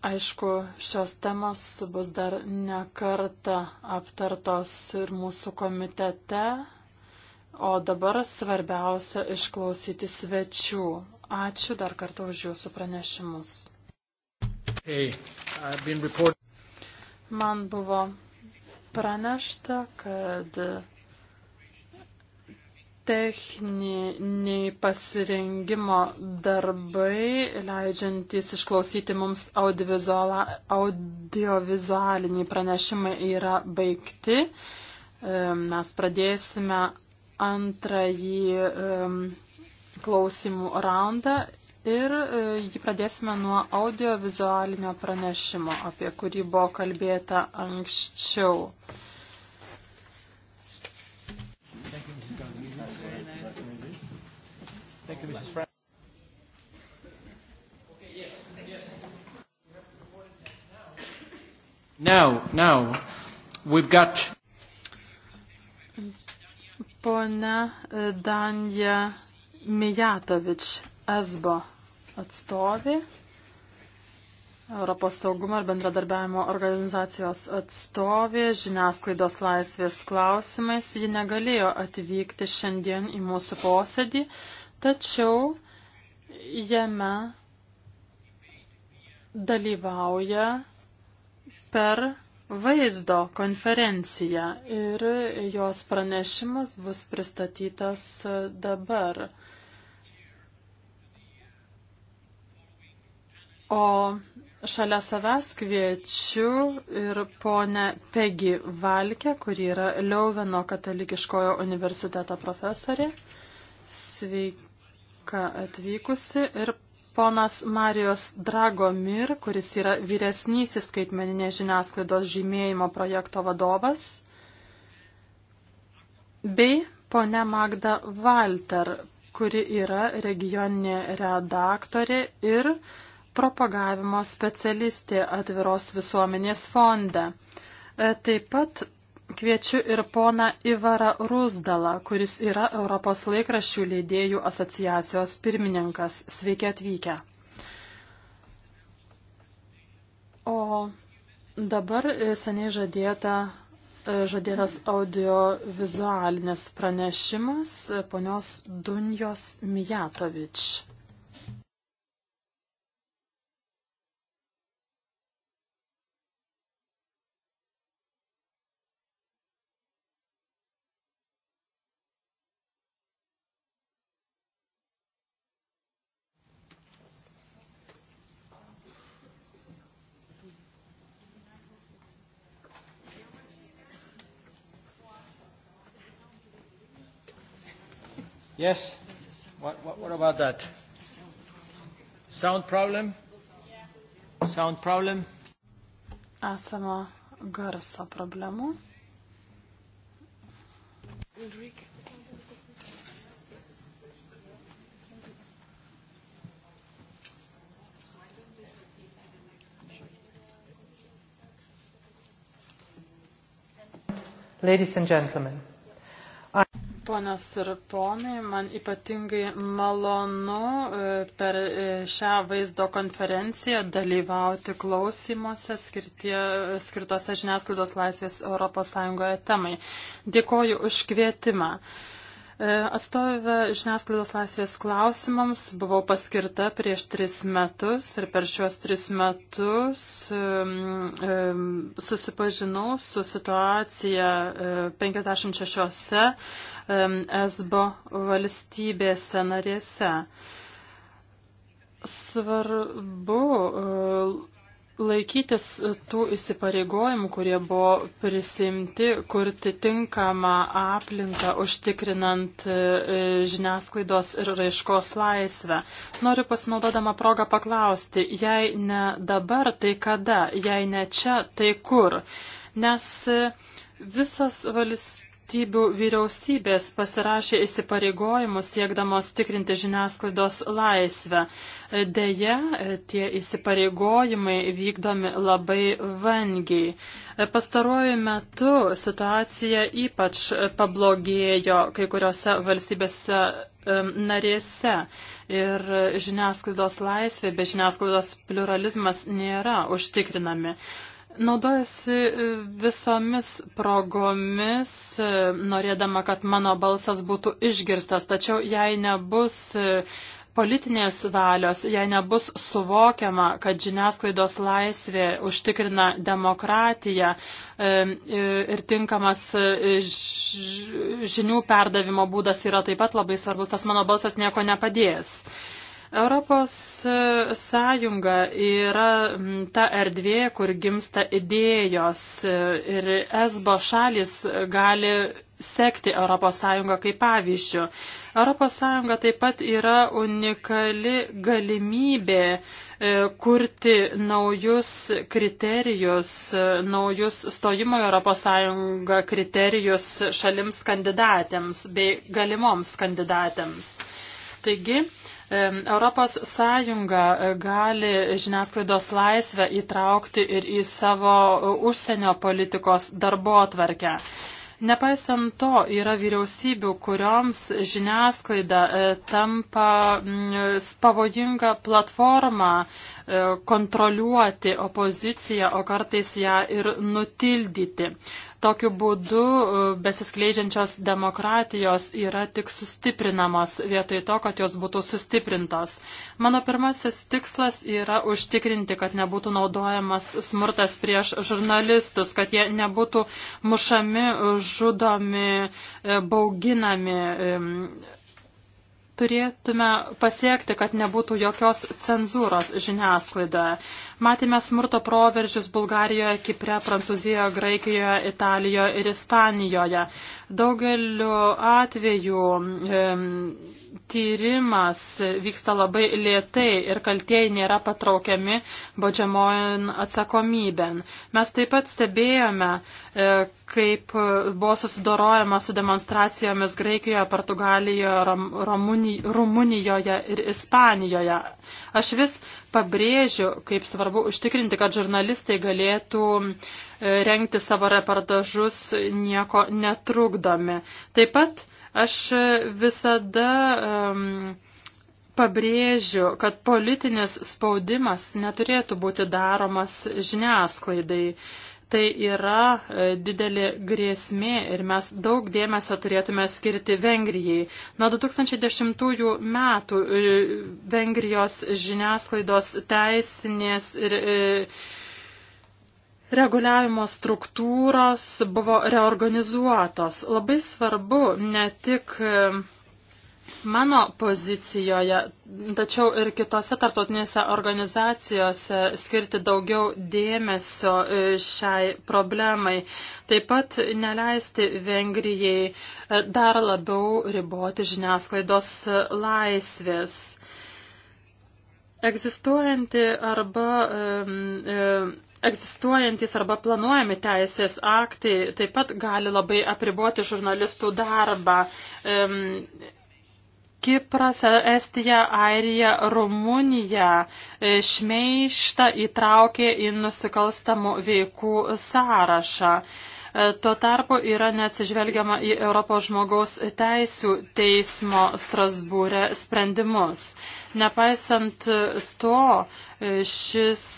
Aišku, šios temos bus dar ne kartą aptartos ir mūsų komitete, o dabar svarbiausia išklausyti svečių. Ačiū dar kartą už jūsų pranešimus. Hey, Man buvo pranešta, kad techniniai pasirengimo darbai, leidžiantys išklausyti mums audiovizualinį pranešimą, yra baigti. E, mes pradėsime antrąjį klausimų raundą ir e, jį pradėsime nuo audiovizualinio pranešimo, apie kurį buvo kalbėta anksčiau. back to Mrs. Frank. Now, now, we've got. Pone e, Danja Mijatovič, ESBO atstovė, Europos saugumo ir bendradarbiavimo organizacijos atstovė, žiniasklaidos laisvės klausimais. Ji negalėjo atvykti šiandien į mūsų posėdį, Tačiau jame dalyvauja per vaizdo konferenciją ir jos pranešimas bus pristatytas dabar. O šalia savęs kviečiu ir ponę Pegi Valkę, kuri yra Leuveno katalikiškojo universiteto profesorė. Sveiki ką atvykusi ir ponas Marijos Dragomir, kuris yra vyresnysis skaitmeninės žiniasklaidos žymėjimo projekto vadovas, bei ponia Magda Walter, kuri yra regioninė redaktorė ir propagavimo specialistė atviros visuomenės fonde. E, taip pat Kviečiu ir pona Ivarą Rusdalą, kuris yra Europos laikraščių leidėjų asociacijos pirmininkas. Sveiki atvykę. O dabar seniai žadėta, žadėtas audiovizualinis pranešimas ponios Dunjos Mijatovič. Yes? What, what, what about that? Sound problem? Sound problem? Esama garso problemų. Ulrike. Ladies and gentlemen, Ponas ir ponai, man ypatingai malonu e, per e, šią vaizdo konferenciją dalyvauti klausimuose skirtie, skirtose žiniasklaidos laisvės ES temai. Dėkoju už kvietimą. Atstovė žiniasklaidos laisvės klausimams buvau paskirta prieš tris metus ir per šiuos tris metus um, um, susipažinau su situacija 56 uh, um, esbo valstybėse narėse. Svarbu uh, laikytis tų įsipareigojimų, kurie buvo prisimti, kurti tinkamą aplinką, užtikrinant e, žiniasklaidos ir raiškos laisvę. Noriu pasinaudodama progą paklausti, jei ne dabar, tai kada, jei ne čia, tai kur? Nes e, visas valstybės valstybių vyriausybės pasirašė įsipareigojimus siekdamos tikrinti žiniasklaidos laisvę. Deja, tie įsipareigojimai vykdomi labai vangiai. Pastaruoju metu situacija ypač pablogėjo kai kuriuose valstybėse narėse. Ir žiniasklaidos laisvė bei žiniasklaidos pluralizmas nėra užtikrinami. Naudojasi e, visomis progomis, e, norėdama, kad mano balsas būtų išgirstas, tačiau jei nebus e, politinės valios, jei nebus suvokiama, kad žiniasklaidos laisvė užtikrina demokratiją ir tinkamas žinių perdavimo būdas yra taip pat labai svarbus, tas mano balsas nieko nepadės. Europos e, sąjunga yra ta erdvė, kur gimsta idėjos e, ir esbo šalis gali sekti Europos sąjungą kaip pavyzdžių. Europos sąjunga taip pat yra unikali galimybė e, kurti naujus kriterijus, naujus stojimo į Europos sąjungą kriterijus šalims kandidatėms bei galimoms kandidatėms. Taigi, Europos Sąjunga e, gali žiniasklaidos laisvę įtraukti ir į savo e, užsienio politikos darbo atvarkę. Nepaisant to, yra vyriausybių, kurioms žiniasklaida e, tampa pavojinga platforma kontroliuoti opoziciją, o kartais ją ir nutildyti. Tokiu būdu e, besiskleidžiančios demokratijos yra tik sustiprinamos vietoj to, kad jos būtų sustiprintos. Mano pirmasis tikslas yra užtikrinti, kad nebūtų naudojamas smurtas prieš žurnalistus, kad jie nebūtų mušami, žudomi, e, bauginami. Turėtume pasiekti, kad nebūtų jokios cenzūros žiniasklaidoje. Matėme smurto proveržius Bulgarijoje, Kipre, Prancūzijoje, Graikijoje, Italijoje ir Ispanijoje. Daugeliu atveju e, tyrimas vyksta labai lietai ir kaltieji nėra patraukiami baudžiamojon atsakomybėn. Mes taip pat stebėjome, e, kaip buvo susidorojama su demonstracijomis Graikijoje, Portugalijoje, Ram, Ramuni, Rumunijoje ir Ispanijoje. Aš vis pabrėžiu, kaip svarbu užtikrinti, kad žurnalistai galėtų uh, rengti savo reportažus nieko netrukdomi. Taip pat aš visada um, pabrėžiu, kad politinis spaudimas neturėtų būti daromas žiniasklaidai. Tai yra e, didelė grėsmė ir mes daug dėmesio turėtume skirti Vengrijai. Nuo 2010 metų e, Vengrijos žiniasklaidos teisinės ir, ir e, reguliavimo struktūros buvo reorganizuotos. Labai svarbu ne tik e, mano pozicijoje, tačiau ir kitose tarptautinėse organizacijose skirti daugiau dėmesio e, šiai problemai. Taip pat neleisti Vengrijai e, dar labiau riboti žiniasklaidos laisvės. Egzistuojanti arba um, um, egzistuojantis arba planuojami teisės aktai taip pat gali labai apriboti žurnalistų darbą. Um, Kipras, Estija, Airija, Rumunija e, šmeištą įtraukė į nusikalstamų veikų sąrašą. E, tuo tarpu yra neatsižvelgiama į Europos žmogaus teisų teismo Strasbūrė sprendimus. Nepaisant to, e, šis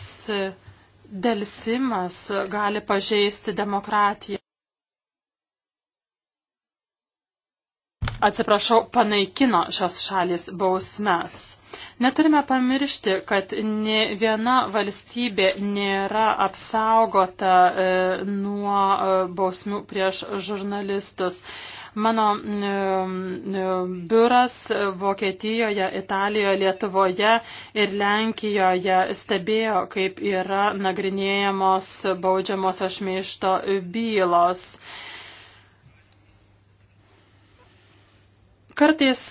dėlsimas gali pažeisti demokratiją. atsiprašau, panaikino šios šalis bausmes. Neturime pamiršti, kad ne viena valstybė nėra apsaugota e, nuo e, bausmių prieš žurnalistus. Mano biuras Vokietijoje, Italijoje, Lietuvoje ir Lenkijoje stebėjo, kaip yra nagrinėjamos baudžiamos ašmeišto bylos. Kartais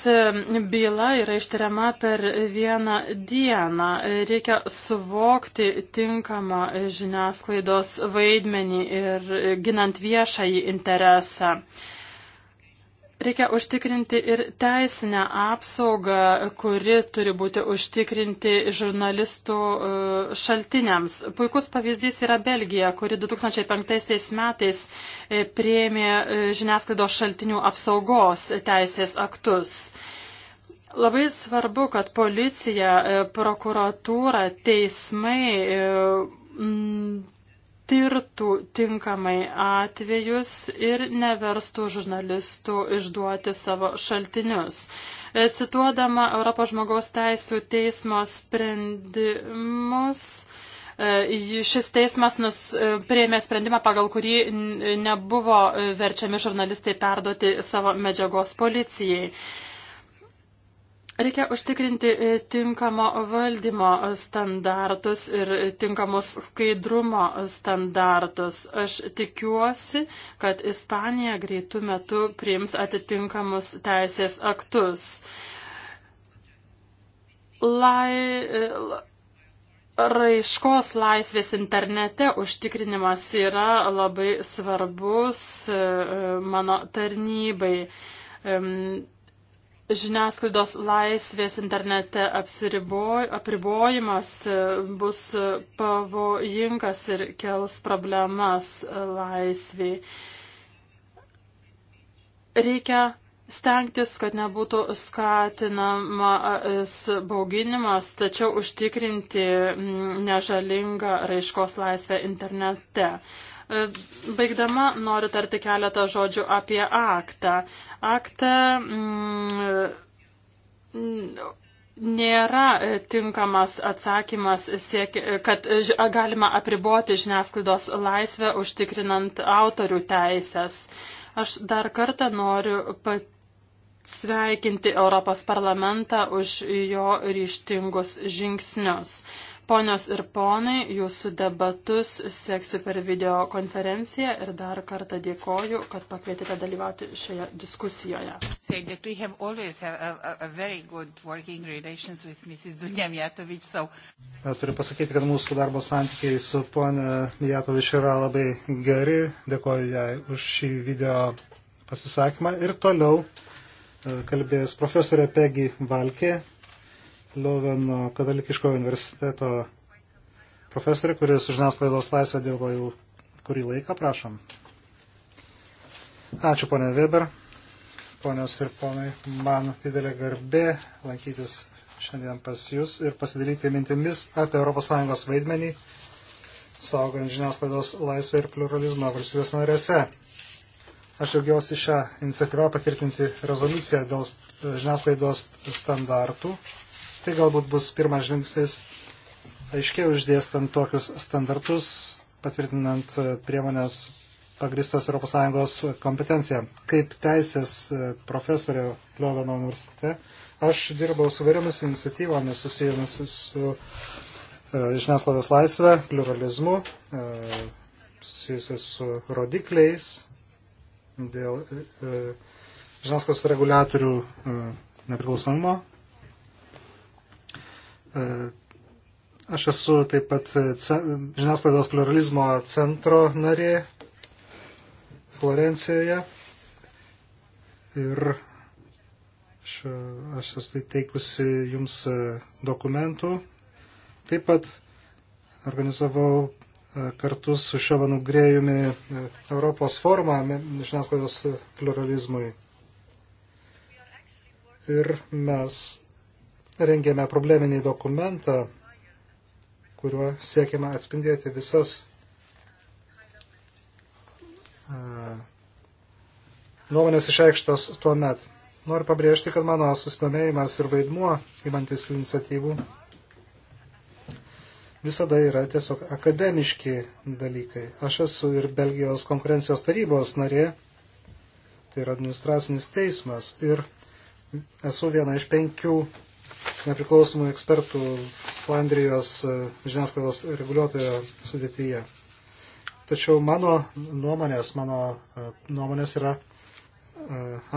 byla yra ištiriama per vieną dieną. Reikia suvokti tinkamą žiniasklaidos vaidmenį ir ginant viešąjį interesą. Reikia užtikrinti ir teisinę apsaugą, kuri turi būti užtikrinti žurnalistų e, šaltiniams. Puikus pavyzdys yra Belgija, kuri 2005 metais e, prieimė e, žiniasklaidos šaltinių apsaugos teisės aktus. Labai svarbu, kad policija, prokuratūra, teismai tirtų tinkamai atvejus ir neverstų žurnalistų išduoti savo šaltinius. E, cituodama Europos žmogaus teisų teismo sprendimus, e, šis teismas nus, e, prieėmė sprendimą, pagal kurį nebuvo verčiami žurnalistai perduoti savo medžiagos policijai. Reikia užtikrinti e, tinkamo valdymo standartus ir tinkamos skaidrumo standartus. Aš tikiuosi, kad Ispanija greitų metų priims atitinkamus teisės aktus. Lai, e, raiškos laisvės internete užtikrinimas yra labai svarbus e, mano tarnybai žiniasklaidos laisvės internete apsiriboj, apribojimas e, bus pavojingas ir kels problemas e, laisviai. Reikia stengtis, kad nebūtų skatinamas bauginimas, tačiau užtikrinti nežalingą raiškos laisvę internete. E, baigdama noriu tarti keletą žodžių apie aktą. Aktą mm, mm nėra tinkamas atsakymas, siek, kad galima apriboti žiniasklaidos laisvę užtikrinant autorių teisės. Aš dar kartą noriu pat sveikinti Europos parlamentą už jo ryštingus žingsnius. Ponios ir ponai, jūsų debatus seksiu per video konferenciją ir dar kartą dėkoju, kad pakvietėte dalyvauti šioje diskusijoje. Turiu pasakyti, kad mūsų darbo santykiai su ponia Mijatovič yra labai geri. Dėkoju jai už šį video pasisakymą. Ir toliau e, kalbės profesorė Pegi Valkė. Liuveno katalikiško universiteto profesorė, kuris už žiniasklaidos laisvę dirbo jau kurį laiką, prašom. Ačiū, ponė Weber. Ponios ir ponai, man didelė garbė lankytis šiandien pas Jūs ir pasidalyti mintimis apie ES vaidmenį, saugant žiniasklaidos laisvę ir pluralizmą valstybės narėse. Aš džiaugiuosi šią iniciatyvą patvirtinti rezoliuciją dėl žiniasklaidos standartų Tai galbūt bus pirmas žingsnis aiškiau išdėstant tokius standartus, patvirtinant e, priemonės pagristas ES kompetencija. Kaip teisės e, profesorė Lioveno universitete, aš dirbau su vairiomis iniciatyvomis susijomis su e, žiniasklaidos laisvė, pluralizmu, susijusiais su rodikliais dėl žiniasklaidos reguliatorių nepriklausomumo E, aš esu taip pat e, žiniasklaidos pluralizmo centro narė Florencijoje ir šio, aš esu teikusi jums e, dokumentų. Taip pat organizavau kartu su Šiovanu Grėjumi Europos forumą žiniasklaidos pluralizmui. Ir mes rengėme probleminį dokumentą, kuriuo siekime atspindėti visas e, nuomonės išreikštos tuo met. Noriu pabrėžti, kad mano susidomėjimas ir vaidmuo įmantis iniciatyvų visada yra tiesiog akademiški dalykai. Aš esu ir Belgijos konkurencijos tarybos narė, tai yra administracinis teismas ir esu viena iš penkių nepriklausomų ekspertų Flandrijos e, žiniasklaidos reguliuotojo sudėtyje. Tačiau mano nuomonės, mano e, nuomonės yra e,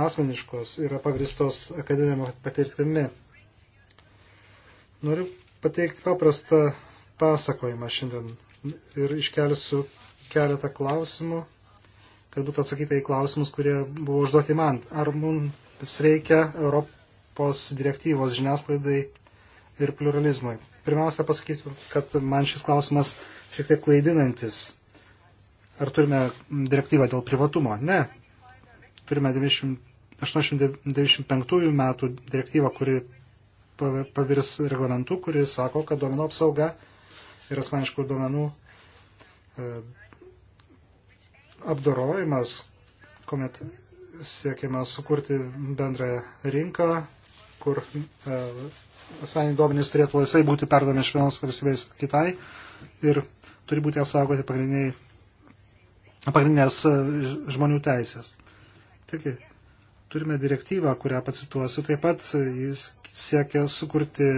asmeniškos, yra pagristos akademinė patirtimi. Noriu pateikti paprastą pasakojimą šiandien ir iškelsiu keletą klausimų, kad būtų atsakyta į klausimus, kurie buvo užduoti man. Ar mums reikia Europos Europos direktyvos žiniasklaidai ir pluralizmui. Pirmiausia, pasakysiu, kad man šis klausimas šiek tiek klaidinantis. Ar turime direktyvą dėl privatumo? Ne. Turime 1995 metų direktyvą, kuri pavirs reglamentu, kuris sako, kad duomenų apsauga ir asmeniškų duomenų e, apdorojimas, kuomet siekiama sukurti bendrą rinką, kur e, asmeniniai duomenys turėtų laisvai būti perdami iš vienos valstybės kitai ir turi būti apsaugoti pagrindinės e, žmonių teisės. Taigi, turime direktyvą, kurią pacituosiu, taip pat e, jis siekia sukurti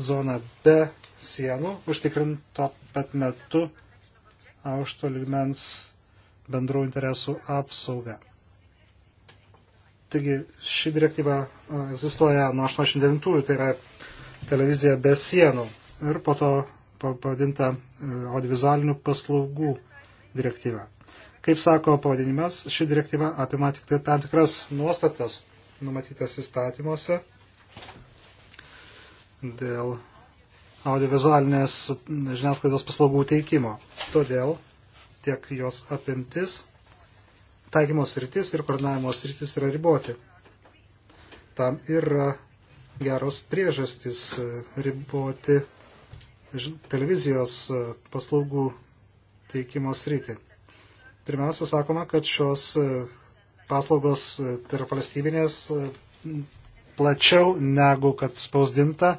zoną be sienų, užtikrinto pat metu aukšto lygmens bendrų interesų apsaugą. Taigi ši direktyva egzistuoja nuo 89-ųjų, tai yra televizija be sienų ir po to pavadinta e, audiovizualinių paslaugų direktyva. Kaip sako pavadinimas, ši direktyva apima tik tai tam tikras nuostatas numatytas įstatymuose dėl audiovizualinės žiniasklaidos paslaugų teikimo. Todėl tiek jos apimtis taikymos rytis ir koordinavimo rytis yra riboti. Tam yra geros priežastys e, riboti televizijos e, paslaugų teikimo sritį. Pirmiausia, sakoma, kad šios e, paslaugos tarp valstybinės plačiau negu kad spausdinta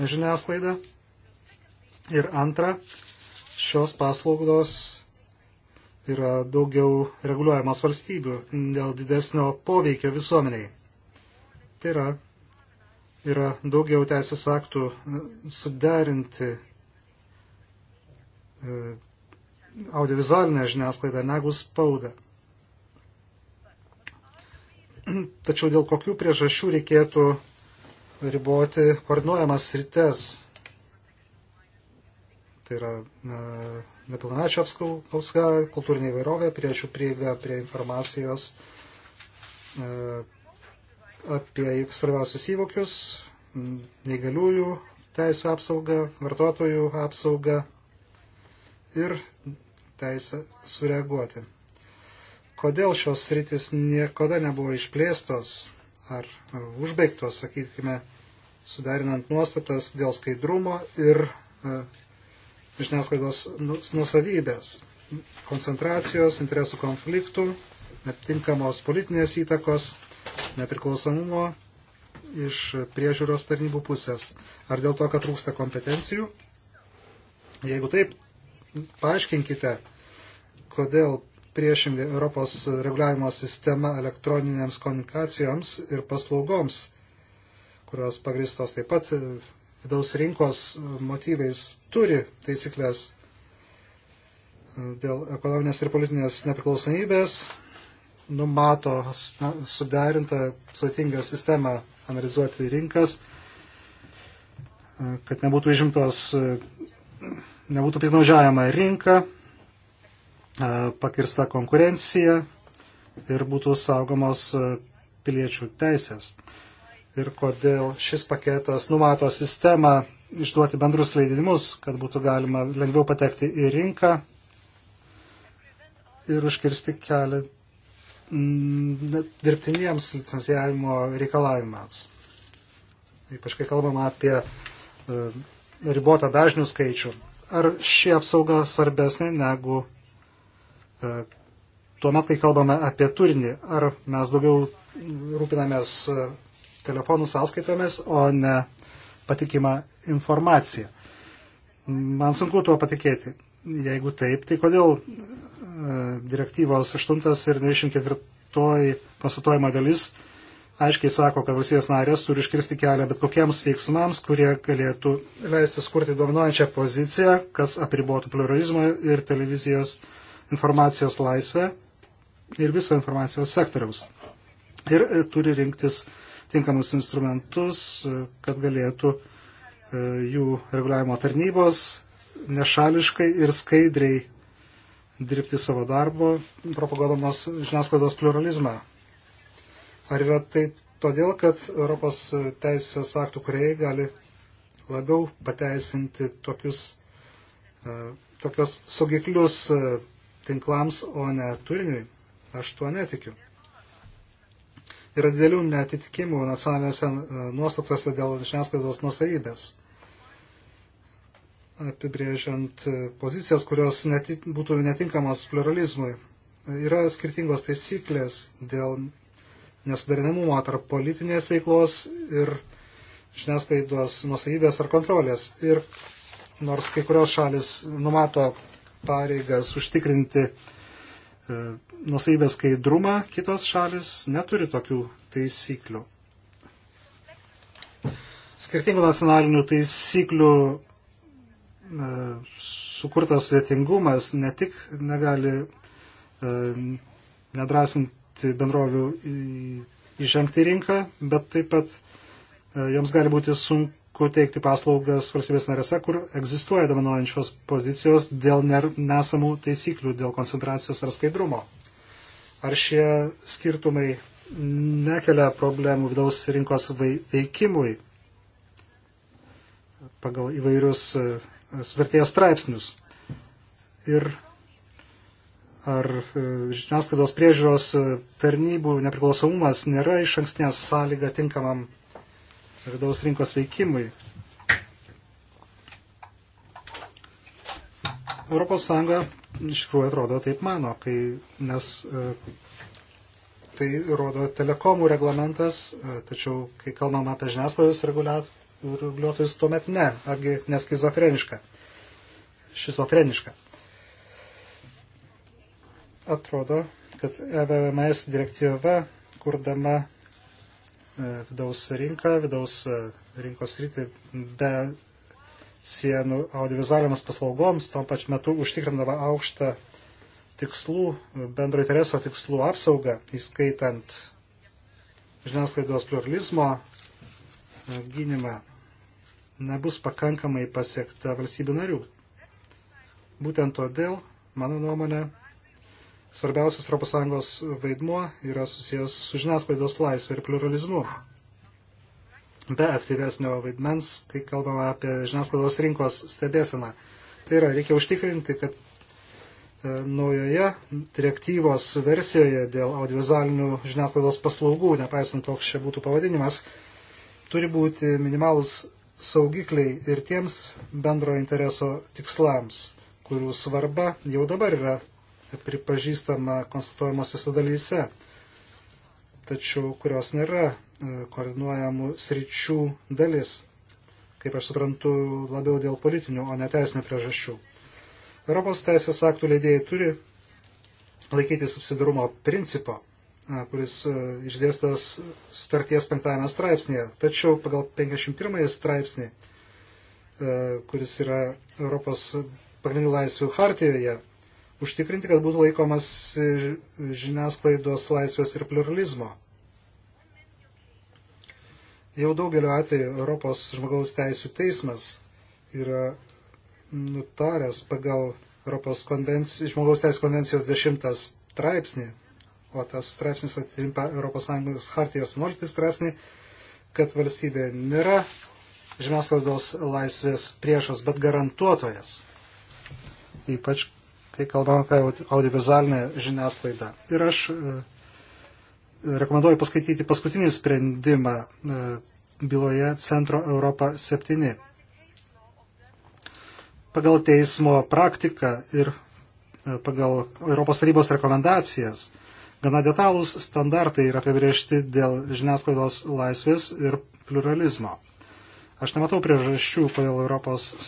žiniasklaida. Ir antra, šios paslaugos yra daugiau reguliuojamas valstybių dėl didesnio poveikio visuomeniai. Tai yra, yra daugiau teisės aktų e, suderinti e, audiovizualinę žiniasklaidą negu spaudą. Tačiau dėl kokių priežasčių reikėtų riboti koordinuojamas rytes, tai yra nepilnamečio apskauska, kultūrinė įvairovė, priešių prieiga prie informacijos e, apie svarbiausius įvokius, neįgaliųjų teisų apsauga, vartotojų apsauga ir teisę sureaguoti. Kodėl šios sritis niekada nebuvo išplėstos ar užbaigtos, sakykime, sudarinant nuostatas dėl skaidrumo ir e, žiniasklaidos nusavybės, koncentracijos, interesų konfliktų, netinkamos politinės įtakos, nepriklausomumo iš priežiūros tarnybų pusės. Ar dėl to, kad trūksta kompetencijų? Jeigu taip, paaiškinkite, kodėl priešingai Europos reguliavimo sistema elektroninėms komunikacijoms ir paslaugoms, kurios pagristos taip pat vidaus rinkos e, motyvais turi taisyklės e, dėl ekonominės ir politinės nepriklausomybės, numato suderintą sudėtingą sistemą analizuoti rinkas, e, kad nebūtų išimtos, nebūtų piknaudžiajama rinka, pakirsta konkurencija ir būtų saugomos piliečių teisės ir kodėl šis paketas numato sistemą išduoti bendrus leidimus, kad būtų galima lengviau patekti į rinką ir užkirsti kelią mm, dirbtiniems licencijavimo reikalavimams. Ypač kai kalbama apie e, ribotą dažnių skaičių. Ar ši apsauga svarbesnė negu e, tuomet, kai kalbame apie turinį? Ar mes daugiau rūpinamės e, telefonų sąskaitomis, o ne patikimą informaciją. Man sunku tuo patikėti. Jeigu taip, tai kodėl e, direktyvos 8 ir 94 konstatuojama dalis aiškiai sako, kad valstybės narės turi iškirsti kelią bet kokiems veiksmams, kurie galėtų leisti skurti dominuojančią poziciją, kas apribotų pluralizmą ir televizijos informacijos laisvę ir viso informacijos sektoriaus. Ir e, turi rinktis uh, tinkamus instrumentus, kad galėtų e, jų reguliavimo tarnybos nešališkai ir skaidriai dirbti savo darbo, propaguodamos žiniasklaidos pluralizmą. Ar yra tai todėl, kad Europos teisės aktų kuriejai gali labiau pateisinti tokius, e, tokios saugiklius e, tinklams, o ne turiniui? Aš tuo netikiu yra didelių netitikimų nacionalinėse e, nuostatose dėl žiniasklaidos nusavybės apibrėžiant e, pozicijas, kurios neti, būtų netinkamos pluralizmui. Yra skirtingos taisyklės dėl nesudarinamumo tarp politinės veiklos ir žiniasklaidos nusavybės ar kontrolės. Ir nors kai kurios šalis numato pareigas užtikrinti uh, E, nusaibės skaidrumą, kitos šalis neturi tokių taisyklių. Skirtingų nacionalinių taisyklių e, sukurtas sudėtingumas ne tik negali e, nedrasinti bendrovių įžengti rinką, bet taip pat joms gali būti sunku kur teikti paslaugas valstybės narėse, kur egzistuoja dominuojančios pozicijos dėl nesamų taisyklių, dėl koncentracijos ar skaidrumo. Ar šie skirtumai nekelia problemų vidaus rinkos veikimui pagal įvairius e, sutarties straipsnius. Ir ar e, žiniasklaidos priežiūros e, tarnybų nepriklausomumas nėra iš ankstinės sąlyga tinkamam vidaus rinkos veikimui. Europos Sąjunga iš tikrųjų atrodo taip mano, kai, nes e, tai rodo telekomų reglamentas, e, tačiau kai kalbam apie žiniasklaidos reguliuotojus, tuomet ne, argi neskizofreniška. Šizofreniška. Atrodo, kad EVMS direktyva, kurdama E, vidaus rinką, vidaus e, rinkos rytį be sienų audiovizualiams paslaugoms, tuo pačiu metu užtikrindama aukštą tikslų, bendro intereso tikslų apsaugą, įskaitant žiniasklaidos pluralizmo e, gynimą, nebus pakankamai pasiekta valstybių narių. Būtent todėl, mano nuomonė, Svarbiausias ES vaidmuo yra susijęs su žiniasklaidos laisvė ir pluralizmu. Be aktyvesnio vaidmens, kai kalbame apie žiniasklaidos rinkos stebėseną. Tai yra, reikia užtikrinti, kad e, naujoje direktyvos versijoje dėl audiovizualinių žiniasklaidos paslaugų, nepaisant koks čia būtų pavadinimas, turi būti minimalus saugikliai ir tiems bendro intereso tikslams, kurių svarba jau dabar yra pripažįstama konstatuojamosiose dalyse, tačiau kurios nėra e, koordinuojamų sričių dalis, kaip aš suprantu, labiau dėl politinių, o ne teisinių priežasčių. Europos teisės aktų leidėjai turi laikyti subsidarumo principo, e, kuris e, išdėstas sutarties penktame straipsnėje. Tačiau pagal 51 straipsnį, kuris yra Europos pagrindinių laisvių hartijoje, užtikrinti, kad būtų laikomas žiniasklaidos laisvės ir pluralizmo. Jau daugeliu atveju Europos žmogaus teisų teismas yra nutaręs pagal Europos žmogaus teisų konvencijos dešimtas straipsnį, o tas straipsnis atitinka ES hartijos 11 straipsnį, kad valstybė nėra žiniasklaidos laisvės priešas, bet garantuotojas. Ypač kai kalbam apie audiovizualinę žiniasklaidą. Ir aš e, rekomenduoju paskaityti paskutinį sprendimą e, byloje Centro Europa 7. Pagal teismo praktiką ir e, pagal Europos tarybos rekomendacijas gana detalūs standartai yra apibriežti dėl žiniasklaidos laisvės ir pluralizmo. Aš nematau priežasčių, kodėl ES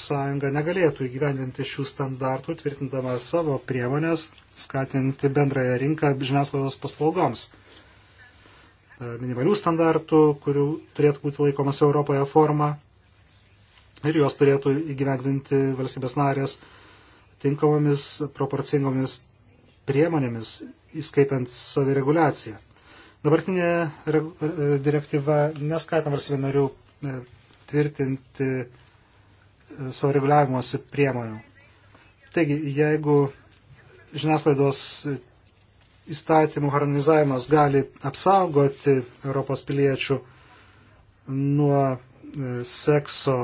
negalėtų įgyvendinti šių standartų, tvirtindama savo priemonės skatinti bendrąją rinką žiniasklaidos paslaugoms. Minimalių standartų, kurių turėtų būti laikomas Europoje forma ir juos turėtų įgyvendinti valstybės narės tinkamomis, proporcingomis priemonėmis, įskaitant savireguliaciją. Dabartinė direktyva neskatina valstybė narių e, patvirtinti e, savo reguliavimuose priemonių. Taigi, jeigu žiniasklaidos įstatymų harmonizavimas gali apsaugoti Europos piliečių nuo e, sekso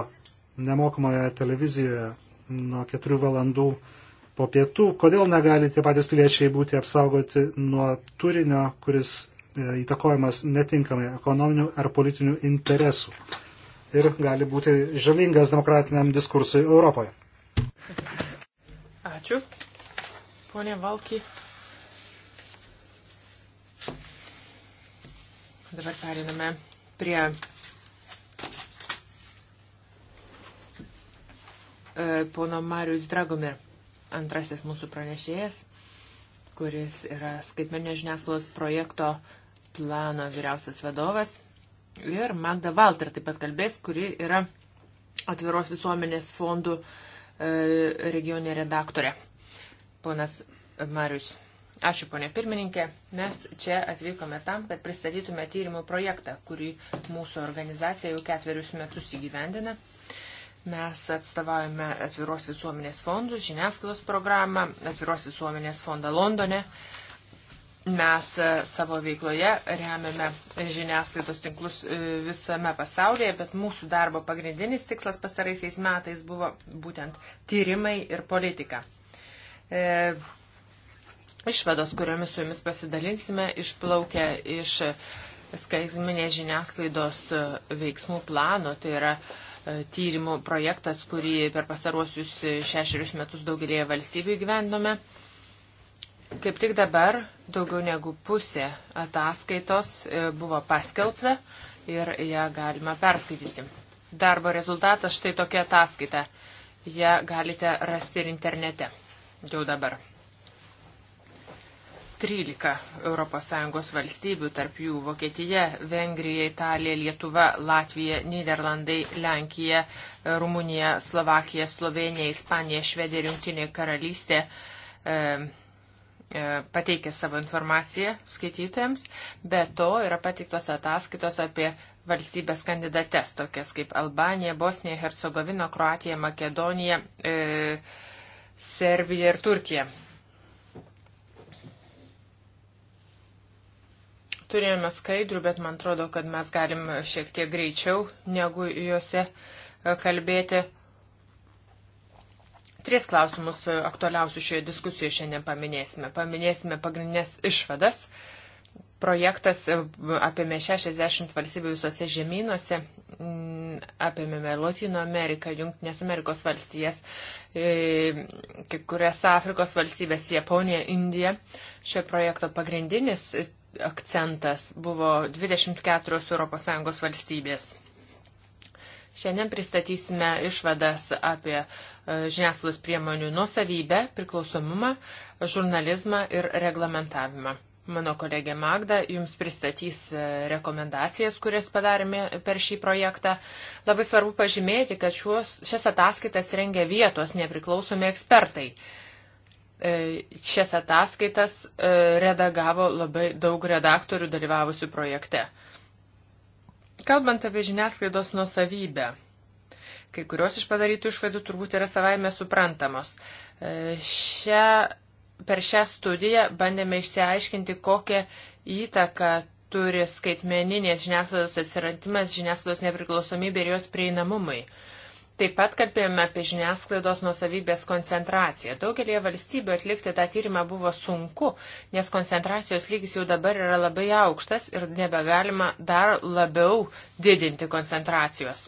nemokamoje televizijoje nuo 4 valandų po pietų, kodėl negali tie patys piliečiai būti apsaugoti nuo turinio, kuris e, įtakojamas netinkamai ekonominių ar politinių interesų ir gali būti žalingas demokratiniam diskursui Europoje. Ačiū. Pone Valky. Dabar periname prie e, pono Marius Dragomir, antrasis mūsų pranešėjas, kuris yra skaitmeninės žiniasklaidos projekto plano vyriausias vadovas. Ir Magda Valter taip pat kalbės, kuri yra atviros visuomenės fondų e, regionė redaktorė. Ponas Marius. Ačiū, ponė pirmininkė. Mes čia atvykome tam, kad pristatytume tyrimo projektą, kurį mūsų organizacija jau ketverius metus įgyvendina. Mes atstovaujame atviros visuomenės fondus, žiniasklaidos programą, atviros visuomenės fondą Londone. Uh, Mes e, savo veikloje remiame žiniasklaidos tinklus e, visame pasaulyje, bet mūsų darbo pagrindinis tikslas pastaraisiais metais buvo būtent tyrimai ir politika. E, išvados, kuriomis su jumis pasidalinsime, išplaukia iš skaitminės žiniasklaidos e, veiksmų plano, tai yra tyrimų projektas, kurį per pastaruosius šešerius metus daugelėje valstybių gyvendome. Kaip tik dabar Daugiau negu pusė ataskaitos e, buvo paskelbta ir ją galima perskaityti. Darbo rezultatas štai tokia ataskaita. Ja galite rasti ir internete. Jau dabar. 13 ES valstybių, tarp jų Vokietija, Vengrija, Italija, Lietuva, Latvija, Niderlandai, Lenkija, Rumunija, Slovakija, Slovenija, Ispanija, Švedija ir Junktinė karalystė. E, E, pateikė savo informaciją skaitytojams, bet to yra pateiktos ataskaitos apie valstybės kandidates, tokias kaip Albanija, Bosnija, Hercegovina, Kroatija, Makedonija, e, Serbija ir Turkija. Turėjome skaidrų, bet man atrodo, kad mes galim šiek tiek greičiau negu juose e, kalbėti. Tris klausimus e, aktualiausių šioje diskusijoje šiandien paminėsime. Paminėsime pagrindinės išvadas. Projektas e, apėmė 60 valstybių visose žemynuose, apėmėme Latino Ameriką, Junktinės Amerikos valstijas, e, kai kurias Afrikos valstybės, Japonija, Indija. Šio projekto pagrindinis akcentas buvo 24 ES valstybės. Šiandien pristatysime išvadas apie E, žiniasklaidos priemonių nuosavybę, priklausomumą, žurnalizmą ir reglamentavimą. Mano kolegė Magda jums pristatys e, rekomendacijas, kurias padarėme per šį projektą. Labai svarbu pažymėti, kad šios, šias ataskaitas rengia vietos nepriklausomi ekspertai. E, šias ataskaitas redagavo labai daug redaktorių dalyvavusių projekte. Kalbant apie žiniasklaidos nuosavybę, Kai kurios iš padarytų išvadų turbūt yra savaime suprantamos. E, šią, per šią studiją bandėme išsiaiškinti, kokią įtaką turi skaitmeninės žiniasklaidos atsirantimas, žiniasklaidos nepriklausomybė ir jos prieinamumai. Taip pat kalbėjome apie žiniasklaidos nusavybės koncentraciją. Daugelie valstybių atlikti tą tyrimą buvo sunku, nes koncentracijos lygis jau dabar yra labai aukštas ir nebegalima dar labiau didinti koncentracijos.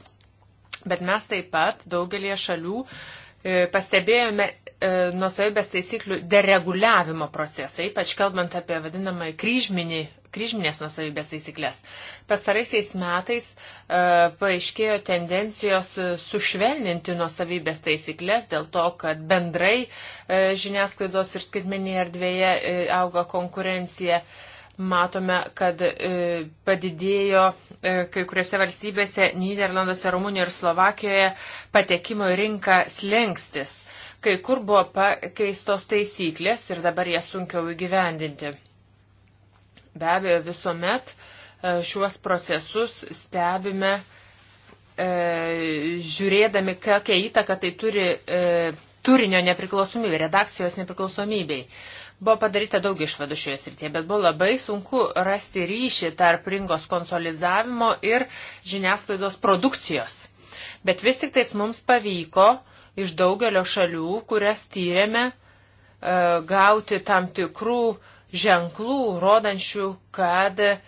Bet mes taip pat daugelie šalių e, pastebėjome e, nuosavybės taisyklių dereguliavimo procesą, ypač kalbant apie vadinamą kryžminį, kryžminės nuosavybės taisyklės. Pastaraisiais metais e, paaiškėjo tendencijos sušvelninti nuosavybės taisyklės dėl to, kad bendrai e, žiniasklaidos ir skaitmeninėje erdvėje e, auga konkurencija. E, matome, kad e, padidėjo e, kai kuriuose valstybėse, Niderlanduose, Rumunijoje ir Slovakijoje patekimo į rinką slengstis. Kai kur buvo pakeistos taisyklės ir dabar jas sunkiau įgyvendinti. Be abejo, visuomet e, šiuos procesus stebime žiūrėdami, kokią įtaką tai turi turinio nepriklausomybė, redakcijos nepriklausomybei. Buvo padaryta daug išvadų šioje srityje, bet buvo labai sunku rasti ryšį tarp rinkos konsolidavimo ir žiniasklaidos produkcijos. Bet vis tik tais mums pavyko iš daugelio šalių, kurias tyrėme, e, gauti tam tikrų ženklų, rodančių, kad uh,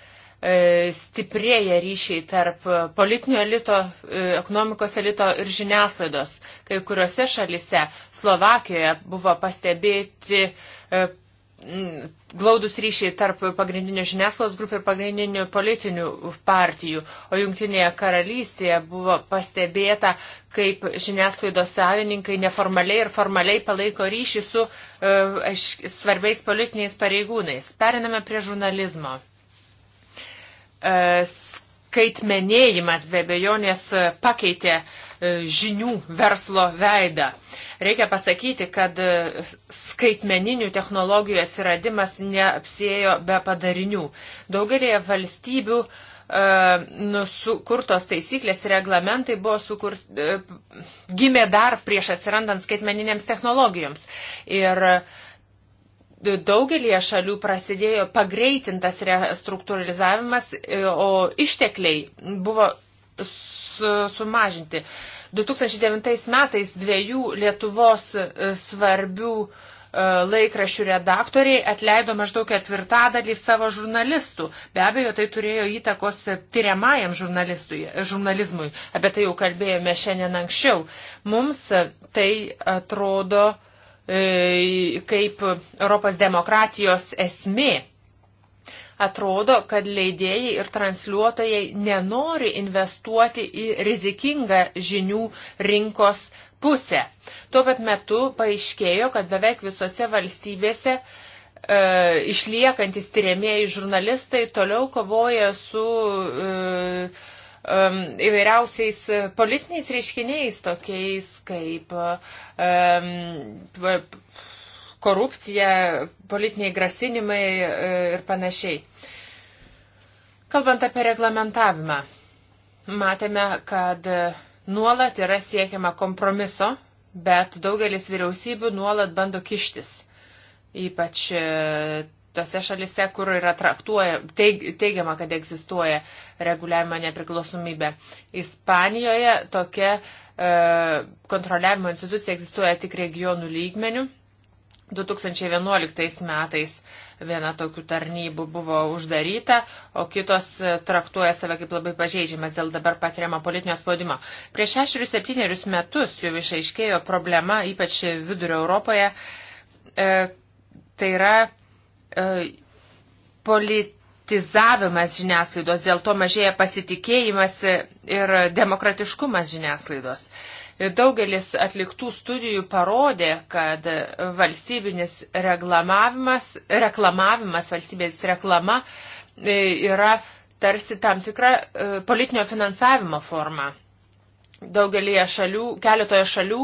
E, stiprėja ryšiai tarp politinio elito, e, ekonomikos elito ir žiniasklaidos. Kai kuriuose šalise, Slovakijoje, buvo pastebėti e, glaudus ryšiai tarp pagrindinių žiniasklaidos grupių ir pagrindinių politinių partijų. O Junktinėje karalystėje buvo pastebėta, kaip žiniasklaidos savininkai neformaliai ir formaliai palaiko ryšį su uh, svarbiais politiniais pareigūnais. Periname prie žurnalizmo. E, skaitmenėjimas be bejonės pakeitė e, žinių verslo veidą. Reikia pasakyti, kad e, skaitmeninių technologijų atsiradimas neapsėjo be padarinių. Daugelėje valstybių sukurtos taisyklės ir reglamentai buvo sukurt, gimė dar prieš atsirandant skaitmeninėms technologijoms. Ir daugelie šalių prasidėjo pagreitintas restruktūralizavimas, e, o ištekliai buvo sumažinti. 2009 metais dviejų Lietuvos e, svarbių e, laikrašių redaktoriai atleido maždaug ketvirtadalį savo žurnalistų. Be abejo, tai turėjo įtakos tyriamajam žurnalizmui. Apie tai jau kalbėjome šiandien anksčiau. Mums tai atrodo uh, E, kaip Europos demokratijos esmė. Atrodo, kad leidėjai ir transliuotojai nenori investuoti į rizikingą žinių rinkos pusę. Tuo pat metu paaiškėjo, kad beveik visose valstybėse e, išliekantis tyriamieji žurnalistai toliau kovoja su e, um, įvairiausiais e, politiniais reiškiniais, tokiais kaip um, korupcija, politiniai grasinimai e, ir panašiai. Kalbant apie reglamentavimą, matėme, kad nuolat yra siekiama kompromiso, bet daugelis vyriausybių nuolat bando kištis. Ypač e, tose šalise, kur yra traktuoja, teig, teigiama, kad egzistuoja reguliavimo nepriklausomybė. Ispanijoje tokia e, kontroliavimo institucija egzistuoja tik regionų lygmenių. 2011 metais viena tokių tarnybų buvo uždaryta, o kitos e, traktuoja save kaip labai pažeidžiamas dėl dabar patiriamo politinio spaudimo. Prieš šešerius septynerius metus jau išaiškėjo problema, ypač vidurio Europoje. E, tai yra E, politizavimas žiniasklaidos, dėl to mažėja pasitikėjimas ir demokratiškumas žiniasklaidos. Daugelis atliktų studijų parodė, kad valstybinis reklamavimas, reklamavimas valstybės reklama e, yra tarsi tam tikra e, politinio finansavimo forma daugelį šalių, keletoje šalių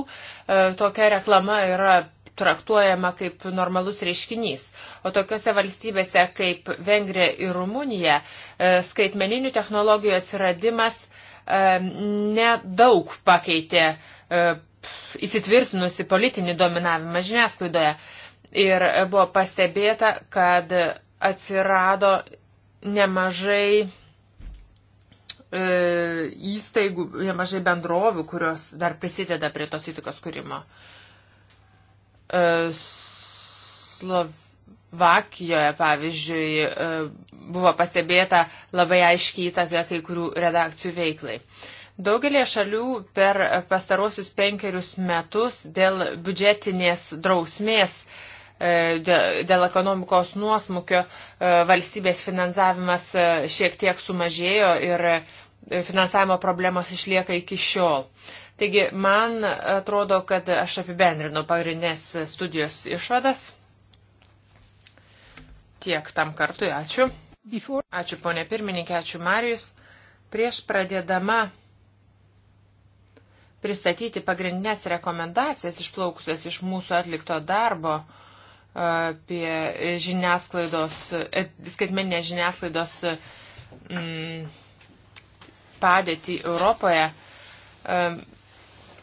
tokia reklama yra traktuojama kaip normalus reiškinys. O tokiuose valstybėse kaip Vengrija ir Rumunija e, skaitmeninių technologijų atsiradimas e, nedaug pakeitė e, įsitvirtinusi politinį dominavimą žiniasklaidoje. Ir buvo pastebėta, kad atsirado nemažai įstaigų, nemažai bendrovių, kurios dar prisideda prie tos įtikos kūrimo. Uh, E, Slovakijoje, pavyzdžiui, e, buvo pastebėta labai aiškiai įtaka kai kurių redakcijų veiklai. Daugelie šalių per pastarosius penkerius metus dėl biudžetinės drausmės, e, dėl ekonomikos nuosmukio valstybės finansavimas šiek tiek sumažėjo ir finansavimo problemos išlieka iki šiol. Taigi, man atrodo, kad aš apibendrinu pagrindinės studijos išvadas. Tiek tam kartui, ačiū. Ačiū ponė pirmininkė, ačiū Marijus. Prieš pradėdama pristatyti pagrindinės rekomendacijas išplaukusias iš mūsų atlikto darbo apie žiniasklaidos, e, skaitmeninės žiniasklaidos m, mm, padėtį Europoje, m,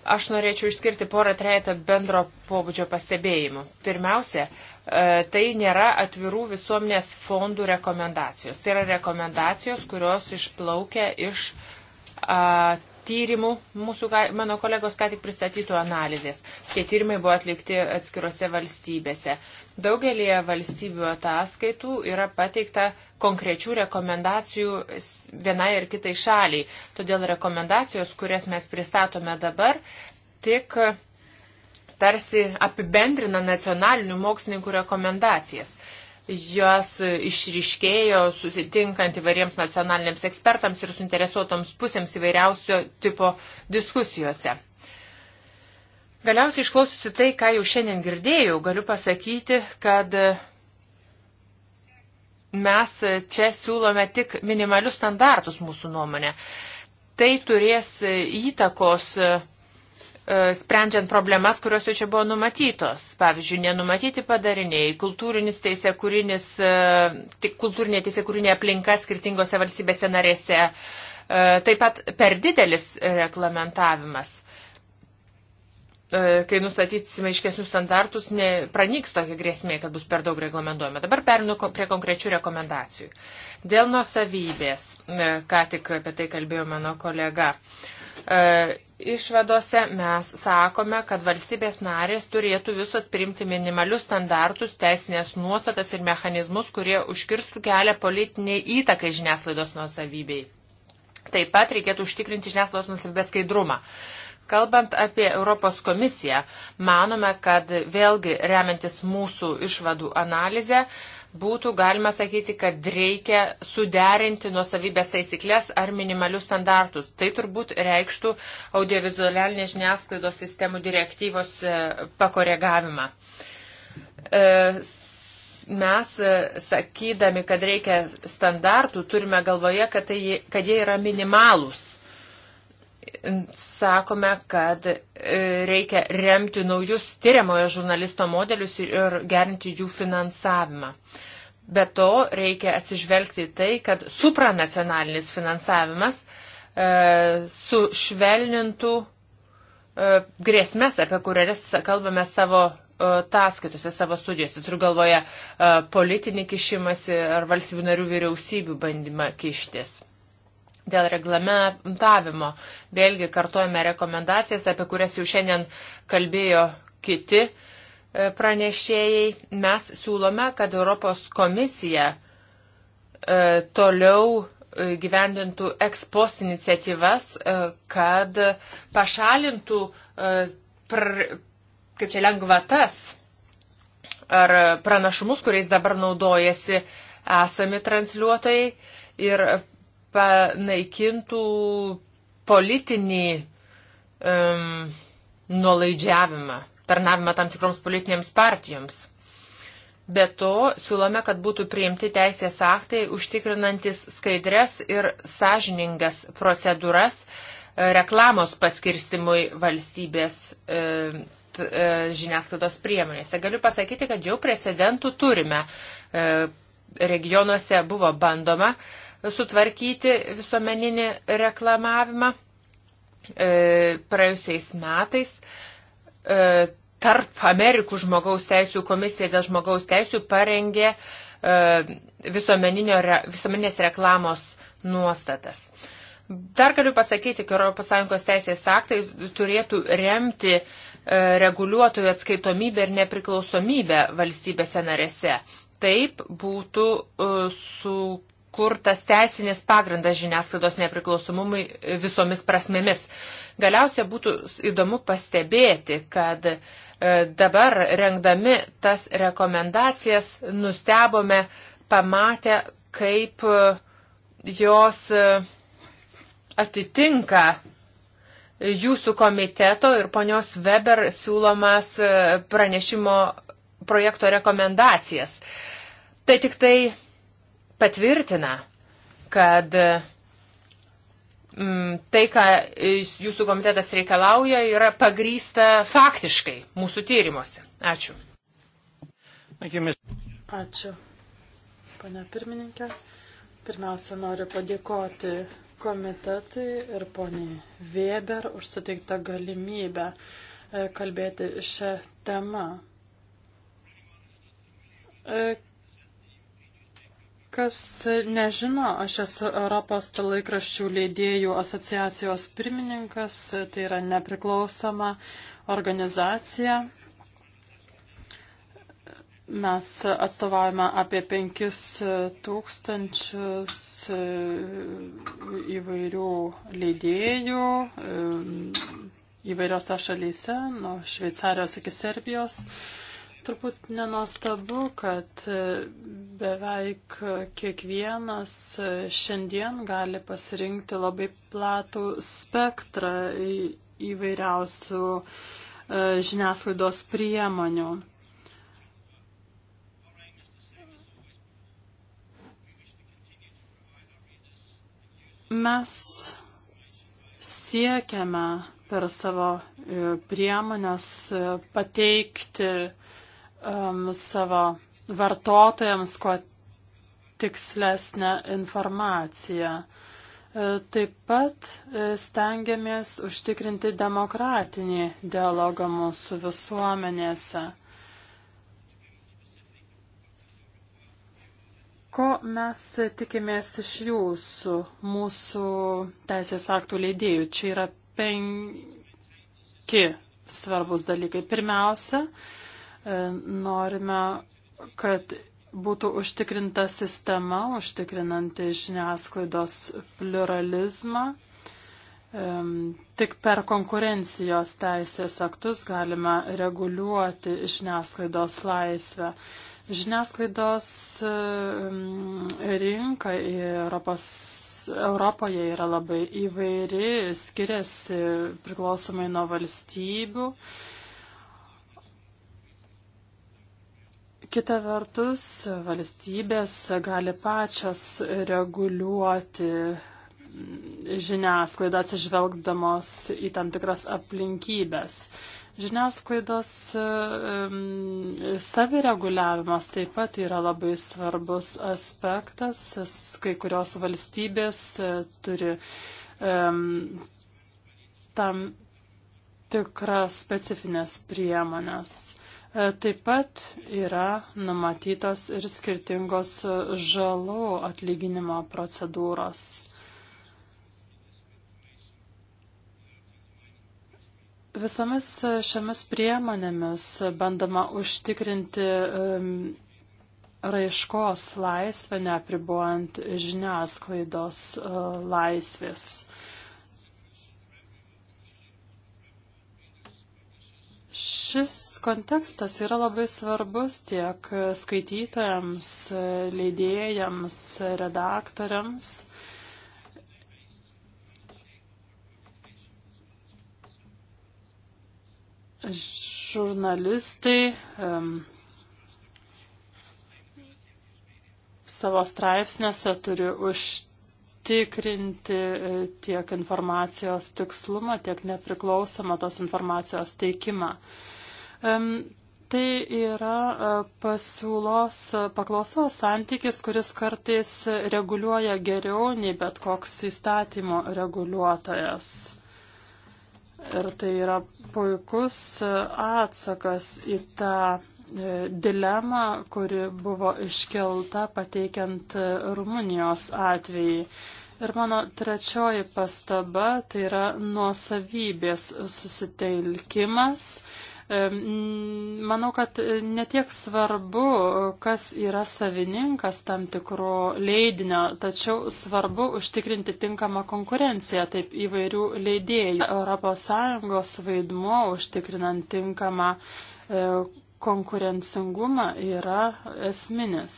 Aš norėčiau išskirti porą trejetą bendro pobūdžio pastebėjimų. Pirmiausia, e, tai nėra atvirų visuomenės fondų rekomendacijos. Tai yra rekomendacijos, kurios išplaukia iš tyrimų, mūsų, mano kolegos ką tik pristatytų analizės. Tie tyrimai buvo atlikti atskirose valstybėse. Daugelie valstybių ataskaitų yra pateikta konkrečių rekomendacijų vienai ir kitai šaliai. Todėl rekomendacijos, kurias mes pristatome dabar, tik tarsi apibendrina nacionalinių mokslininkų rekomendacijas jos išriškėjo susitinkant įvairiems nacionaliniams ekspertams ir suinteresuotoms pusėms įvairiausio tipo diskusijose. Galiausiai išklausiusi tai, ką jau šiandien girdėjau, galiu pasakyti, kad mes čia siūlome tik minimalius standartus mūsų nuomonė. Tai turės įtakos E, sprendžiant problemas, kurios jau čia buvo numatytos. Pavyzdžiui, nenumatyti padariniai, kultūrinis teisė, kūrinis, e, tik kultūrinė teisė, kūrinė aplinka skirtingose valstybėse narėse, e, taip pat per didelis reglamentavimas. Kai nustatysime iškesnius standartus, ne, pranyks tokia grėsmė, kad bus per daug reglamentuojama. Dabar perinu prie konkrečių rekomendacijų. Dėl nuosavybės, ką tik apie tai kalbėjo mano kolega. Uh, E, išvadose mes sakome, kad valstybės narės turėtų visos priimti minimalius standartus, teisinės nuostatas ir mechanizmus, kurie užkirstų kelią politiniai įtakai žiniasklaidos nusavybei. Taip pat reikėtų užtikrinti žiniasklaidos nusavybės skaidrumą. Kalbant apie Europos komisiją, manome, kad vėlgi remiantis mūsų išvadų analizę, uh, būtų galima sakyti, kad reikia suderinti nuosavybės taisyklės ar minimalius standartus. Tai turbūt reikštų audiovizualinės žiniasklaidos sistemų direktyvos e, pakoregavimą. E, mes, e, sakydami, kad reikia standartų, turime galvoje, kad, tai, kad jie yra minimalūs sakome, kad e, reikia remti naujus tyriamojo žurnalisto modelius ir gerinti jų finansavimą. Be to reikia atsižvelgti tai, kad supranacionalinis finansavimas e, sušvelnintų e, grėsmės, apie kurias kalbame savo e, ataskaitose, savo studijose. Turiu galvoje e, politinį kišimąsi ar valstybių narių vyriausybių bandymą kištis dėl reglamentavimo. Vėlgi kartuojame rekomendacijas, apie kurias jau šiandien kalbėjo kiti e, pranešėjai. Mes siūlome, kad Europos komisija e, toliau e, gyvendintų ekspos iniciatyvas, kad pašalintų pr, kaip čia lengvatas ar pranašumus, kuriais dabar naudojasi esami transliuotojai ir panaikintų politinį um, nuolaidžiavimą, tarnavimą tam tikroms politinėms partijoms. Be to, siūlome, kad būtų priimti teisės aktai užtikrinantis skaidres ir sąžiningas procedūras e, reklamos paskirstimui valstybės e, t, e, žiniasklaidos priemonėse. Galiu pasakyti, kad jau precedentų turime. E, regionuose buvo bandoma e, sutvarkyti visuomeninį reklamavimą e, praėjusiais metais e, tarp Amerikų žmogaus teisų komisija dėl žmogaus teisų parengė e, visuomeninės reklamos nuostatas. Dar galiu pasakyti, kad ES teisės aktai turėtų remti reguliuotojų atskaitomybę ir nepriklausomybę valstybėse narėse. Taip būtų su sukurtas teisinis pagrindas žiniasklaidos nepriklausomumui visomis prasmėmis. Galiausia būtų įdomu pastebėti, kad e, dabar rengdami tas rekomendacijas nustebome pamatę, kaip e, jos e, atitinka jūsų komiteto ir ponios Weber siūlomas pranešimo projekto rekomendacijas. Tai tik tai patvirtina, kad mm, tai, ką jūsų komitetas reikalauja, yra pagrysta faktiškai mūsų tyrimuose. Ačiū. Ačiū, pane pirmininkė. Pirmiausia, noriu padėkoti komitetui ir poniai Weber už suteiktą galimybę e, kalbėti šią temą. E, Kas nežino, aš esu Europos laikraščių leidėjų asociacijos pirmininkas, tai yra nepriklausoma organizacija. Mes atstovaujame apie 5000 įvairių leidėjų e, įvairiose šalyse, nuo Šveicarijos iki Serbijos. Turbūt nenostabu, kad e, beveik kiekvienas e, šiandien gali pasirinkti labai platų spektrą įvairiausių e, žiniasklaidos priemonių. Mes siekiame per savo priemonės pateikti um, savo vartotojams kuo tikslesnę informaciją. E, taip pat e, stengiamės užtikrinti demokratinį dialogą mūsų visuomenėse. Ko mes tikimės iš jūsų, mūsų teisės aktų leidėjų? Čia yra penki svarbus dalykai. Pirmiausia, E, norime, kad būtų užtikrinta sistema, užtikrinanti žiniasklaidos pluralizmą. E, tik per konkurencijos teisės aktus galima reguliuoti žiniasklaidos laisvę. Žiniasklaidos e, rinka Europos, Europoje yra labai įvairi, skiriasi priklausomai nuo valstybių. Kita vertus, valstybės gali pačios reguliuoti mm, žiniasklaidą atsižvelgdamos į tam tikras aplinkybės. Žiniasklaidos mm, savireguliavimas taip pat yra labai svarbus aspektas. Kai kurios valstybės e, turi um, tam tikras specifines priemonės. E, taip pat yra numatytos ir skirtingos žalų atlyginimo procedūros. Visomis šiomis priemonėmis bandoma užtikrinti raiškos laisvę, nepribojant žiniasklaidos e, laisvės. Šis kontekstas yra labai svarbus tiek skaitytojams, leidėjams, redaktoriams. Žurnalistai um, savo straipsniuose turi už užtikrinti e, tiek informacijos tikslumą, tiek nepriklausomą tos informacijos teikimą. Tai yra e, pasiūlos e, paklausos santykis, kuris kartais reguliuoja geriau nei bet koks įstatymo reguliuotojas. Ir tai yra puikus atsakas į tą E, dilemą, kuri buvo iškelta pateikiant e, Rumunijos atvejį. Ir mano trečioji pastaba tai yra nuosavybės susitelkimas. E, manau, kad netiek svarbu, kas yra savininkas tam tikro leidinio, tačiau svarbu užtikrinti tinkamą konkurenciją, taip įvairių leidėjų. ES vaidmuo užtikrinant tinkamą konkurencingumą yra esminis.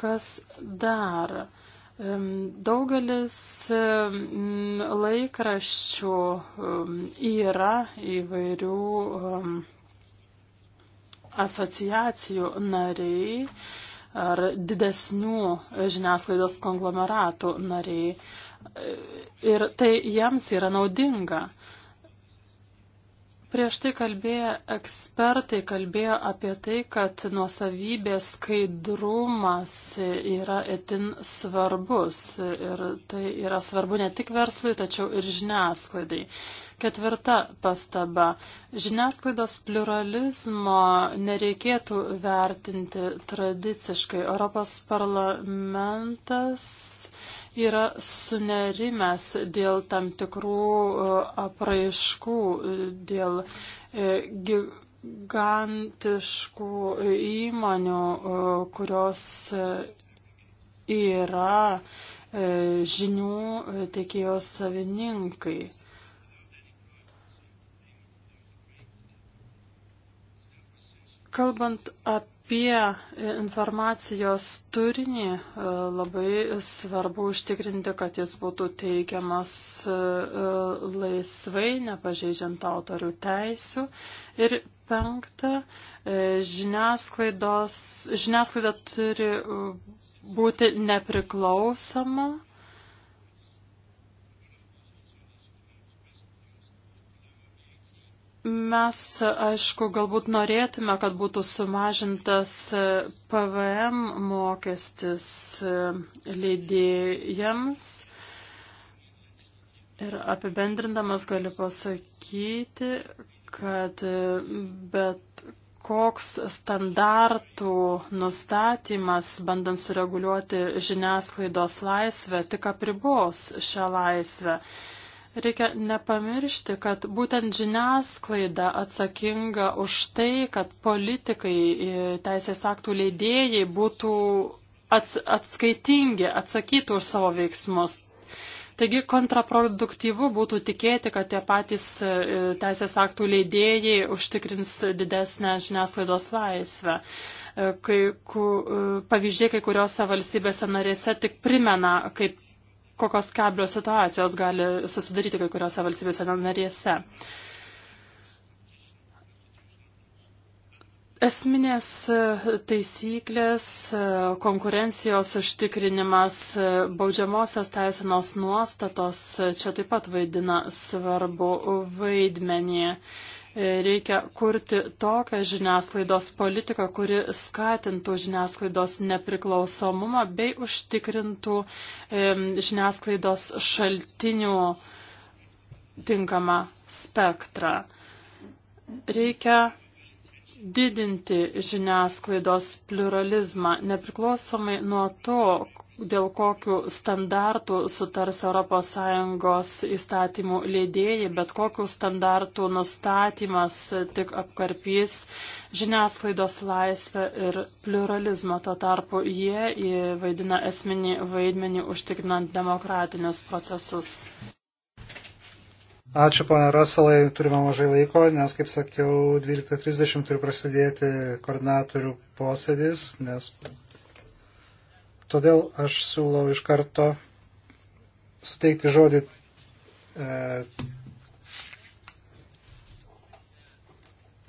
Kas dar? Daugelis laikraščių yra įvairių asociacijų nariai ar didesnių žiniasklaidos konglomeratų nariai. E, ir tai jiems yra naudinga. Prieš tai kalbėję ekspertai kalbėjo apie tai, kad nuosavybės skaidrumas yra itin svarbus ir tai yra svarbu ne tik verslui, tačiau ir žiniasklaidai. Ketvirta pastaba. Žiniasklaidos pluralizmo nereikėtų vertinti tradiciškai. Europos parlamentas yra sunerimęs dėl tam tikrų e, apraiškų, e, dėl e, gigantiškų įmonių, kurios yra žinių tiekėjo savininkai. Kalbant apie apie e, informacijos turinį e, labai svarbu užtikrinti, kad jis būtų teikiamas e, laisvai, nepažeidžiant autorių teisų. Ir penkta, žiniasklaida turi būti nepriklausoma Mes, aišku, galbūt norėtume, kad būtų sumažintas PVM mokestis leidėjams. Ir apibendrindamas galiu pasakyti, kad bet koks standartų nustatymas, bandant sureguliuoti žiniasklaidos laisvę, tik apribos šią laisvę. Reikia nepamiršti, kad būtent žiniasklaida atsakinga už tai, kad politikai, e, teisės aktų leidėjai būtų ats atskaitingi, atsakytų už savo veiksmus. Taigi kontraproduktyvu būtų tikėti, kad tie patys e, teisės aktų leidėjai užtikrins didesnę žiniasklaidos laisvę. E, kai, ku, pavyzdžiai kai kuriuose valstybėse narėse tik primena, kaip kokios kablios situacijos gali susidaryti kai kuriuose valstybėse narėse. Esminės e, taisyklės, e, konkurencijos užtikrinimas, e, baudžiamosios teisinos nuostatos čia taip pat vaidina svarbu vaidmenį. Reikia kurti tokią žiniasklaidos politiką, kuri skatintų žiniasklaidos nepriklausomumą bei užtikrintų žiniasklaidos šaltinių tinkamą spektrą. Reikia didinti žiniasklaidos pluralizmą, nepriklausomai nuo to, dėl kokių standartų sutars ES įstatymų leidėjai, bet kokių standartų nustatymas tik apkarpys žiniasklaidos laisvę ir pluralizmą. Tuo tarpu jie vaidina esminį vaidmenį užtikrinant demokratinius procesus. Ačiū, ponia Rasalai, turime mažai laiko, nes, kaip sakiau, 12.30 turi prasidėti koordinatorių posėdis, nes Todėl aš siūlau iš karto suteikti žodį e,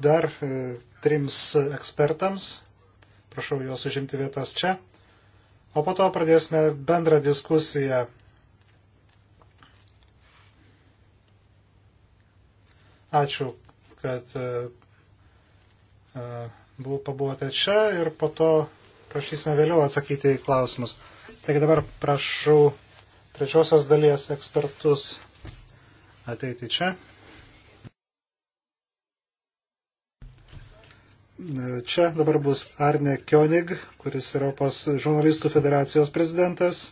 dar e, trims ekspertams. Prašau juos užimti vietas čia. O po to pradėsime bendrą diskusiją. Ačiū, kad e, e, pabuvote čia ir po to prašysime vėliau atsakyti į klausimus. Taigi dabar prašau trečiosios dalies ekspertus ateiti čia. Čia dabar bus Arne Kionig, kuris Europos žurnalistų federacijos prezidentas.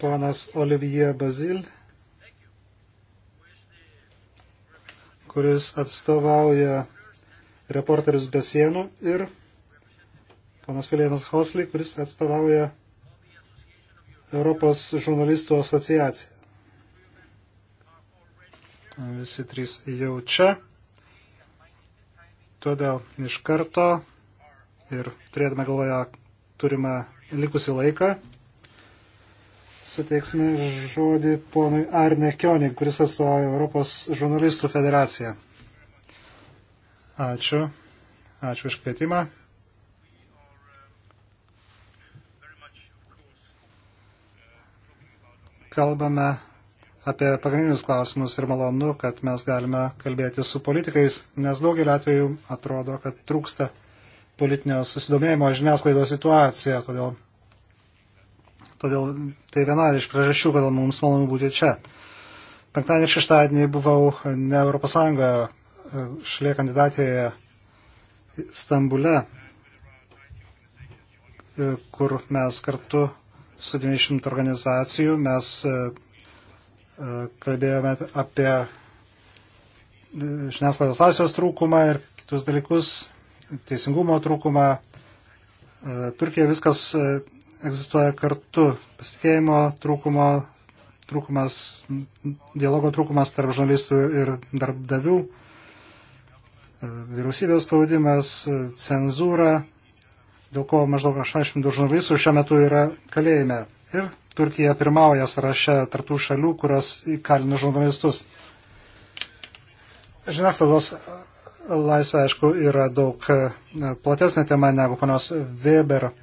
Ponas Olivier Bazil, kuris atstovauja reporterius be sienų ir panas Vilėnas Hosli, kuris atstovauja Europos žurnalistų asociaciją. Visi trys jau čia. Todėl iš karto ir turėtume galvoje turimą likusį laiką. Suteiksime žodį ponui Arne Kionig, kuris atstovauja Europos žurnalistų federaciją. Ačiū. Ačiū iš kvietimą. Kalbame apie pagrindinius klausimus ir malonu, kad mes galime kalbėti su politikais, nes daugelį atvejų atrodo, kad trūksta politinio susidomėjimo žiniasklaidos situacija, todėl, todėl tai viena iš priežasčių, kodėl mums malonu būti čia. Penktadienį ir šeštadienį buvau ne Europos Sąjungoje, šalia kandidatėje Stambule, e, kur mes kartu su 90 organizacijų mes e, e, kalbėjome apie žiniasklaidos laisvės trūkumą ir kitus dalykus, teisingumo trūkumą. Turkija viskas egzistuoja kartu. Pasitikėjimo trūkumo, trūkumas, dialogo trūkumas tarp žurnalistų ir darbdavių vyriausybės spaudimas, cenzūra, dėl ko maždaug 82 žurnalistų šiuo metu yra kalėjime. Ir Turkija pirmauja sąraše tartų šalių, kurios įkalina žurnalistus. Žiniasklaidos laisvė, aišku, yra daug e, platesnė tema negu panos Weber e,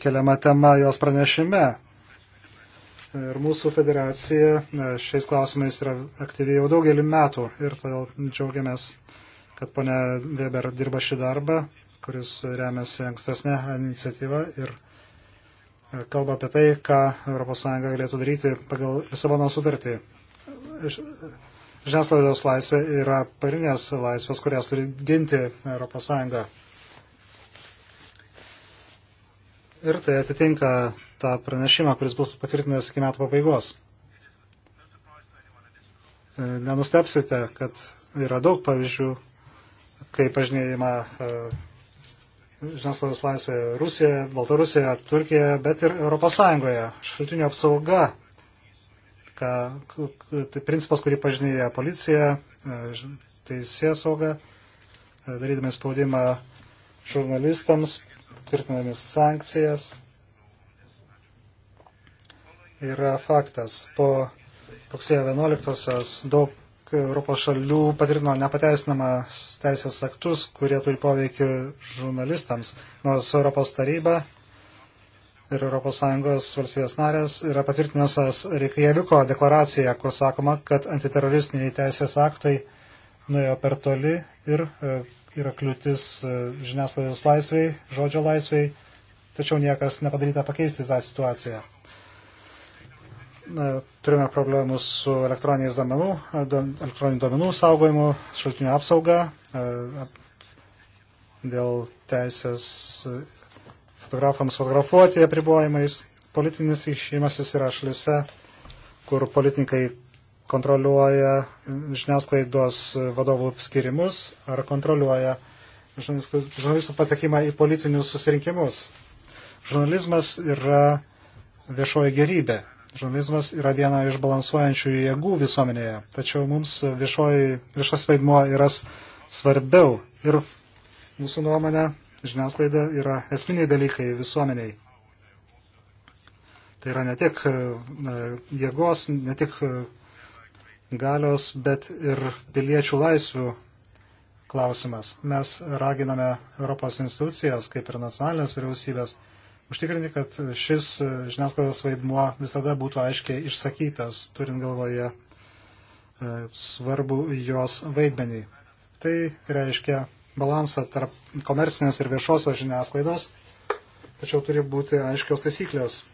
keliama tema jos pranešime. Ir mūsų federacija e, šiais klausimais yra aktyviai jau daugelį metų ir todėl džiaugiamės kad ponia Weber dirba šį darbą, kuris remiasi ankstesnė iniciatyva ir e, kalba apie tai, ką ES galėtų daryti pagal Lisabono sutartį. Žiniasklaidos laisvė yra parinės laisvės, kurias turi ginti ES. Ir tai atitinka tą pranešimą, kuris bus patvirtintas iki metų pabaigos. E, nenustepsite, kad yra daug pavyzdžių, kaip pažinėjimą e, žiniasklaidos laisvė Rusijoje, Baltarusijoje, Turkijoje, bet ir Europos Sąjungoje. Šaltinių apsauga, ka, tai principas, kurį pažinėja policija, e, teisė sauga, e, darydami spaudimą žurnalistams, tvirtinami sankcijas, yra faktas. Po rugsėjo 11-osios daug Europos šalių patvirtino nepateisinamas teisės aktus, kurie turi poveikį žurnalistams, nors Europos taryba ir ES valstybės narės yra patvirtinusios Reikjaviko deklaraciją, kur sakoma, kad antiteroristiniai teisės aktai nuėjo per toli ir e, yra kliūtis e, žiniasklaidos laisvai, žodžio laisvai, tačiau niekas nepadaryta pakeisti tą situaciją turime problemų su elektroniniais domenų, elektroninių domenų saugojimu, šaltinių apsauga, dėl teisės fotografams fotografuoti apribojimais. Politinis išėjimasis yra šalise, kur politikai kontroliuoja žiniasklaidos vadovų skirimus ar kontroliuoja žurnalistų patekimą į politinius susirinkimus. Žurnalizmas yra viešoji gerybė. Žurnalizmas yra viena iš balansuojančių jėgų visuomenėje, tačiau mums viešoji, viešas vaidmuo yra svarbiau ir mūsų nuomonė žiniasklaida yra esminiai dalykai visuomeniai. Tai yra ne tik e, jėgos, ne tik e, galios, bet ir piliečių laisvių klausimas. Mes raginame Europos institucijas, kaip ir nacionalinės vyriausybės, užtikrinti, kad šis e, žiniasklaidos vaidmuo visada būtų aiškiai išsakytas, turint galvoje e, svarbu jos vaidmenį. Tai reiškia balansą tarp komercinės ir viešosios žiniasklaidos, tačiau turi būti aiškios taisyklės. E,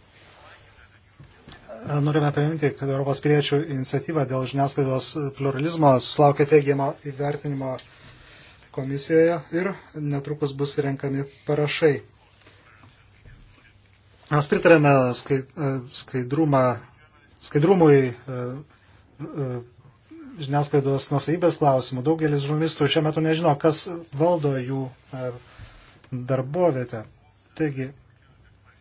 norime priminti, kad Europos piliečių iniciatyva dėl žiniasklaidos pluralizmo susilaukė teigiamo įvertinimo komisijoje ir netrukus bus renkami parašai. Mes pritarėme e, skaidrumą, skaidrumui e, e, žiniasklaidos nusavybės klausimų. Daugelis žurnalistų šiuo metu nežino, kas valdo jų darbovietę. Taigi,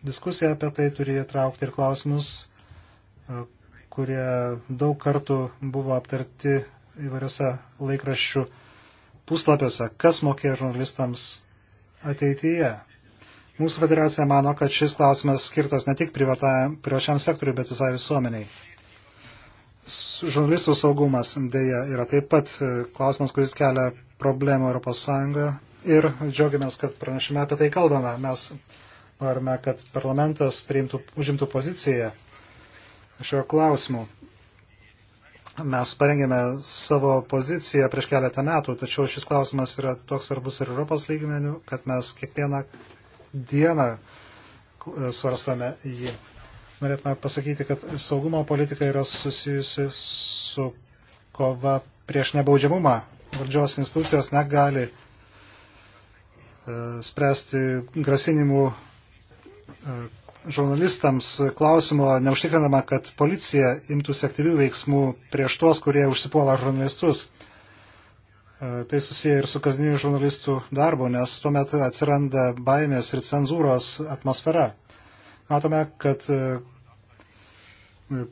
diskusija apie tai turi įtraukti ir klausimus, kurie daug kartų buvo aptarti įvairiose laikraščių puslapiuose, kas mokėjo žurnalistams ateityje. Mūsų federacija mano, kad šis klausimas skirtas ne tik privačiam sektoriui, bet visai visuomeniai. Žurnalistų saugumas dėja yra taip pat e, klausimas, kuris kelia problemų Europos Sąjungoje ir džiaugiamės, kad pranešime apie tai kalbame. Mes norime, kad parlamentas priimtų, užimtų poziciją šio klausimu. Mes parengėme savo poziciją prieš keletą metų, tačiau šis klausimas yra toks svarbus ir Europos lygmenių, kad mes kiekvieną dieną e, svarstame jį. Norėtume pasakyti, kad saugumo politika yra susijusi su kova prieš nebaudžiamumą. Valdžios institucijos negali e, spręsti grasinimų e, žurnalistams klausimo, neužtikrinama, kad policija imtųsi aktyvių veiksmų prieš tuos, kurie užsipuola žurnalistus. E, tai susiję ir su kasdieniu žurnalistų darbu, nes tuomet atsiranda baimės ir cenzūros atmosfera. Matome, kad e,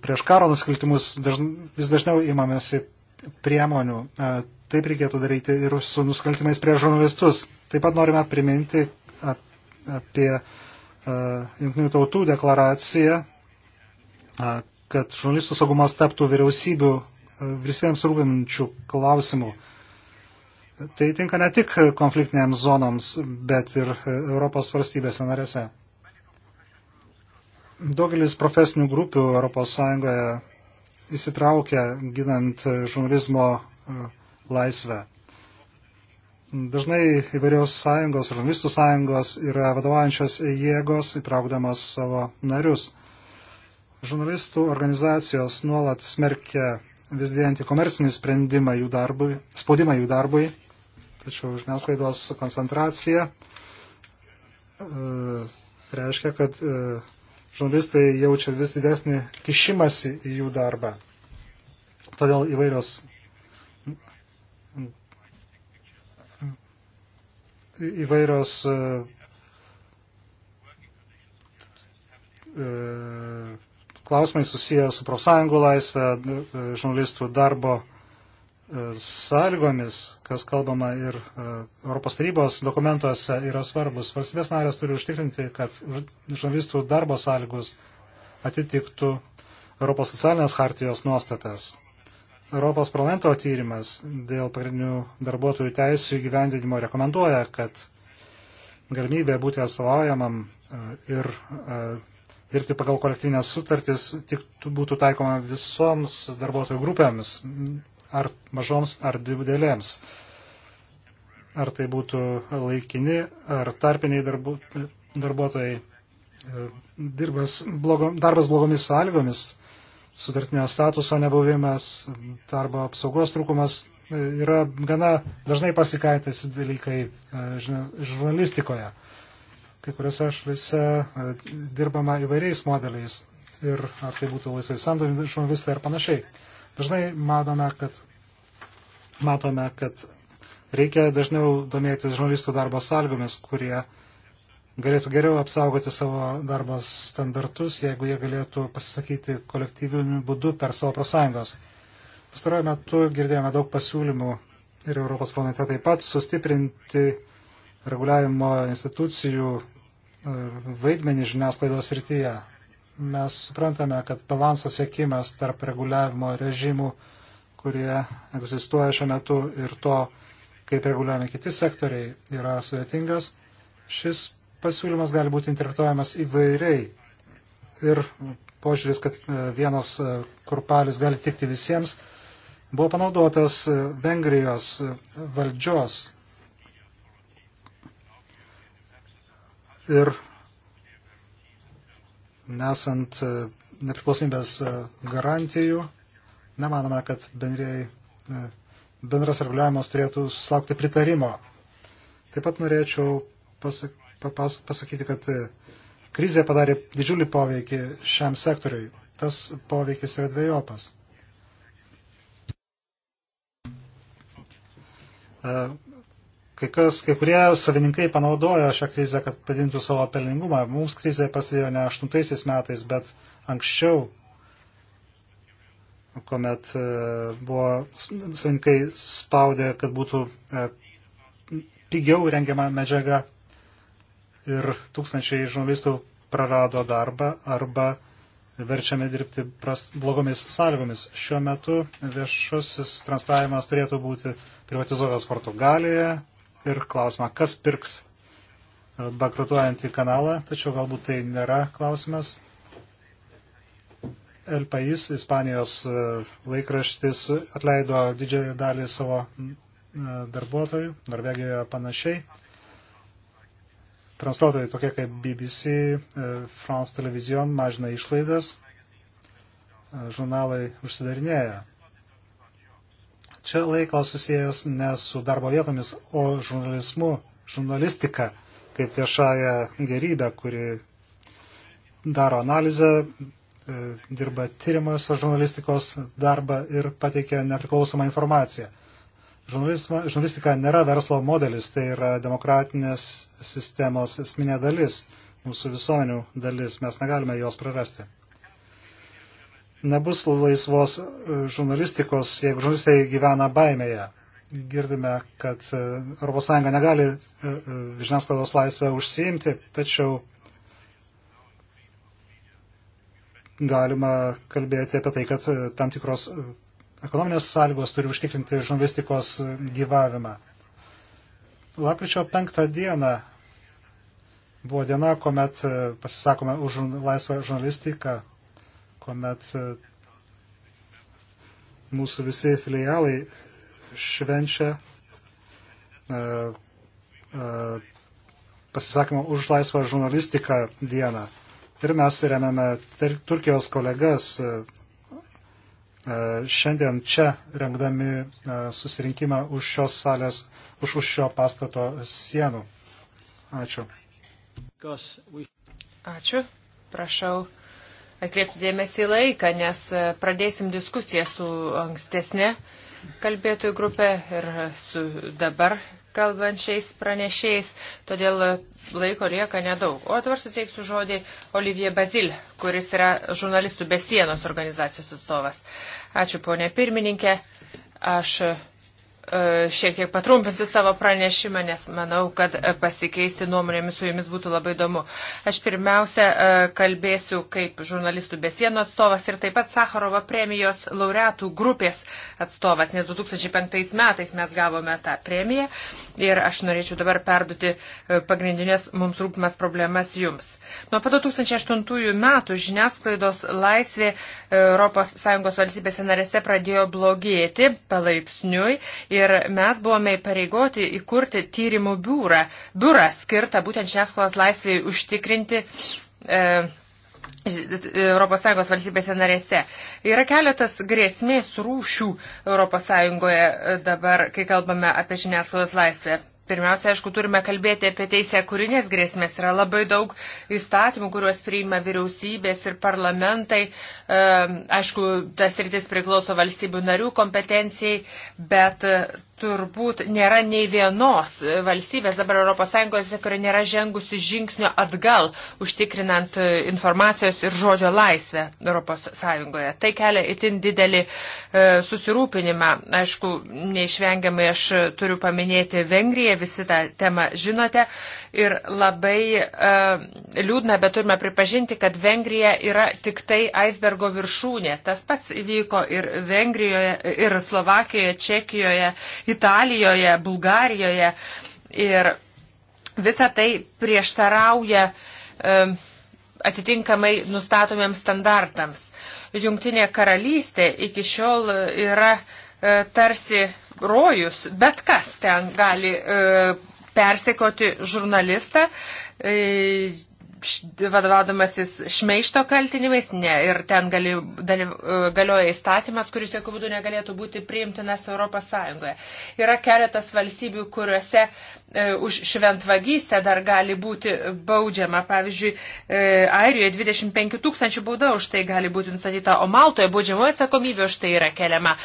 prieš karo nusikaltimus dažn, vis dažniau imamėsi priemonių. E, taip reikėtų daryti ir su nusikaltimais prieš žurnalistus. Taip pat norime priminti apie Junktinių tautų deklaraciją, kad žurnalistų saugumas taptų vyriausybių visiems rūpinčių klausimų. Tai tinka ne tik konfliktinėms zonoms, bet ir Europos valstybėse narėse. Daugelis profesinių grupių ES įsitraukia ginant žurnalizmo e, laisvę. Dažnai įvairios sąjungos, žurnalistų sąjungos yra vadovaujančios jėgos įtraukdamos savo narius. Žurnalistų organizacijos nuolat smerkia vis didėjantį komercinį sprendimą jų darbui, spaudimą jų darbui Tačiau žiniasklaidos koncentracija e, reiškia, kad e, žurnalistai jaučia vis didesnį kišimąsi į jų darbą. Todėl įvairios įvairios e, klausimai susiję su profsąjungų laisvė, žurnalistų darbo sąlygomis, kas kalbama ir e, Europos tarybos dokumentuose, yra svarbus. Valstybės narės turi užtikrinti, kad žurnalistų darbo sąlygos atitiktų Europos socialinės hartijos nuostatas. Europos parlamento tyrimas dėl pagrindinių darbuotojų teisų įgyvendinimo rekomenduoja, kad galimybė būti atstovaujamam e, ir e, dirbti pagal kolektyvinės sutartys tik būtų taikoma visoms darbuotojų grupėms, ar mažoms, ar didelėms. Ar tai būtų laikini, ar tarpiniai darbu, darbuotojai. E, dirbas blogo, darbas blogomis sąlygomis, sutartinio statuso nebuvimas, darbo apsaugos trūkumas e, yra gana dažnai pasikaitęs dalykai e, žurnalistikoje. Kai kuriuose šalise dirbama įvairiais modeliais ir ar tai būtų laisvai samdomi žurnalistai ar panašiai. Dažnai manome, kad, matome, kad reikia dažniau domėtis žurnalistų darbo sąlygomis, kurie galėtų geriau apsaugoti savo darbo standartus, jeigu jie galėtų pasisakyti kolektyviniu būdu per savo profsąjungas. Pastarojame metu girdėjome daug pasiūlymų ir Europos planete taip pat sustiprinti reguliavimo institucijų e, vaidmenį žiniasklaidos rytyje. Mes suprantame, kad balanso siekimas tarp reguliavimo režimų, kurie egzistuoja šiuo metu ir to, kaip reguliuojami kiti sektoriai, yra sudėtingas. Šis pasiūlymas gali būti interpretuojamas įvairiai. Ir požiūris, kad e, vienas e, kurpalis gali tikti visiems, buvo panaudotas e, Vengrijos valdžios ir nesant e, nepriklausomybės e, garantijų, nemanome, kad bendrėjai, e, bendras reguliavimas turėtų susilaukti pritarimo. Taip pat norėčiau pasak, papas, pasakyti, kad krizė padarė didžiulį poveikį šiam sektoriui. Tas poveikis yra dviejopas kai, kas, kai kurie savininkai panaudojo šią krizę, kad padintų savo pelningumą. Mums krizė prasidėjo ne 8 metais, bet anksčiau, kuomet e, buvo savininkai spaudė, kad būtų e, pigiau rengiama medžiaga ir tūkstančiai žurnalistų prarado darbą arba verčiami dirbti pras, blogomis sąlygomis. Šiuo metu viešusis translavimas turėtų būti privatizuotas Portugalijoje, ir klausimą, kas pirks e, bankrutuojantį kanalą, tačiau galbūt tai nėra klausimas. El Pais, Ispanijos e, laikraštis, atleido didžiąją dalį savo e, darbuotojų, Norvegijoje panašiai. Transliuotojai tokie kaip BBC, France Television mažina išlaidas, žurnalai užsidarinėja. Čia laiko susijęs ne su darbo vietomis, o žurnalizmu, žurnalistika kaip viešąją gerybę, kuri daro analizę, e, dirba tyrimuose žurnalistikos darbą ir pateikia nepriklausomą informaciją. Žurnalizma, žurnalistika nėra verslo modelis, tai yra demokratinės sistemos esminė dalis, mūsų visuomenių dalis, mes negalime jos prarasti nebus laisvos e, žurnalistikos, jeigu žurnalistai gyvena baimėje. Girdime, kad ES negali e, e, žiniasklaidos laisvę užsiimti, tačiau galima kalbėti apie tai, kad tam tikros ekonominės sąlygos turi užtikrinti žurnalistikos gyvavimą. Lapkričio penktą dieną buvo diena, kuomet pasisakome už laisvą žurnalistiką kuomet e, mūsų visi filialai švenčia uh, uh, pasisakymą už laisvą žurnalistiką dieną. Ir mes remiame Turkijos kolegas uh, šiandien čia rengdami susirinkimą už šios salės, už, už šio pastato sienų. Ačiū. Ačiū. Prašau atkreipti dėmesį į laiką, nes e, pradėsim diskusiją su ankstesnė kalbėtojų grupė ir su dabar kalbančiais pranešėjais, todėl e, laiko lieka nedaug. O dabar suteiksiu žodį Olivier Bazil, kuris yra žurnalistų be sienos organizacijos atstovas. Ačiū, ponė pirmininkė. Aš E, šiek tiek patrumpinsiu savo pranešimą, nes manau, kad e, pasikeisti nuomonėmis su jumis būtų labai įdomu. Aš pirmiausia e, kalbėsiu kaip žurnalistų besienų atstovas ir taip pat Sakarovo premijos laureatų grupės atstovas, nes 2005 metais mes gavome tą premiją ir aš norėčiau dabar perduoti pagrindinės mums rūpimas problemas jums. Nuo pat 2008 metų žiniasklaidos laisvė ES valstybėse narėse pradėjo blogėti palaipsniui. Ir Ir mes buvome įpareigoti įkurti tyrimų biurą, biurą skirtą būtent žiniasklaidos laisvėjai užtikrinti. E, ES valstybėse narėse. Yra keletas grėsmės rūšių ES e, dabar, kai kalbame apie žiniasklaidos laisvę. Pirmiausia, aišku, turime kalbėti apie teisę kūrinės grėsmės. Yra labai daug įstatymų, kuriuos priima vyriausybės ir parlamentai. Ehm, aišku, tas rytis priklauso valstybių narių kompetencijai, bet turbūt nėra nei vienos valstybės dabar ES, kuri nėra žengusi žingsnio atgal, užtikrinant e, informacijos ir žodžio laisvę ES. Tai kelia itin didelį e, susirūpinimą. Aišku, neišvengiamai aš turiu paminėti Vengriją, visi tą temą žinote. Ir labai e, liūdna, bet turime pripažinti, kad Vengrija yra tik tai aisbergo viršūnė. Tas pats įvyko ir Vengrijoje, ir Slovakijoje, Čekijoje Italijoje, Bulgarijoje. Ir visa tai prieštarauja atitinkamai nustatomiems standartams. Jungtinė karalystė iki šiol e, yra e, tarsi rojus, bet kas ten gali e, persekoti žurnalistą, vadovaudamasis šmeišto kaltinimais, ne, ir ten gali, dali, e, galioja įstatymas, kuris jokių būdų negalėtų būti priimtinas ES. Yra keletas valstybių, kuriuose E, už šventvagystę dar gali būti baudžiama. Pavyzdžiui, e, Airijoje 25 tūkstančių bauda už tai gali būti nustatyta, o Maltoje baudžiamoji atsakomybė už tai yra keliama.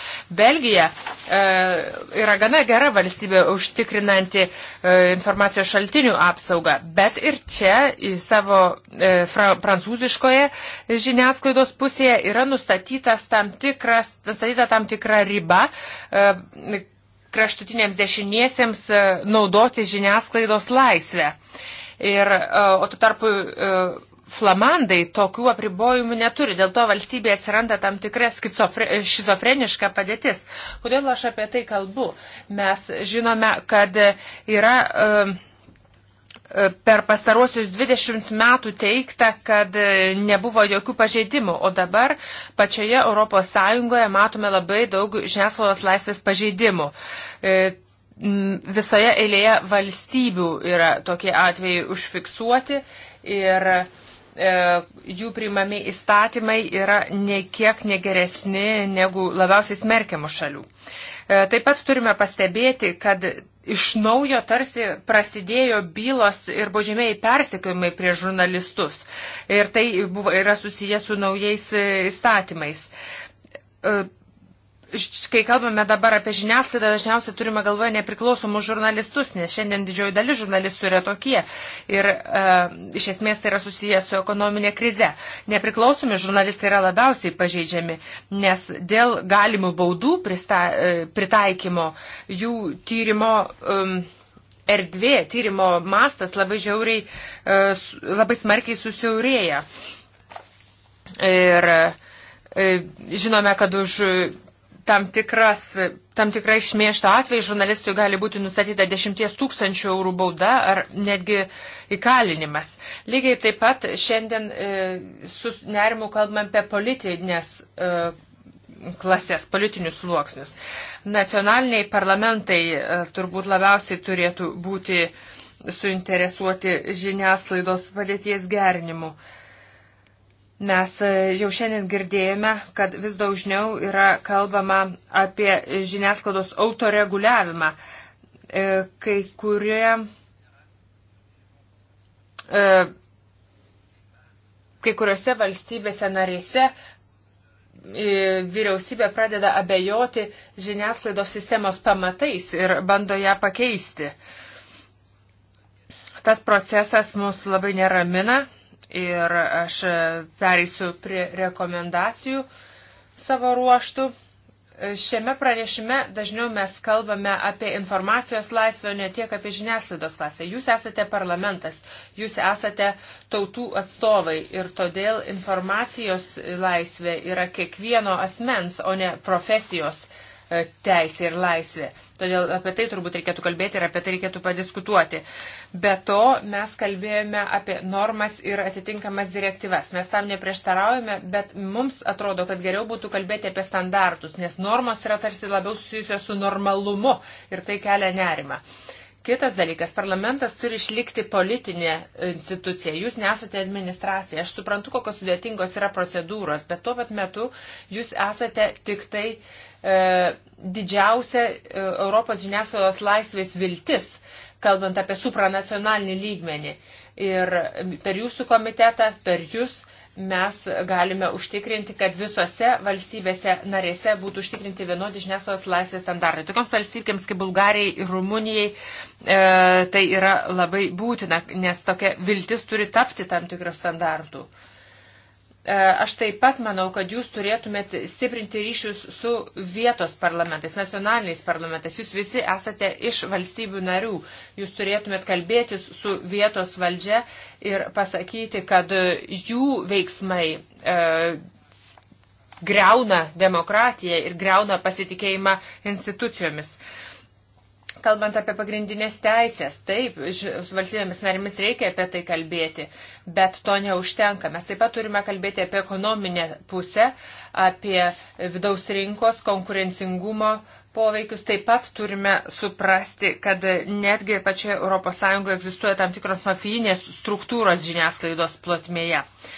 Belgija e, yra gana gera valstybė užtikrinanti informacijos šaltinių apsaugą, bet ir čia į savo fra, prancūziškoje žiniasklaidos pusėje yra nustatytas tam tikras, nustatyta tam tikra riba kraštutiniams dešiniesiems e, naudotis žiniasklaidos laisvę. Ir, e, o tuo tarpu e, flamandai tokių apribojimų neturi, dėl to valstybėje atsiranda tam tikra šizofreniška padėtis. Kodėl aš apie tai kalbu? Mes žinome, kad yra. Uh, per pastaruosius 20 metų teikta, kad e, nebuvo jokių pažeidimų, o dabar pačioje ES matome labai daug žiniasklaidos laisvės pažeidimų. E, visoje eilėje valstybių yra tokie atvejai užfiksuoti ir e, jų priimami įstatymai yra niekiek negeresni negu labiausiai smerkiamų šalių. Taip pat turime pastebėti, kad iš naujo tarsi prasidėjo bylos ir božėmiai persekiojimai prie žurnalistus. Ir tai buvo, yra susijęs su naujais e, įstatymais. E, kai kalbame dabar apie žiniasklaidą, dažniausiai turime galvoje nepriklausomus žurnalistus, nes šiandien didžioji dalis žurnalistų yra tokie. Ir e, iš esmės tai yra susijęs su ekonominė krize. Nepriklausomi žurnalistai yra labiausiai pažeidžiami, nes dėl galimų baudų prista, e, pritaikymo jų tyrimo. E, Erdvė, tyrimo mastas labai žiauriai, e, labai smarkiai susiaurėja. Ir e, žinome, kad už tam, tikras, tam tikrai šmiešto atveju žurnalistui gali būti nustatyta 10 tūkstančių eurų bauda ar netgi įkalinimas. Lygiai taip pat šiandien e, su nerimu kalbam apie politinės e, klasės, politinius sluoksnius. Nacionaliniai parlamentai e, turbūt labiausiai turėtų būti suinteresuoti žiniasklaidos padėties gerinimu. E, Mes e, jau šiandien girdėjome, kad vis dažniau yra kalbama apie žiniasklaidos autoreguliavimą. E, kai kurie. E, kai kuriuose valstybėse narėse vyriausybė pradeda abejoti žiniasklaidos sistemos pamatais ir bando ją pakeisti. Tas procesas mus labai neramina ir aš pereisiu prie rekomendacijų savo ruoštų. Šiame pranešime dažniau mes kalbame apie informacijos laisvę, o ne tiek apie žiniasklaidos laisvę. Jūs esate parlamentas, jūs esate tautų atstovai ir todėl informacijos laisvė yra kiekvieno asmens, o ne profesijos E, teisė ir laisvė. Todėl apie tai turbūt reikėtų kalbėti ir apie tai reikėtų padiskutuoti. Be to, mes kalbėjome apie normas ir atitinkamas direktyvas. Mes tam neprieštaraujame, bet mums atrodo, kad geriau būtų kalbėti apie standartus, nes normos yra tarsi labiau susijusios su normalumu ir tai kelia nerimą. Kitas dalykas, parlamentas turi išlikti politinė institucija, jūs nesate administracija. Aš suprantu, kokios sudėtingos yra procedūros, bet tuo pat metu jūs esate tik tai uh, E, didžiausia e, Europos žiniasklaidos laisvės viltis, kalbant apie supranacionalinį lygmenį. Ir per jūsų komitetą, per jūs mes galime užtikrinti, kad visose valstybėse narėse būtų užtikrinti vienodi žiniasklaidos laisvės standartai. Tokioms valstybėms kaip Bulgarijai ir Rumunijai e, tai yra labai būtina, nes tokia viltis turi tapti tam tikrų standartų. E, E, aš taip pat manau, kad jūs turėtumėt stiprinti ryšius su vietos parlamentais, nacionaliniais parlamentais. Jūs visi esate iš valstybių narių. Jūs turėtumėt kalbėtis su vietos valdžia ir pasakyti, kad jų veiksmai e, greuna demokratiją ir greuna pasitikėjimą institucijomis. E, kalbant apie pagrindinės teisės, taip, su valstybėmis narimis reikia apie tai kalbėti, bet to neužtenka. Mes taip pat turime kalbėti apie ekonominę pusę, apie vidaus rinkos konkurencingumo poveikius. Taip pat turime suprasti, kad netgi pačioje ES egzistuoja tam tikros mafijinės struktūros žiniasklaidos plotmėje. Uh,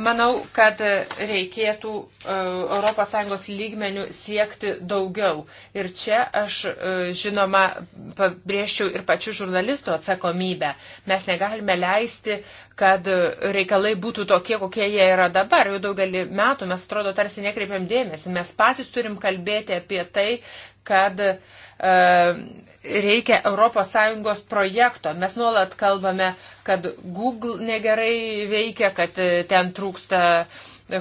Manau, kad reikėtų ES lygmenių siekti daugiau. Ir čia aš, e, žinoma, pabrėžčiau ir pačių žurnalistų atsakomybę. Mes negalime leisti, kad reikalai būtų tokie, kokie jie yra dabar. Jau daugelį metų mes, atrodo, tarsi nekreipiam dėmesį. Mes patys turim kalbėti apie tai, kad uh, reikia ES projekto. Mes nuolat kalbame, kad Google negerai veikia, kad e, ten trūksta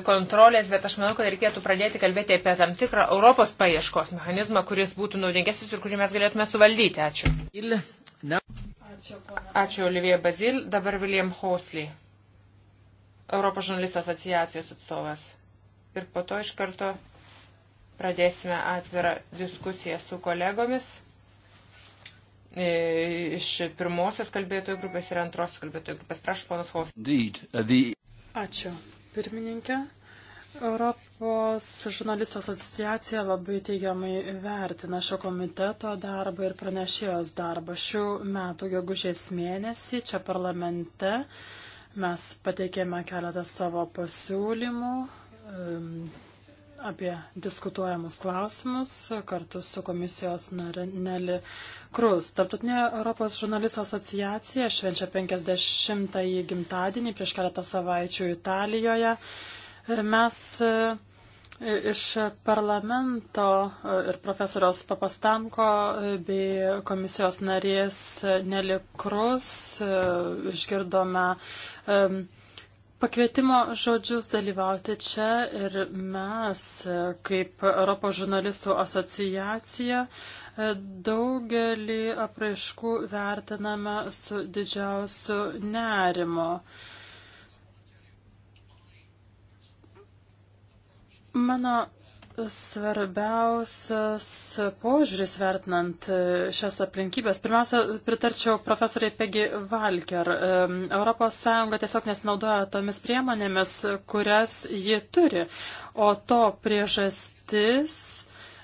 kontrolės, bet aš manau, kad reikėtų pradėti kalbėti apie tam tikrą Europos paieškos mechanizmą, kuris būtų naudingesnis ir kurį mes galėtume suvaldyti. Ačiū. Ačiū, Ačiū Olivija Bazil. Dabar William Hosley, Europos žurnalistų asociacijos atstovas. Ir po to iš karto pradėsime atvirą diskusiją su kolegomis. E, iš pirmosios kalbėtojų grupės ir antrosios kalbėtojų grupės. Prašau, ponas Hos. Uh, Ačiū, pirmininkė. Europos žurnalistų asociacija labai teigiamai vertina šio komiteto darbą ir pranešėjos darbą. Šių metų gegužės mėnesį čia parlamente mes pateikėme keletą savo pasiūlymų apie diskutuojamus klausimus kartu su komisijos nare Neli Krus. Tartutinė Europos žurnalistų asociacija švenčia 50-ąjį gimtadienį prieš keletą savaičių Italijoje. Mes e, Iš parlamento e, ir profesoriaus Papastanko e, bei komisijos narės Nelikrus išgirdome pakvietimo žodžius dalyvauti čia ir mes, kaip Europos žurnalistų asociacija, daugelį apraiškų vertiname su didžiausiu nerimo. Mano svarbiausias požiūris vertinant e, šias aplinkybės. Pirmiausia, pritarčiau profesoriai Pegi Valker. ES tiesiog nesinaudoja tomis priemonėmis, kurias ji turi, o to priežastis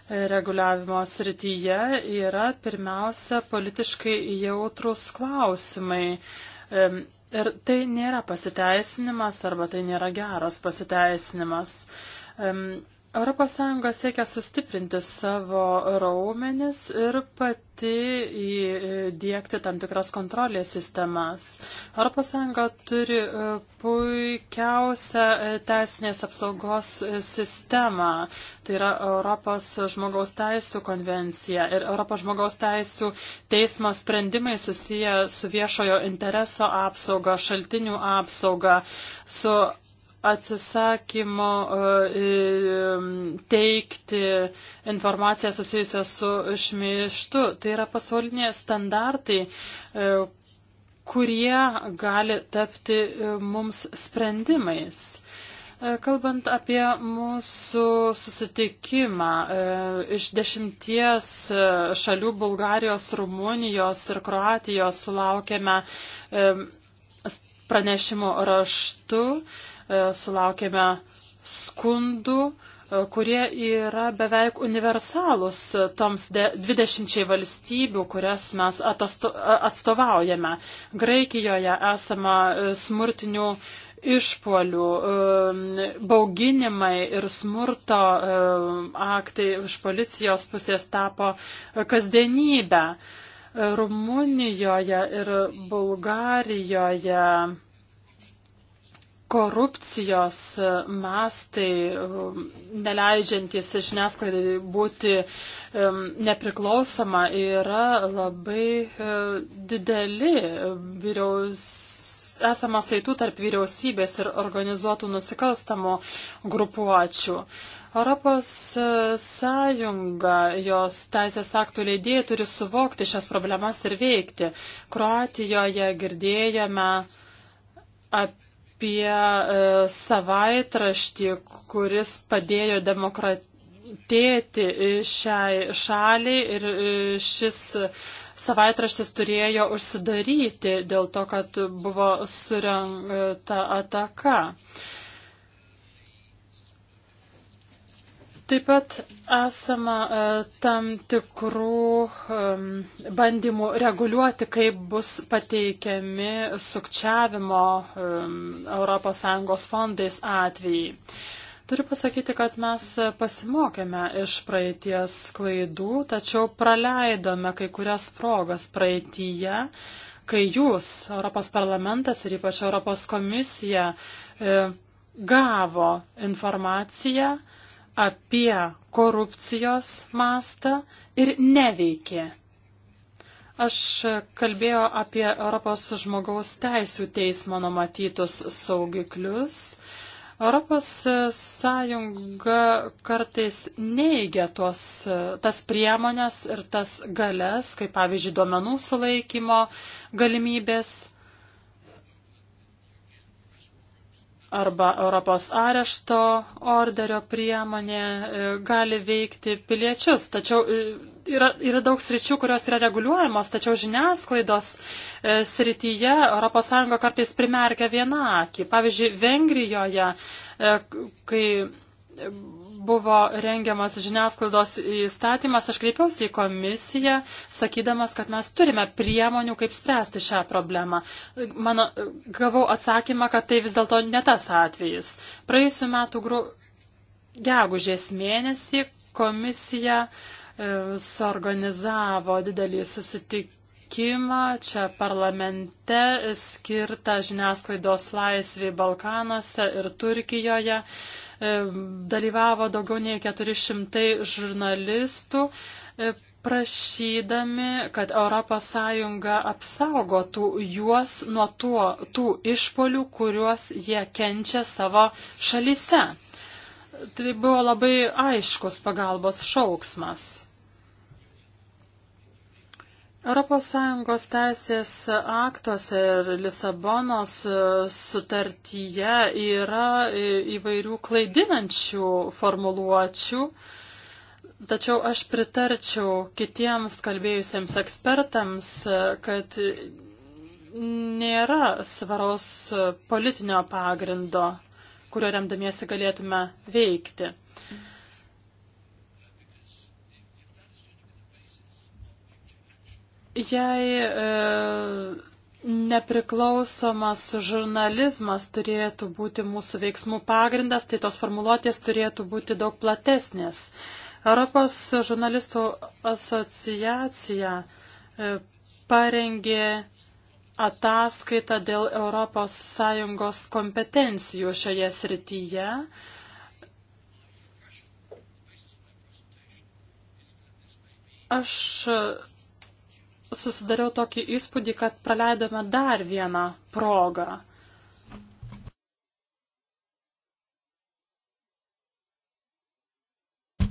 reguliavimo srityje yra pirmiausia politiškai jautrus klausimai. E, ir tai nėra pasiteisinimas arba tai nėra geras pasiteisinimas. E, ES siekia sustiprinti savo raumenis ir pati įdėkti e, tam tikras kontrolės sistemas. ES turi e, puikiausią e, teisinės apsaugos sistemą, tai yra Europos žmogaus teisų konvencija ir Europos žmogaus teisų teismo sprendimai susiję su viešojo intereso apsauga, šaltinių apsauga, su atsisakymo e, e, teikti informaciją susijusią su šmeištu. Tai yra pasauliniai standartai, e, kurie gali tapti mums sprendimais. Kalbant apie mūsų susitikimą, iš dešimties šalių Bulgarijos, Rumunijos ir Kroatijos sulaukėme pranešimo raštu. E, sulaukėme skundų, e, kurie yra beveik universalūs toms 20 valstybių, kurias mes atstovaujame. Graikijoje esama e, smurtinių išpolių, bauginimai ir smurto aktai iš policijos pusės tapo kasdienybę. Rumunijoje ir Bulgarijoje korupcijos mastai, um, neleidžiantis žiniasklaidai būti um, nepriklausoma, yra labai uh, dideli. Vyriaus, esama saitų tarp vyriausybės ir organizuotų nusikalstamų grupuočių. Europos uh, Sąjunga, jos teisės aktų leidėjai turi suvokti šias problemas ir veikti. Kroatijoje girdėjome apie apie e, savaitraštį, kuris padėjo demokratėti šiai šaliai ir e, šis savaitraštis turėjo užsidaryti dėl to, kad buvo surinkta ataka. Uh, Taip pat esama e, tam tikrų bandymų reguliuoti, kaip bus pateikiami sukčiavimo ES fondais atvejai. Turiu pasakyti, kad mes pasimokėme iš praeities klaidų, tačiau praleidome kai kurias progas praeitįje, kai jūs, Europos parlamentas ir ypač Europos komisija, e, gavo informaciją, apie korupcijos mastą ir neveikė. Aš kalbėjau apie Europos žmogaus teisų teismo numatytus saugiklius. Europos Sąjunga kartais neigia tuos, tas priemonės ir tas galės, kaip pavyzdžiui, duomenų sulaikymo galimybės arba Europos arešto orderio priemonė e, gali veikti piliečius. Tačiau e, yra, yra daug sričių, kurios yra reguliuojamos, tačiau žiniasklaidos e, srityje ES kartais primerkia vieną akį. Pavyzdžiui, Vengrijoje, kai buvo rengiamas žiniasklaidos įstatymas, aš kreipiausi į komisiją, sakydamas, kad mes turime priemonių, kaip spręsti šią problemą. Mano, gavau atsakymą, kad tai vis dėlto ne tas atvejis. Praėjusiu metu gru... gegužės mėnesį komisija e, suorganizavo didelį susitikimą čia parlamente e, skirtą žiniasklaidos laisvį Balkanuose ir Turkijoje. E, E, dalyvavo daugiau nei 400 žurnalistų e, prašydami, kad ES apsaugotų juos nuo tuo, tų išpolių, kuriuos jie kenčia savo šalyse. Tai buvo labai aiškus pagalbos šauksmas. ES teisės aktuose ir Lisabonos e, sutartyje yra e, įvairių klaidinančių formuluočių, tačiau aš pritarčiau kitiems kalbėjusiems ekspertams, e, kad nėra svaros politinio pagrindo, kurio remdamiesi galėtume veikti. Jei e, nepriklausomas žurnalizmas turėtų būti mūsų veiksmų pagrindas, tai tos formuluotės turėtų būti daug platesnės. Europos žurnalistų asociacija e, parengė ataskaitą dėl ES kompetencijų šioje srityje. Aš susidariau tokį įspūdį, kad praleidome dar vieną progą.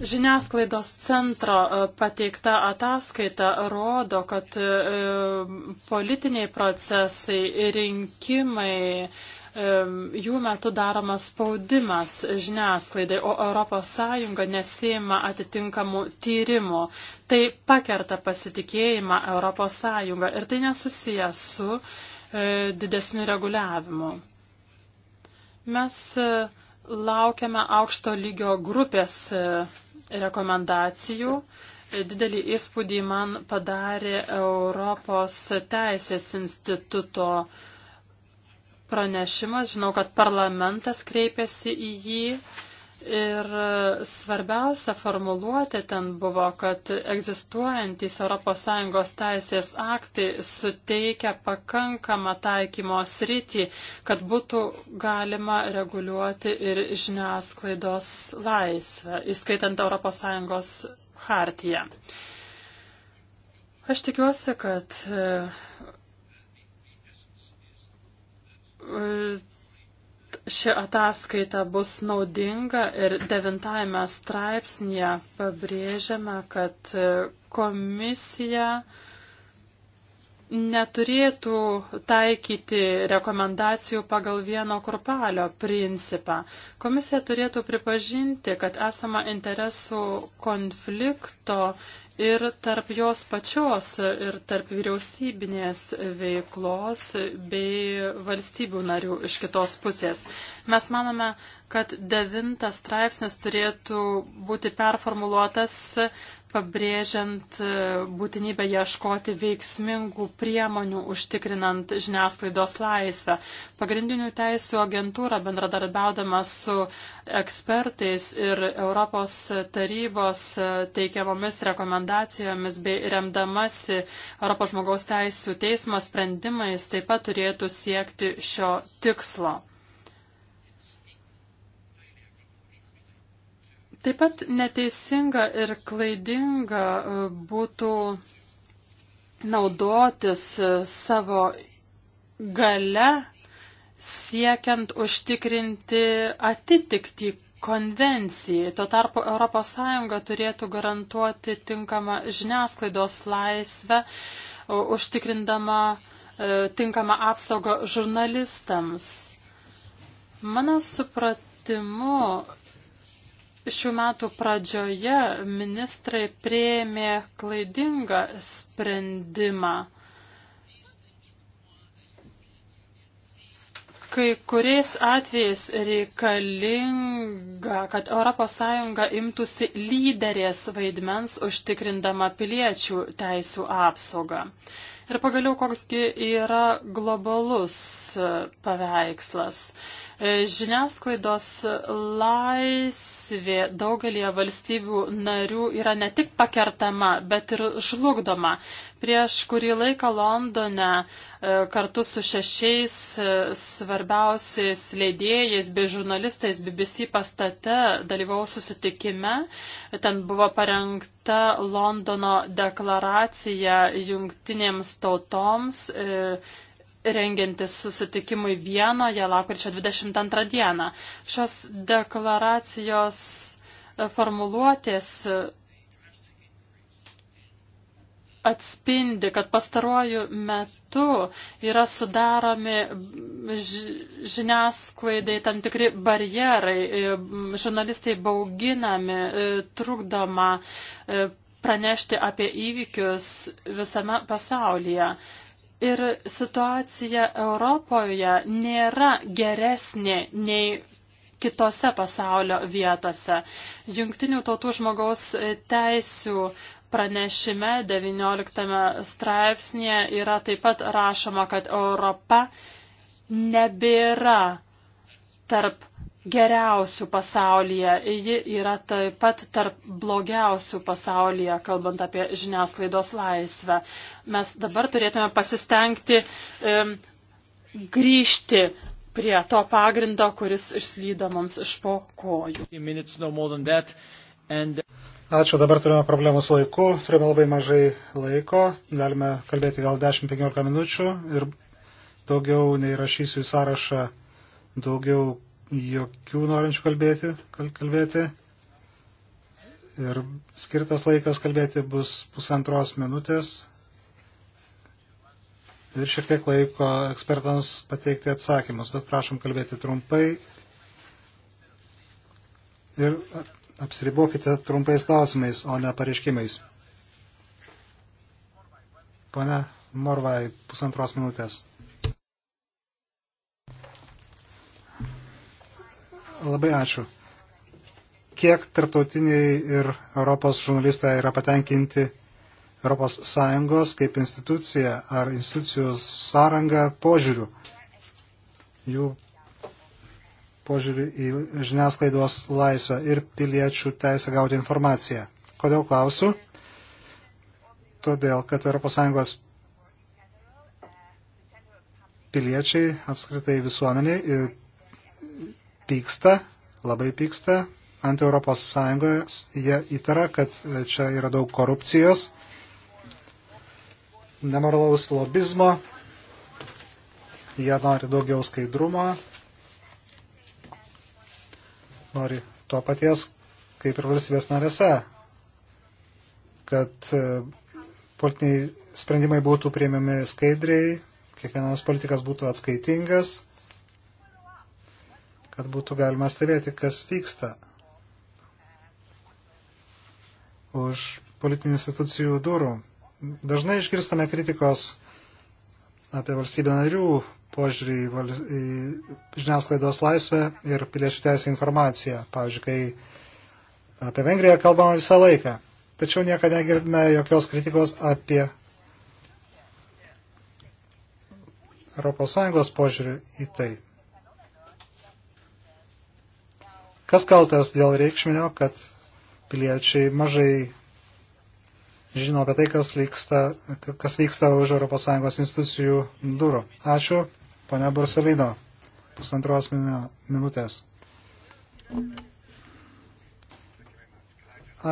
Žiniasklaidos centro e, pateikta ataskaita rodo, kad e, politiniai procesai, rinkimai, jų metu daromas spaudimas žiniasklaidai, o ES nesima atitinkamų tyrimų. Tai pakerta pasitikėjimą ES ir tai nesusiję su e, didesniu reguliavimu. Mes e, laukiame aukšto lygio grupės e, rekomendacijų. Didelį įspūdį man padarė Europos teisės instituto uh, pranešimas. Žinau, kad parlamentas kreipėsi į jį. Ir svarbiausia formuluoti ten buvo, kad egzistuojantys ES teisės aktai suteikia pakankamą taikymo sritį, kad būtų galima reguliuoti ir žiniasklaidos laisvę, įskaitant ES hartiją. Aš tikiuosi, kad ši ataskaita bus naudinga ir devintajame straipsnėje pabrėžiame, kad e, komisija uh, neturėtų taikyti rekomendacijų pagal vieno kurpalio principą. Komisija turėtų pripažinti, kad esama interesų konflikto ir tarp jos pačios, ir tarp vyriausybinės veiklos bei valstybių narių iš kitos pusės. Mes manome, kad devintas straipsnis turėtų būti performuluotas pabrėžiant e, būtinybę ieškoti veiksmingų priemonių užtikrinant žiniasklaidos laisvę. Pagrindinių teisų agentūra bendradarbiaudama su ekspertais ir Europos tarybos e, teikiamomis rekomendacijomis bei remdamasi Europos žmogaus teisų teismo sprendimais taip pat turėtų siekti šio tikslo. Taip pat neteisinga ir klaidinga e, būtų naudotis e, savo gale siekiant užtikrinti atitikti konvencijai. Tuo tarpu ES turėtų garantuoti tinkamą žiniasklaidos laisvę, e, užtikrindama tinkamą apsaugą žurnalistams. Mano supratimu, šių metų pradžioje ministrai prieėmė klaidingą sprendimą. Kai kuriais atvejais reikalinga, kad ES imtųsi lyderės vaidmens užtikrindama piliečių teisų apsaugą. Ir pagaliau, koksgi yra globalus e, paveikslas. E, žiniasklaidos laisvė daugelie valstybių narių yra ne tik pakertama, bet ir žlugdoma. Prieš kurį laiką Londone e, kartu su šešiais e, svarbiausiais leidėjais bei žurnalistais BBC pastate dalyvau susitikime. Ten buvo parengta Londono deklaracija jungtinėms tautoms. E, rengiantis susitikimui Vienoje lapkričio 22 dieną. Šios deklaracijos e, formuluotės e, atspindi, kad pastaruoju metu yra sudaromi žiniasklaidai tam tikri barjerai, e, žurnalistai bauginami, trukdoma pranešti apie įvykius visame pasaulyje. Ir situacija Europoje nėra geresnė nei kitose pasaulio vietose. Jungtinių tautų žmogaus teisių pranešime 19 straipsnėje yra taip pat rašoma, kad Europa nebėra tarp geriausių pasaulyje, ji yra taip pat tarp blogiausių pasaulyje, kalbant apie žiniasklaidos laisvę. Mes dabar turėtume pasistengti um, grįžti prie to pagrindo, kuris išslydo mums iš po kojų. Uh, Ačiū, dabar turime problemų su laiku, turime labai mažai laiko, galime kalbėti gal 10-15 minučių ir daugiau neįrašysiu į sąrašą daugiau jokių norinčių kalbėti, kalbėti. Ir skirtas laikas kalbėti bus pusantros minutės. Ir šiek tiek laiko ekspertams pateikti atsakymus, bet prašom kalbėti trumpai. Ir apsiribokite trumpais klausimais, o ne pareiškimais. Pone Morvai, pusantros minutės. Labai ačiū. Kiek tarptautiniai ir Europos žurnalistai yra patenkinti ES kaip institucija ar institucijų sąranga požiūrių, jų požiūrių į žiniasklaidos laisvę ir piliečių teisę gauti informaciją. Kodėl klausiu? Todėl, kad ES piliečiai apskritai visuomeniai pyksta, labai pyksta ant Europos Sąjungos. Jie įtara, kad e, čia yra daug korupcijos, nemoralaus lobizmo. Jie nori daugiau skaidrumo, nori to paties, kaip ir valstybės narėse, kad e, politiniai sprendimai būtų priimami skaidriai, kiekvienas politikas būtų atskaitingas kad būtų galima stebėti, kas vyksta už politinių institucijų durų. Dažnai išgirstame kritikos apie valstybę narių požiūrį į, val... į žiniasklaidos laisvę ir piliečių teisę informaciją. Pavyzdžiui, kai apie Vengriją kalbama visą laiką. Tačiau niekada negirdime jokios kritikos apie ES požiūrį į tai. Kas kaltas dėl reikšminio, kad piliečiai mažai žino apie tai, kas, lyksta, kas vyksta už ES institucijų durų. Ačiū, ponia Borsalino, pusantros minutės.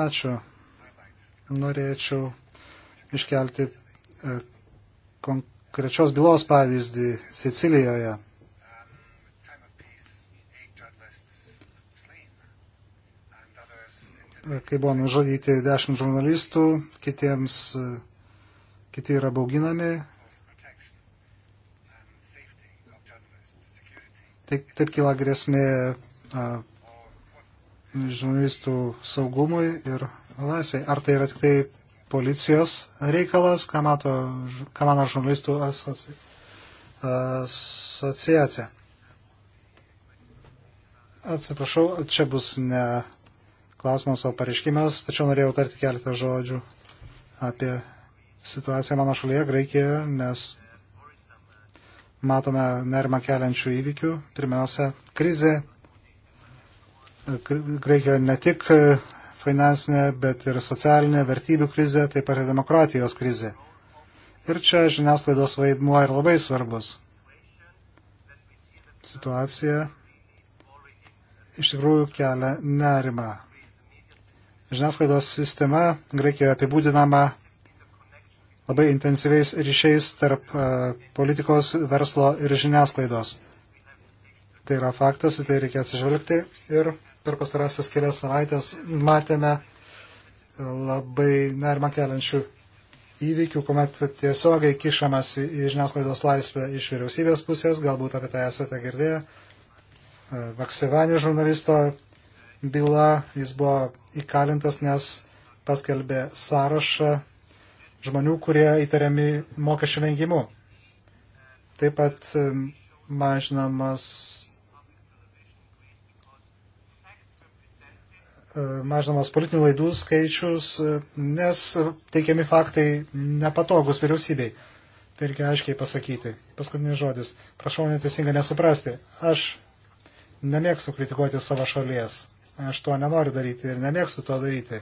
Ačiū. Norėčiau iškelti e, konkrečios bylos pavyzdį Sicilijoje. kai buvo nužudyti dešimt žurnalistų, kitiems, kiti yra bauginami. Taip, taip kyla grėsmė a, žurnalistų saugumui ir laisvai. Ar tai yra tik tai policijos reikalas, ką, mato, ką mano žurnalistų asoci, asociacija? Atsiprašau, čia bus ne klausimas, o pareiškimas, tačiau norėjau tarti keletą žodžių apie situaciją mano šalyje, Graikijoje, nes matome nerimą keliančių įvykių. Pirmiausia, krizė. Graikijoje ne tik finansinė, bet ir socialinė vertybių krizė, taip pat ir demokratijos krizė. Ir čia žiniasklaidos vaidmuo yra labai svarbus. Situacija iš tikrųjų kelia nerimą. Žiniasklaidos sistema Graikijoje apibūdinama labai intensyviais ryšiais tarp e, politikos, verslo ir žiniasklaidos. Tai yra faktas, tai reikia atsižvelgti ir per pastarąsias kelias savaitės matėme labai nerima keliančių įvykių, kuomet tiesiogiai kišamas į žiniasklaidos laisvę iš vyriausybės pusės, galbūt apie tai esate girdėję, Vaksevanį e, žurnalisto byla. Jis buvo įkalintas, nes paskelbė sąrašą žmonių, kurie įtariami mokesčių vengimu. Taip pat mažinamas e, mažinamas politinių laidų skaičius, e, nes teikiami faktai nepatogus vyriausybei. Tai reikia aiškiai pasakyti. Paskutinis žodis. Prašau neteisingai nesuprasti. Aš nemėgstu kritikuoti savo šalies. Aš to nenoriu daryti ir nemėgstu to daryti,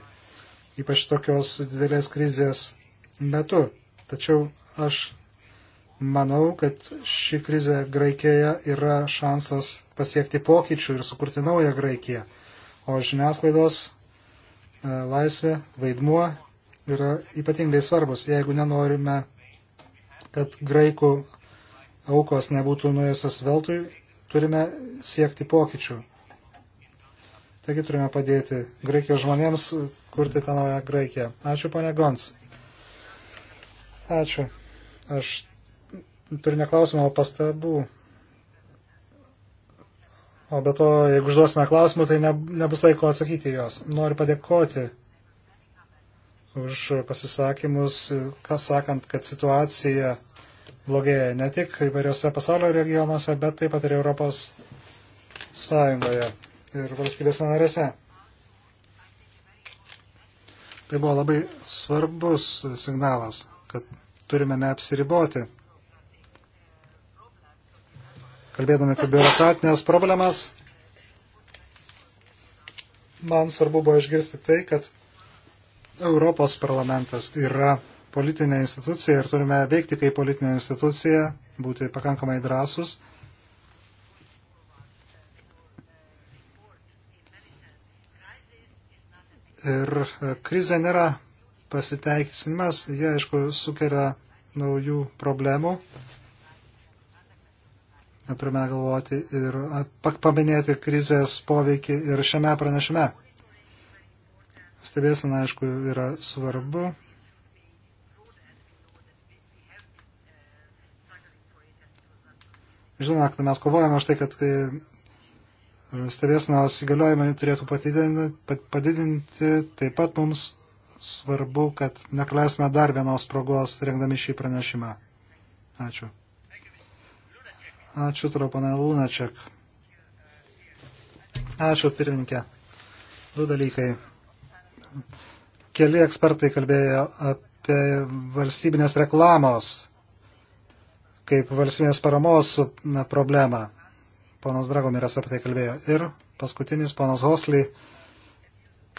ypač tokios didelės krizės metu. Tačiau aš manau, kad ši krizė Graikijoje yra šansas pasiekti pokyčių ir sukurti naują Graikiją. O žiniasklaidos e, laisvė, vaidmuo yra ypatingai svarbus, jeigu nenorime, kad graikų aukos nebūtų nuėjusios veltui, turime siekti pokyčių. Taigi turime padėti Graikijos žmonėms kurti tą naują Graikiją. Ačiū, ponė Gons. Ačiū. Aš turiu neklausimą, o pastabų. O be to, jeigu užduosime klausimų, tai ne, nebus laiko atsakyti juos. Noriu padėkoti už pasisakymus, kas sakant, kad situacija blogėja ne tik įvairiose pasaulio regionuose, bet taip pat ir Europos Sąjungoje ir valstybės narėse. Tai buvo labai svarbus signalas, kad turime neapsiriboti. Kalbėdami apie biurokratinės problemas, man svarbu buvo išgirsti tai, kad Europos parlamentas yra politinė institucija ir turime veikti kaip politinė institucija, būti pakankamai drąsus Ir e, krize nėra pasiteisinimas, jie aišku sukelia naujų problemų. Turime galvoti ir paminėti krizės poveikį ir šiame pranešime. Stebėsena, aišku, yra svarbu. Žinoma, kad mes kovojame už tai, kad e, stebėsnos įgaliojimai turėtų padidinti, padidinti. Taip pat mums svarbu, kad nekleisime dar vienos progos rengdami šį pranešimą. Ačiū. Ačiū, turiu pana Lunačiak. Ačiū, pirmininkė. Du dalykai. Keli ekspertai kalbėjo apie valstybinės reklamos kaip valstybinės paramos problemą ponas Dragomiras apie tai kalbėjo. Ir paskutinis ponas Hosly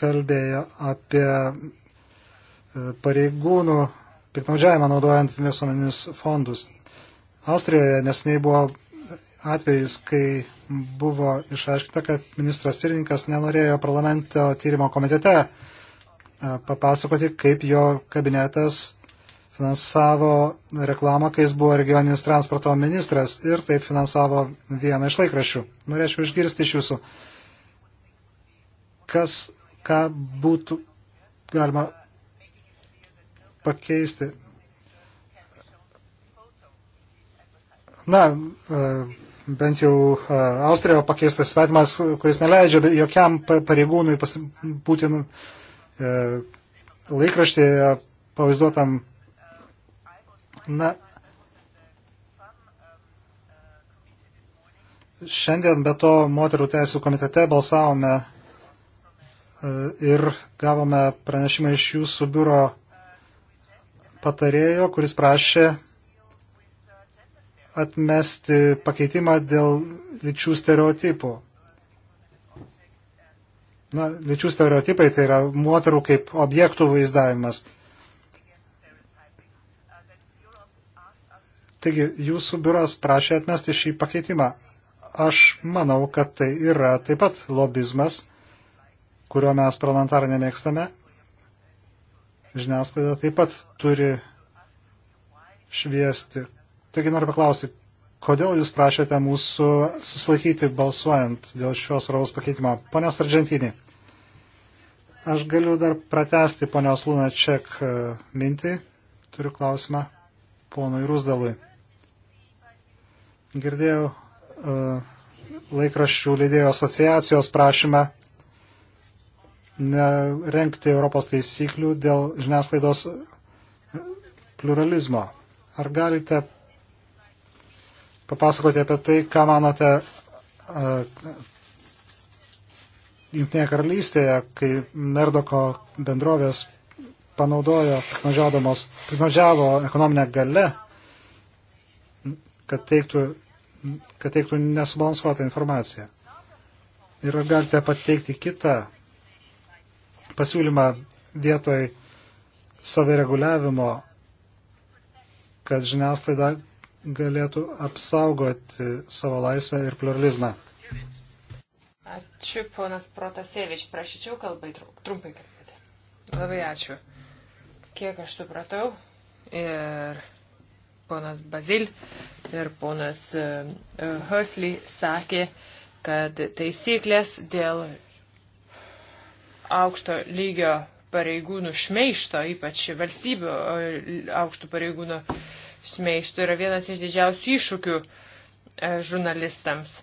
kalbėjo apie e, pareigūnų piknaudžiavimą naudojant visuomeninius fondus. Austrijoje nesiniai buvo atvejis, kai buvo išaiškinta, kad ministras pirmininkas nenorėjo parlamento tyrimo komitete e, papasakoti, kaip jo kabinetas finansavo reklamą, kai jis buvo regioninis transporto ministras ir taip finansavo vieną iš laikraščių. Norėčiau išgirsti iš jūsų, kas, ką būtų galima pakeisti. Na, e, bent jau e, Austrijoje pakeistas įstatymas, kuris neleidžia jokiam pareigūnui būti e, laikraštėje pavaizduotam Na, šiandien be to moterų teisų komitete balsavome e, ir gavome pranešimą iš jūsų biuro patarėjo, kuris prašė atmesti pakeitimą dėl lyčių stereotipų. Na, lyčių stereotipai tai yra moterų kaip objektų vaizdavimas. Taigi, jūsų biuras prašė atmesti šį pakeitimą. Aš manau, kad tai yra taip pat lobizmas, kurio mes parlamentarai nemėgstame. Žiniasklaida taip pat turi šviesti. Taigi noriu paklausti, kodėl jūs prašėte mūsų susilaikyti balsuojant dėl šios raus pakeitimo? Pone Sargentinį, aš galiu dar pratesti ponios Lūna Ček e, mintį. Turiu klausimą ponui Rusdalui. Girdėjau uh, laikraščių leidėjo asociacijos prašymą nerenkti Europos taisyklių dėl žiniasklaidos pluralizmo. Ar galite papasakoti apie tai, ką manote uh, Junktinėje karalystėje, kai Merdoko bendrovės panaudojo, piknaudžiavo ekonominę galę, kad teiktų kad teiktų nesubalansuotą informaciją. Ir galite pateikti kitą pasiūlymą vietoj savireguliavimo, kad žiniasklaida galėtų apsaugoti savo laisvę ir pluralizmą. Ačiū, ponas Protasevič. Prašyčiau kalbai trumpai kalbėti. Labai ačiū. Kiek aš supratau ir ponas Bazil Ir ponas e, e, Husly sakė, kad taisyklės dėl aukšto lygio pareigūnų šmeišto, ypač valstybių e, aukštų pareigūnų šmeišto, yra vienas iš didžiausių iššūkių žurnalistams.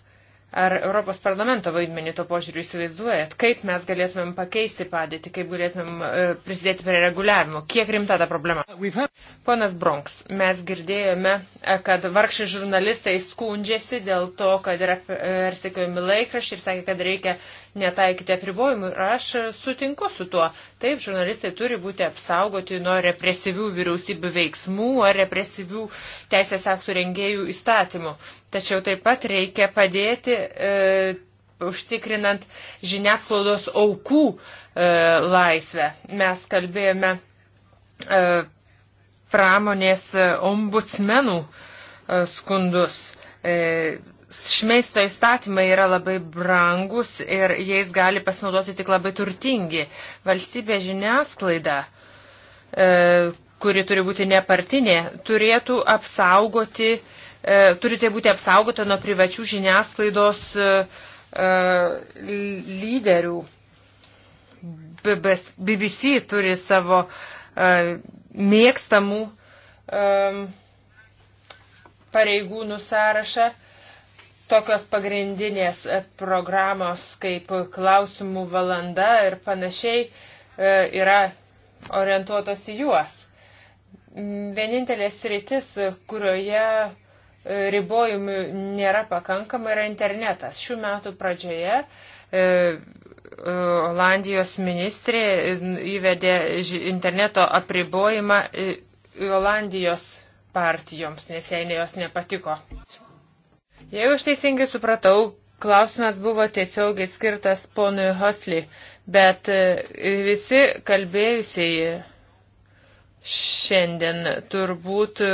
Ar Europos parlamento vaidmenį to požiūriu įsivaizduojat? Kaip mes galėtumėm pakeisti padėtį, kaip galėtumėm e, prisidėti prie reguliavimo? Kiek rimta ta problema? Uh, Ponas Bronks, mes girdėjome, e, kad vargšai žurnalistai skundžiasi dėl to, kad yra persekiojami laikrašiai ir sakė, kad reikia netaikyti apribojimų ir aš sutinku su tuo. Taip, žurnalistai turi būti apsaugoti nuo represyvių vyriausybių veiksmų ar represyvių teisės aktų rengėjų įstatymų. Tačiau taip pat reikia padėti. E, užtikrinant žiniasklaidos aukų e, laisvę. Mes kalbėjome e, pramonės e, ombudsmenų e, skundus. E, šmeisto įstatymai yra labai brangus ir jais gali pasinaudoti tik labai turtingi. Valstybė žiniasklaida, e, kuri turi būti nepartinė, turėtų apsaugoti, e, turite tai būti apsaugota nuo privačių žiniasklaidos e, e lyderių. BBC turi savo e, mėgstamų e, pareigūnų sąrašą. E, tokios pagrindinės e, programos kaip klausimų valanda ir panašiai e, yra orientuotos į juos. Vienintelės rytis, kurioje e, ribojimų nėra pakankama, yra internetas. Šių metų pradžioje Olandijos ministrė įvedė interneto apribojimą Olandijos partijoms, nes jai jos nepatiko. Jeigu aš teisingai supratau, klausimas buvo tiesiogiai skirtas ponui Hosli, bet e, visi kalbėjusieji šiandien turbūt e,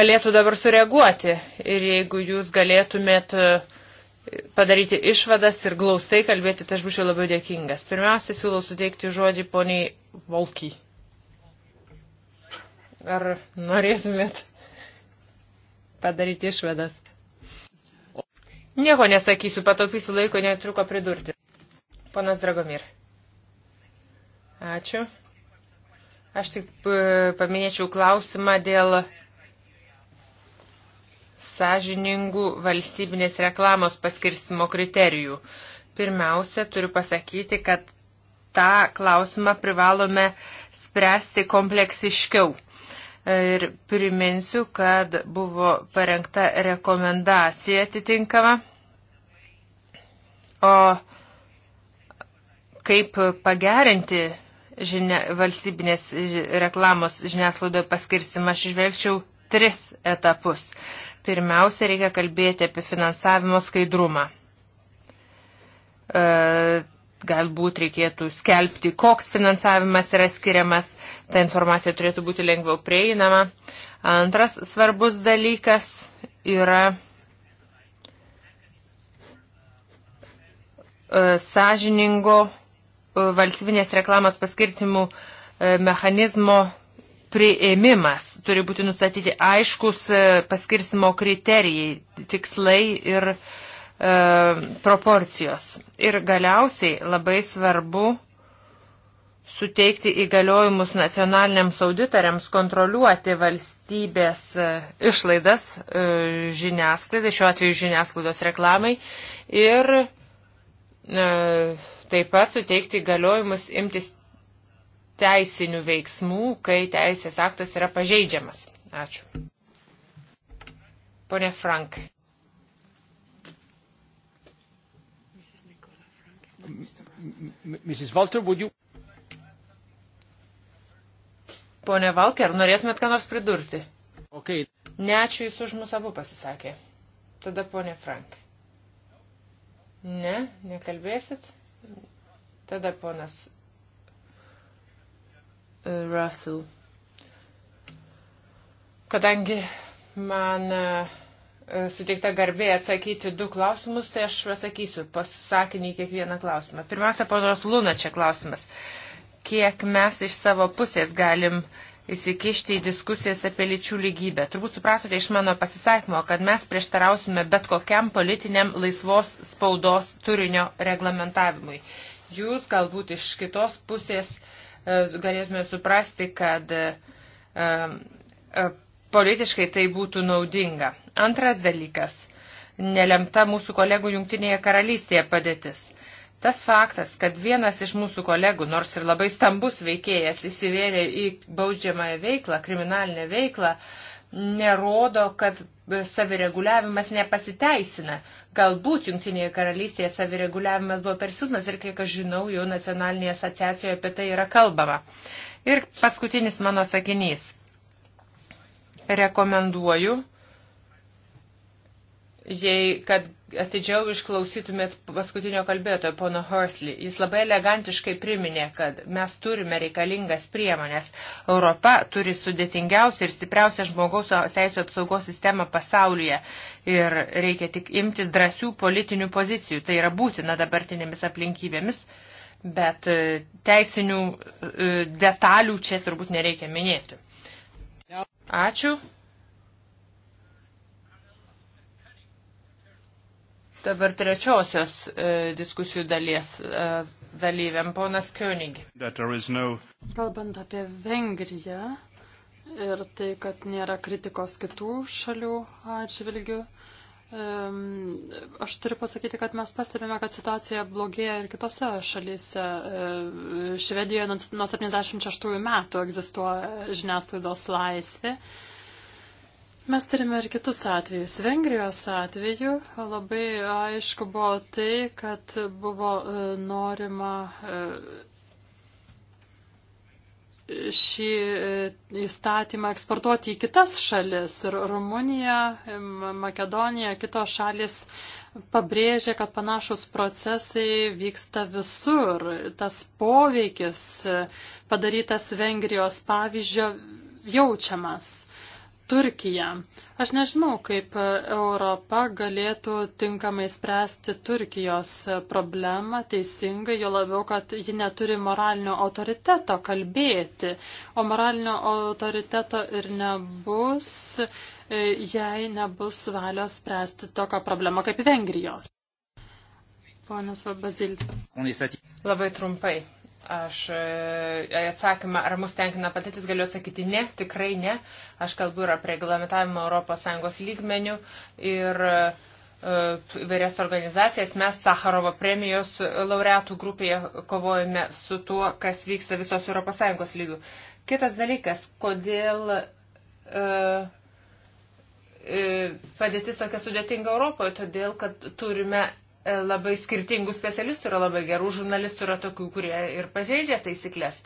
galėtų dabar sureaguoti ir jeigu jūs galėtumėt e, padaryti išvadas ir glaustai kalbėti, tai aš būčiau labai dėkingas. Pirmiausia, siūlau suteikti žodžiį poniai Volkiai. Ar norėtumėt? padaryti išvadas. Nieko nesakysiu, pataupysiu laiko, netruko pridurti. Ponas Dragomir. Ačiū. Aš tik e, paminėčiau klausimą dėl sąžiningų valstybinės reklamos paskirstimo kriterijų. Pirmiausia, turiu pasakyti, kad tą klausimą privalome spręsti kompleksiškiau Ir priminsiu, kad buvo parengta rekomendacija atitinkama. O kaip pagerinti žinia, valstybinės reklamos žiniaslaidoje paskirsimą, aš išvelgčiau tris etapus. Pirmiausia, reikia kalbėti apie finansavimo skaidrumą. E, Galbūt reikėtų skelbti, koks finansavimas yra skiriamas. Ta informacija turėtų būti lengviau prieinama. Antras svarbus dalykas yra e, sąžiningo e, valstybinės reklamos paskirtimų e, mechanizmo prieimimas. Turi būti nustatyti aiškus paskirstimo kriterijai, tikslai ir uh, E, proporcijos. Ir galiausiai labai svarbu suteikti įgaliojimus nacionaliniams auditoriams kontroliuoti valstybės e, išlaidas e, žiniasklaidai, šiuo atveju žiniasklaidos reklamai, ir e, taip pat suteikti įgaliojimus imtis teisinių veiksmų, kai teisės aktas yra pažeidžiamas. Ačiū. Pone Frank. Mrs. Walter, would you... Pone Valker, norėtumėt ką nors pridurti? Okay. Neačiū jūs už mūsų abu pasisakė. Tada ponė Frank. Ne, nekalbėsit? Tada ponas e, Russell. Kadangi man uh, E, suteikta garbė atsakyti du klausimus, tai aš atsakysiu pasakinį kiekvieną klausimą. Pirmiausia, panos Luna čia klausimas. Kiek mes iš savo pusės galim įsikišti į diskusijas apie lyčių lygybę? Turbūt suprasote iš mano pasisakymo, kad mes prieštarausime bet kokiam politiniam laisvos spaudos turinio reglamentavimui. Jūs galbūt iš kitos pusės e, galėtume suprasti, kad e, politiškai tai būtų naudinga. Antras dalykas - nelemta mūsų kolegų Junktinėje karalystėje padėtis. Tas faktas, kad vienas iš mūsų kolegų, nors ir labai stambus veikėjas, įsivėlė į baudžiamąją veiklą, kriminalinę veiklą, nerodo, kad savireguliavimas nepasiteisina. Galbūt Junktinėje karalystėje savireguliavimas buvo per silpnas ir kiek aš žinau, jau nacionalinėje asociacijoje apie tai yra kalbama. Ir paskutinis mano sakinys rekomenduoju, jei kad atidžiau išklausytumėt paskutinio kalbėtojo, pono Horsley. Jis labai elegantiškai priminė, kad mes turime reikalingas priemonės. Europa turi sudėtingiausią ir stipriausią žmogaus teisų apsaugos sistemą pasaulyje ir reikia tik imtis drąsių politinių pozicijų. Tai yra būtina dabartinėmis aplinkybėmis, bet e, teisinių e, detalių čia turbūt nereikia minėti. Ačiū. Dabar trečiosios e, diskusijų dalies e, dalyviam, ponas König. No... Kalbant apie Vengriją ir tai, kad nėra kritikos kitų šalių atžvilgių, Aš turiu pasakyti, kad mes pastebime, kad situacija blogėja ir kitose šalyse. Švedijoje nuo 76 metų egzistuoja žiniasklaidos laisvė. Mes turime ir kitus atvejus. Vengrijos atveju labai aišku buvo tai, kad buvo e, norima e, šį e, įstatymą eksportuoti į kitas šalis. Ir Rumunija, e, Makedonija, kitos šalis pabrėžia, kad panašus procesai vyksta visur. Tas poveikis e, padarytas Vengrijos pavyzdžio jaučiamas. Turkija. Aš nežinau, kaip e, Europa galėtų tinkamai spręsti Turkijos e, problemą teisingai, jo labiau, kad ji neturi moralinio autoriteto kalbėti, o moralinio autoriteto ir nebus, e, jei nebus valios spręsti tokią problemą kaip Vengrijos. Ponas Vabazil. Labai trumpai. Aš e, atsakymą, ar mus tenkina patytis, galiu atsakyti ne, tikrai ne. Aš kalbu ir apie reglamentavimą ES lygmenių ir e, įvairias organizacijas. Mes Sakarovo premijos laureatų grupėje kovojame su tuo, kas vyksta visos ES lygių. Kitas dalykas, kodėl uh, padėtis tokia sudėtinga Europoje, todėl kad turime E, labai skirtingų specialistų, yra labai gerų žurnalistų, yra tokių, kurie ir pažeidžia taisyklės.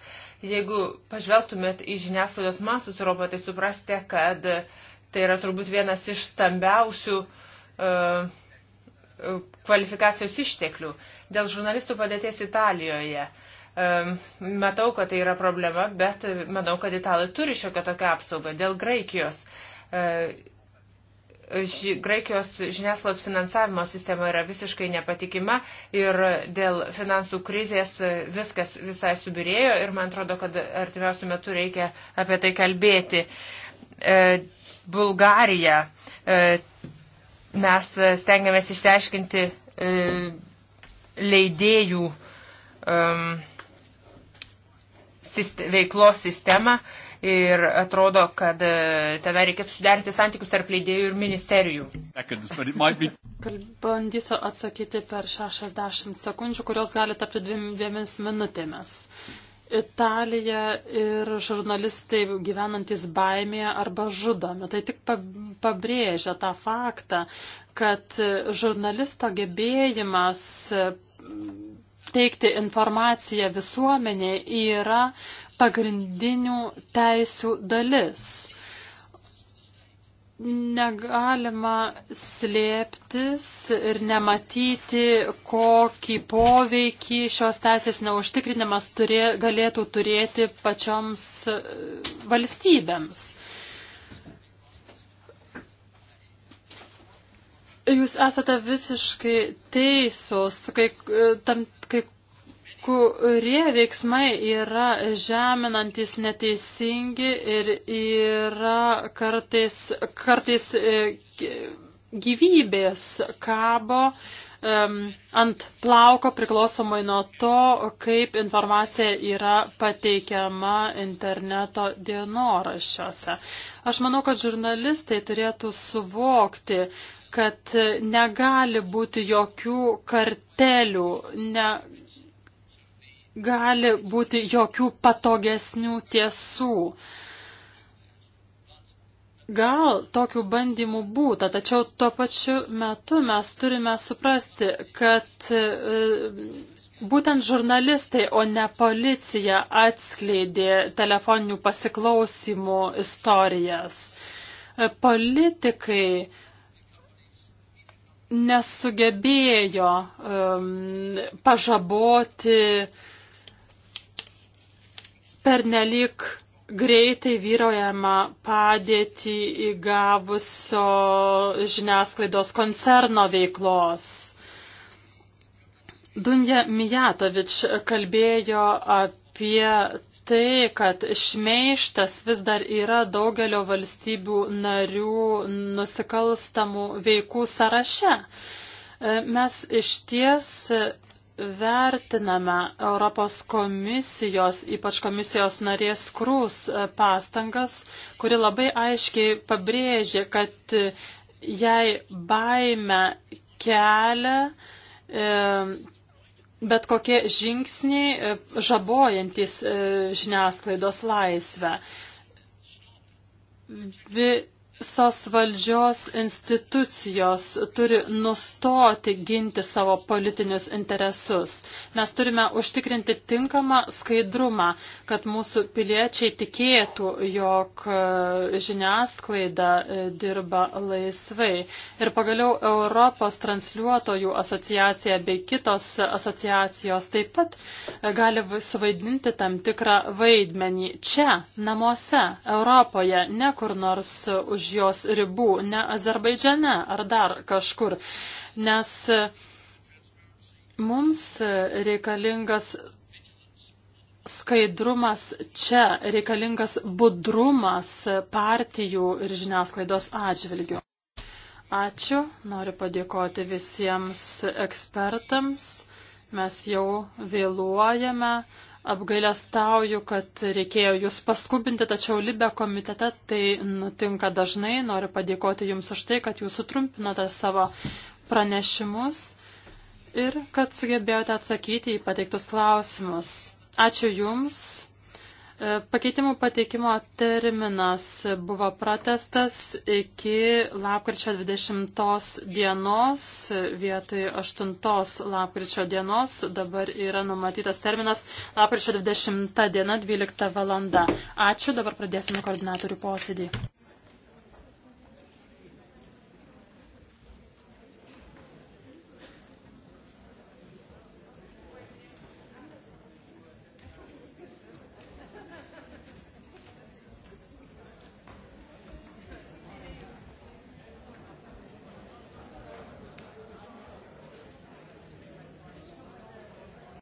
Jeigu pažvelgtumėt į žiniasklaidos masus Europą, tai suprastė, kad tai yra turbūt vienas iš stambiausių uh, kvalifikacijos išteklių. Dėl žurnalistų padėties Italijoje. Um, matau, kad tai yra problema, bet manau, kad italai turi šiokią tokią apsaugą. Dėl Graikijos. Uh, ži, Graikijos žiniasklaidos finansavimo sistema yra visiškai nepatikima ir dėl finansų krizės viskas visai subirėjo ir man atrodo, kad artimiausių metų reikia apie tai kalbėti. E, Bulgarija. E, mes stengiamės išsiaiškinti e, leidėjų e, sist veiklos sistemą. E, ir atrodo, kad e, tada reikėtų suderinti santykius tarp leidėjų ir ministerijų. Bandysiu atsakyti per 60 sekundžių, kurios gali tapti dviemis minutėmis. Italija ir žurnalistai gyvenantis baimėje arba žudomi. Tai tik pabrėžia tą faktą, kad žurnalisto gebėjimas teikti informaciją visuomenė yra uh, pagrindinių teisių dalis. Negalima slėptis ir nematyti, kokį poveikį šios teisės neužtikrinimas turė, galėtų turėti pačioms e, valstybėms. Jūs esate visiškai teisūs, kai e, tam kurie veiksmai yra žeminantis neteisingi ir yra kartais, kartais e, gyvybės kabo ant plauko priklausomai nuo to, kaip informacija yra pateikiama interneto dienoraščiuose. Aš manau, kad žurnalistai turėtų suvokti, kad negali būti jokių kartelių, ne, gali būti jokių patogesnių tiesų. Gal tokių bandymų būta, tačiau tuo pačiu metu mes turime suprasti, kad e, būtent žurnalistai, o ne policija atskleidė telefoninių pasiklausimų istorijas. E, politikai nesugebėjo um, pažaboti uh, pernelik greitai vyraujama padėtį įgavusio žiniasklaidos koncerno veiklos. Dunja Mijatovič kalbėjo apie tai, kad šmeištas vis dar yra daugelio valstybių narių nusikalstamų veikų sąraše. Mes iš ties vertiname Europos komisijos, ypač komisijos narės Krūs e, pastangas, kuri labai aiškiai pabrėžė, kad e, jai baime kelia e, bet kokie žingsniai e, žabojantis žiniasklaidos laisvę. Vi visos valdžios institucijos turi nustoti ginti savo politinius interesus. Mes turime užtikrinti tinkamą skaidrumą, kad mūsų piliečiai tikėtų, jog e, žiniasklaida e, dirba laisvai. Ir pagaliau Europos transliuotojų asociacija bei kitos asociacijos taip pat e, gali suvaidinti tam tikrą vaidmenį čia, namuose, Europoje, ne kur nors už už jos ribų, ne Azerbaidžiane ar dar kažkur, nes e, mums e, reikalingas skaidrumas čia, reikalingas budrumas e, partijų ir žiniasklaidos atžvilgių. Ačiū, noriu padėkoti visiems ekspertams, mes jau vėluojame. Apgailestauju, kad reikėjo jūs paskubinti, tačiau Libe komitete tai nutinka dažnai. Noriu padėkoti Jums už tai, kad Jūs sutrumpinote savo pranešimus ir kad sugebėjote atsakyti į pateiktus klausimus. Ačiū Jums. Pakeitimų pateikimo terminas buvo pratestas iki lapkričio 20 dienos, vietoj 8 lapkričio dienos dabar yra numatytas terminas lapkričio 20 diena 12 valanda. Ačiū, dabar pradėsime koordinatorių posėdį.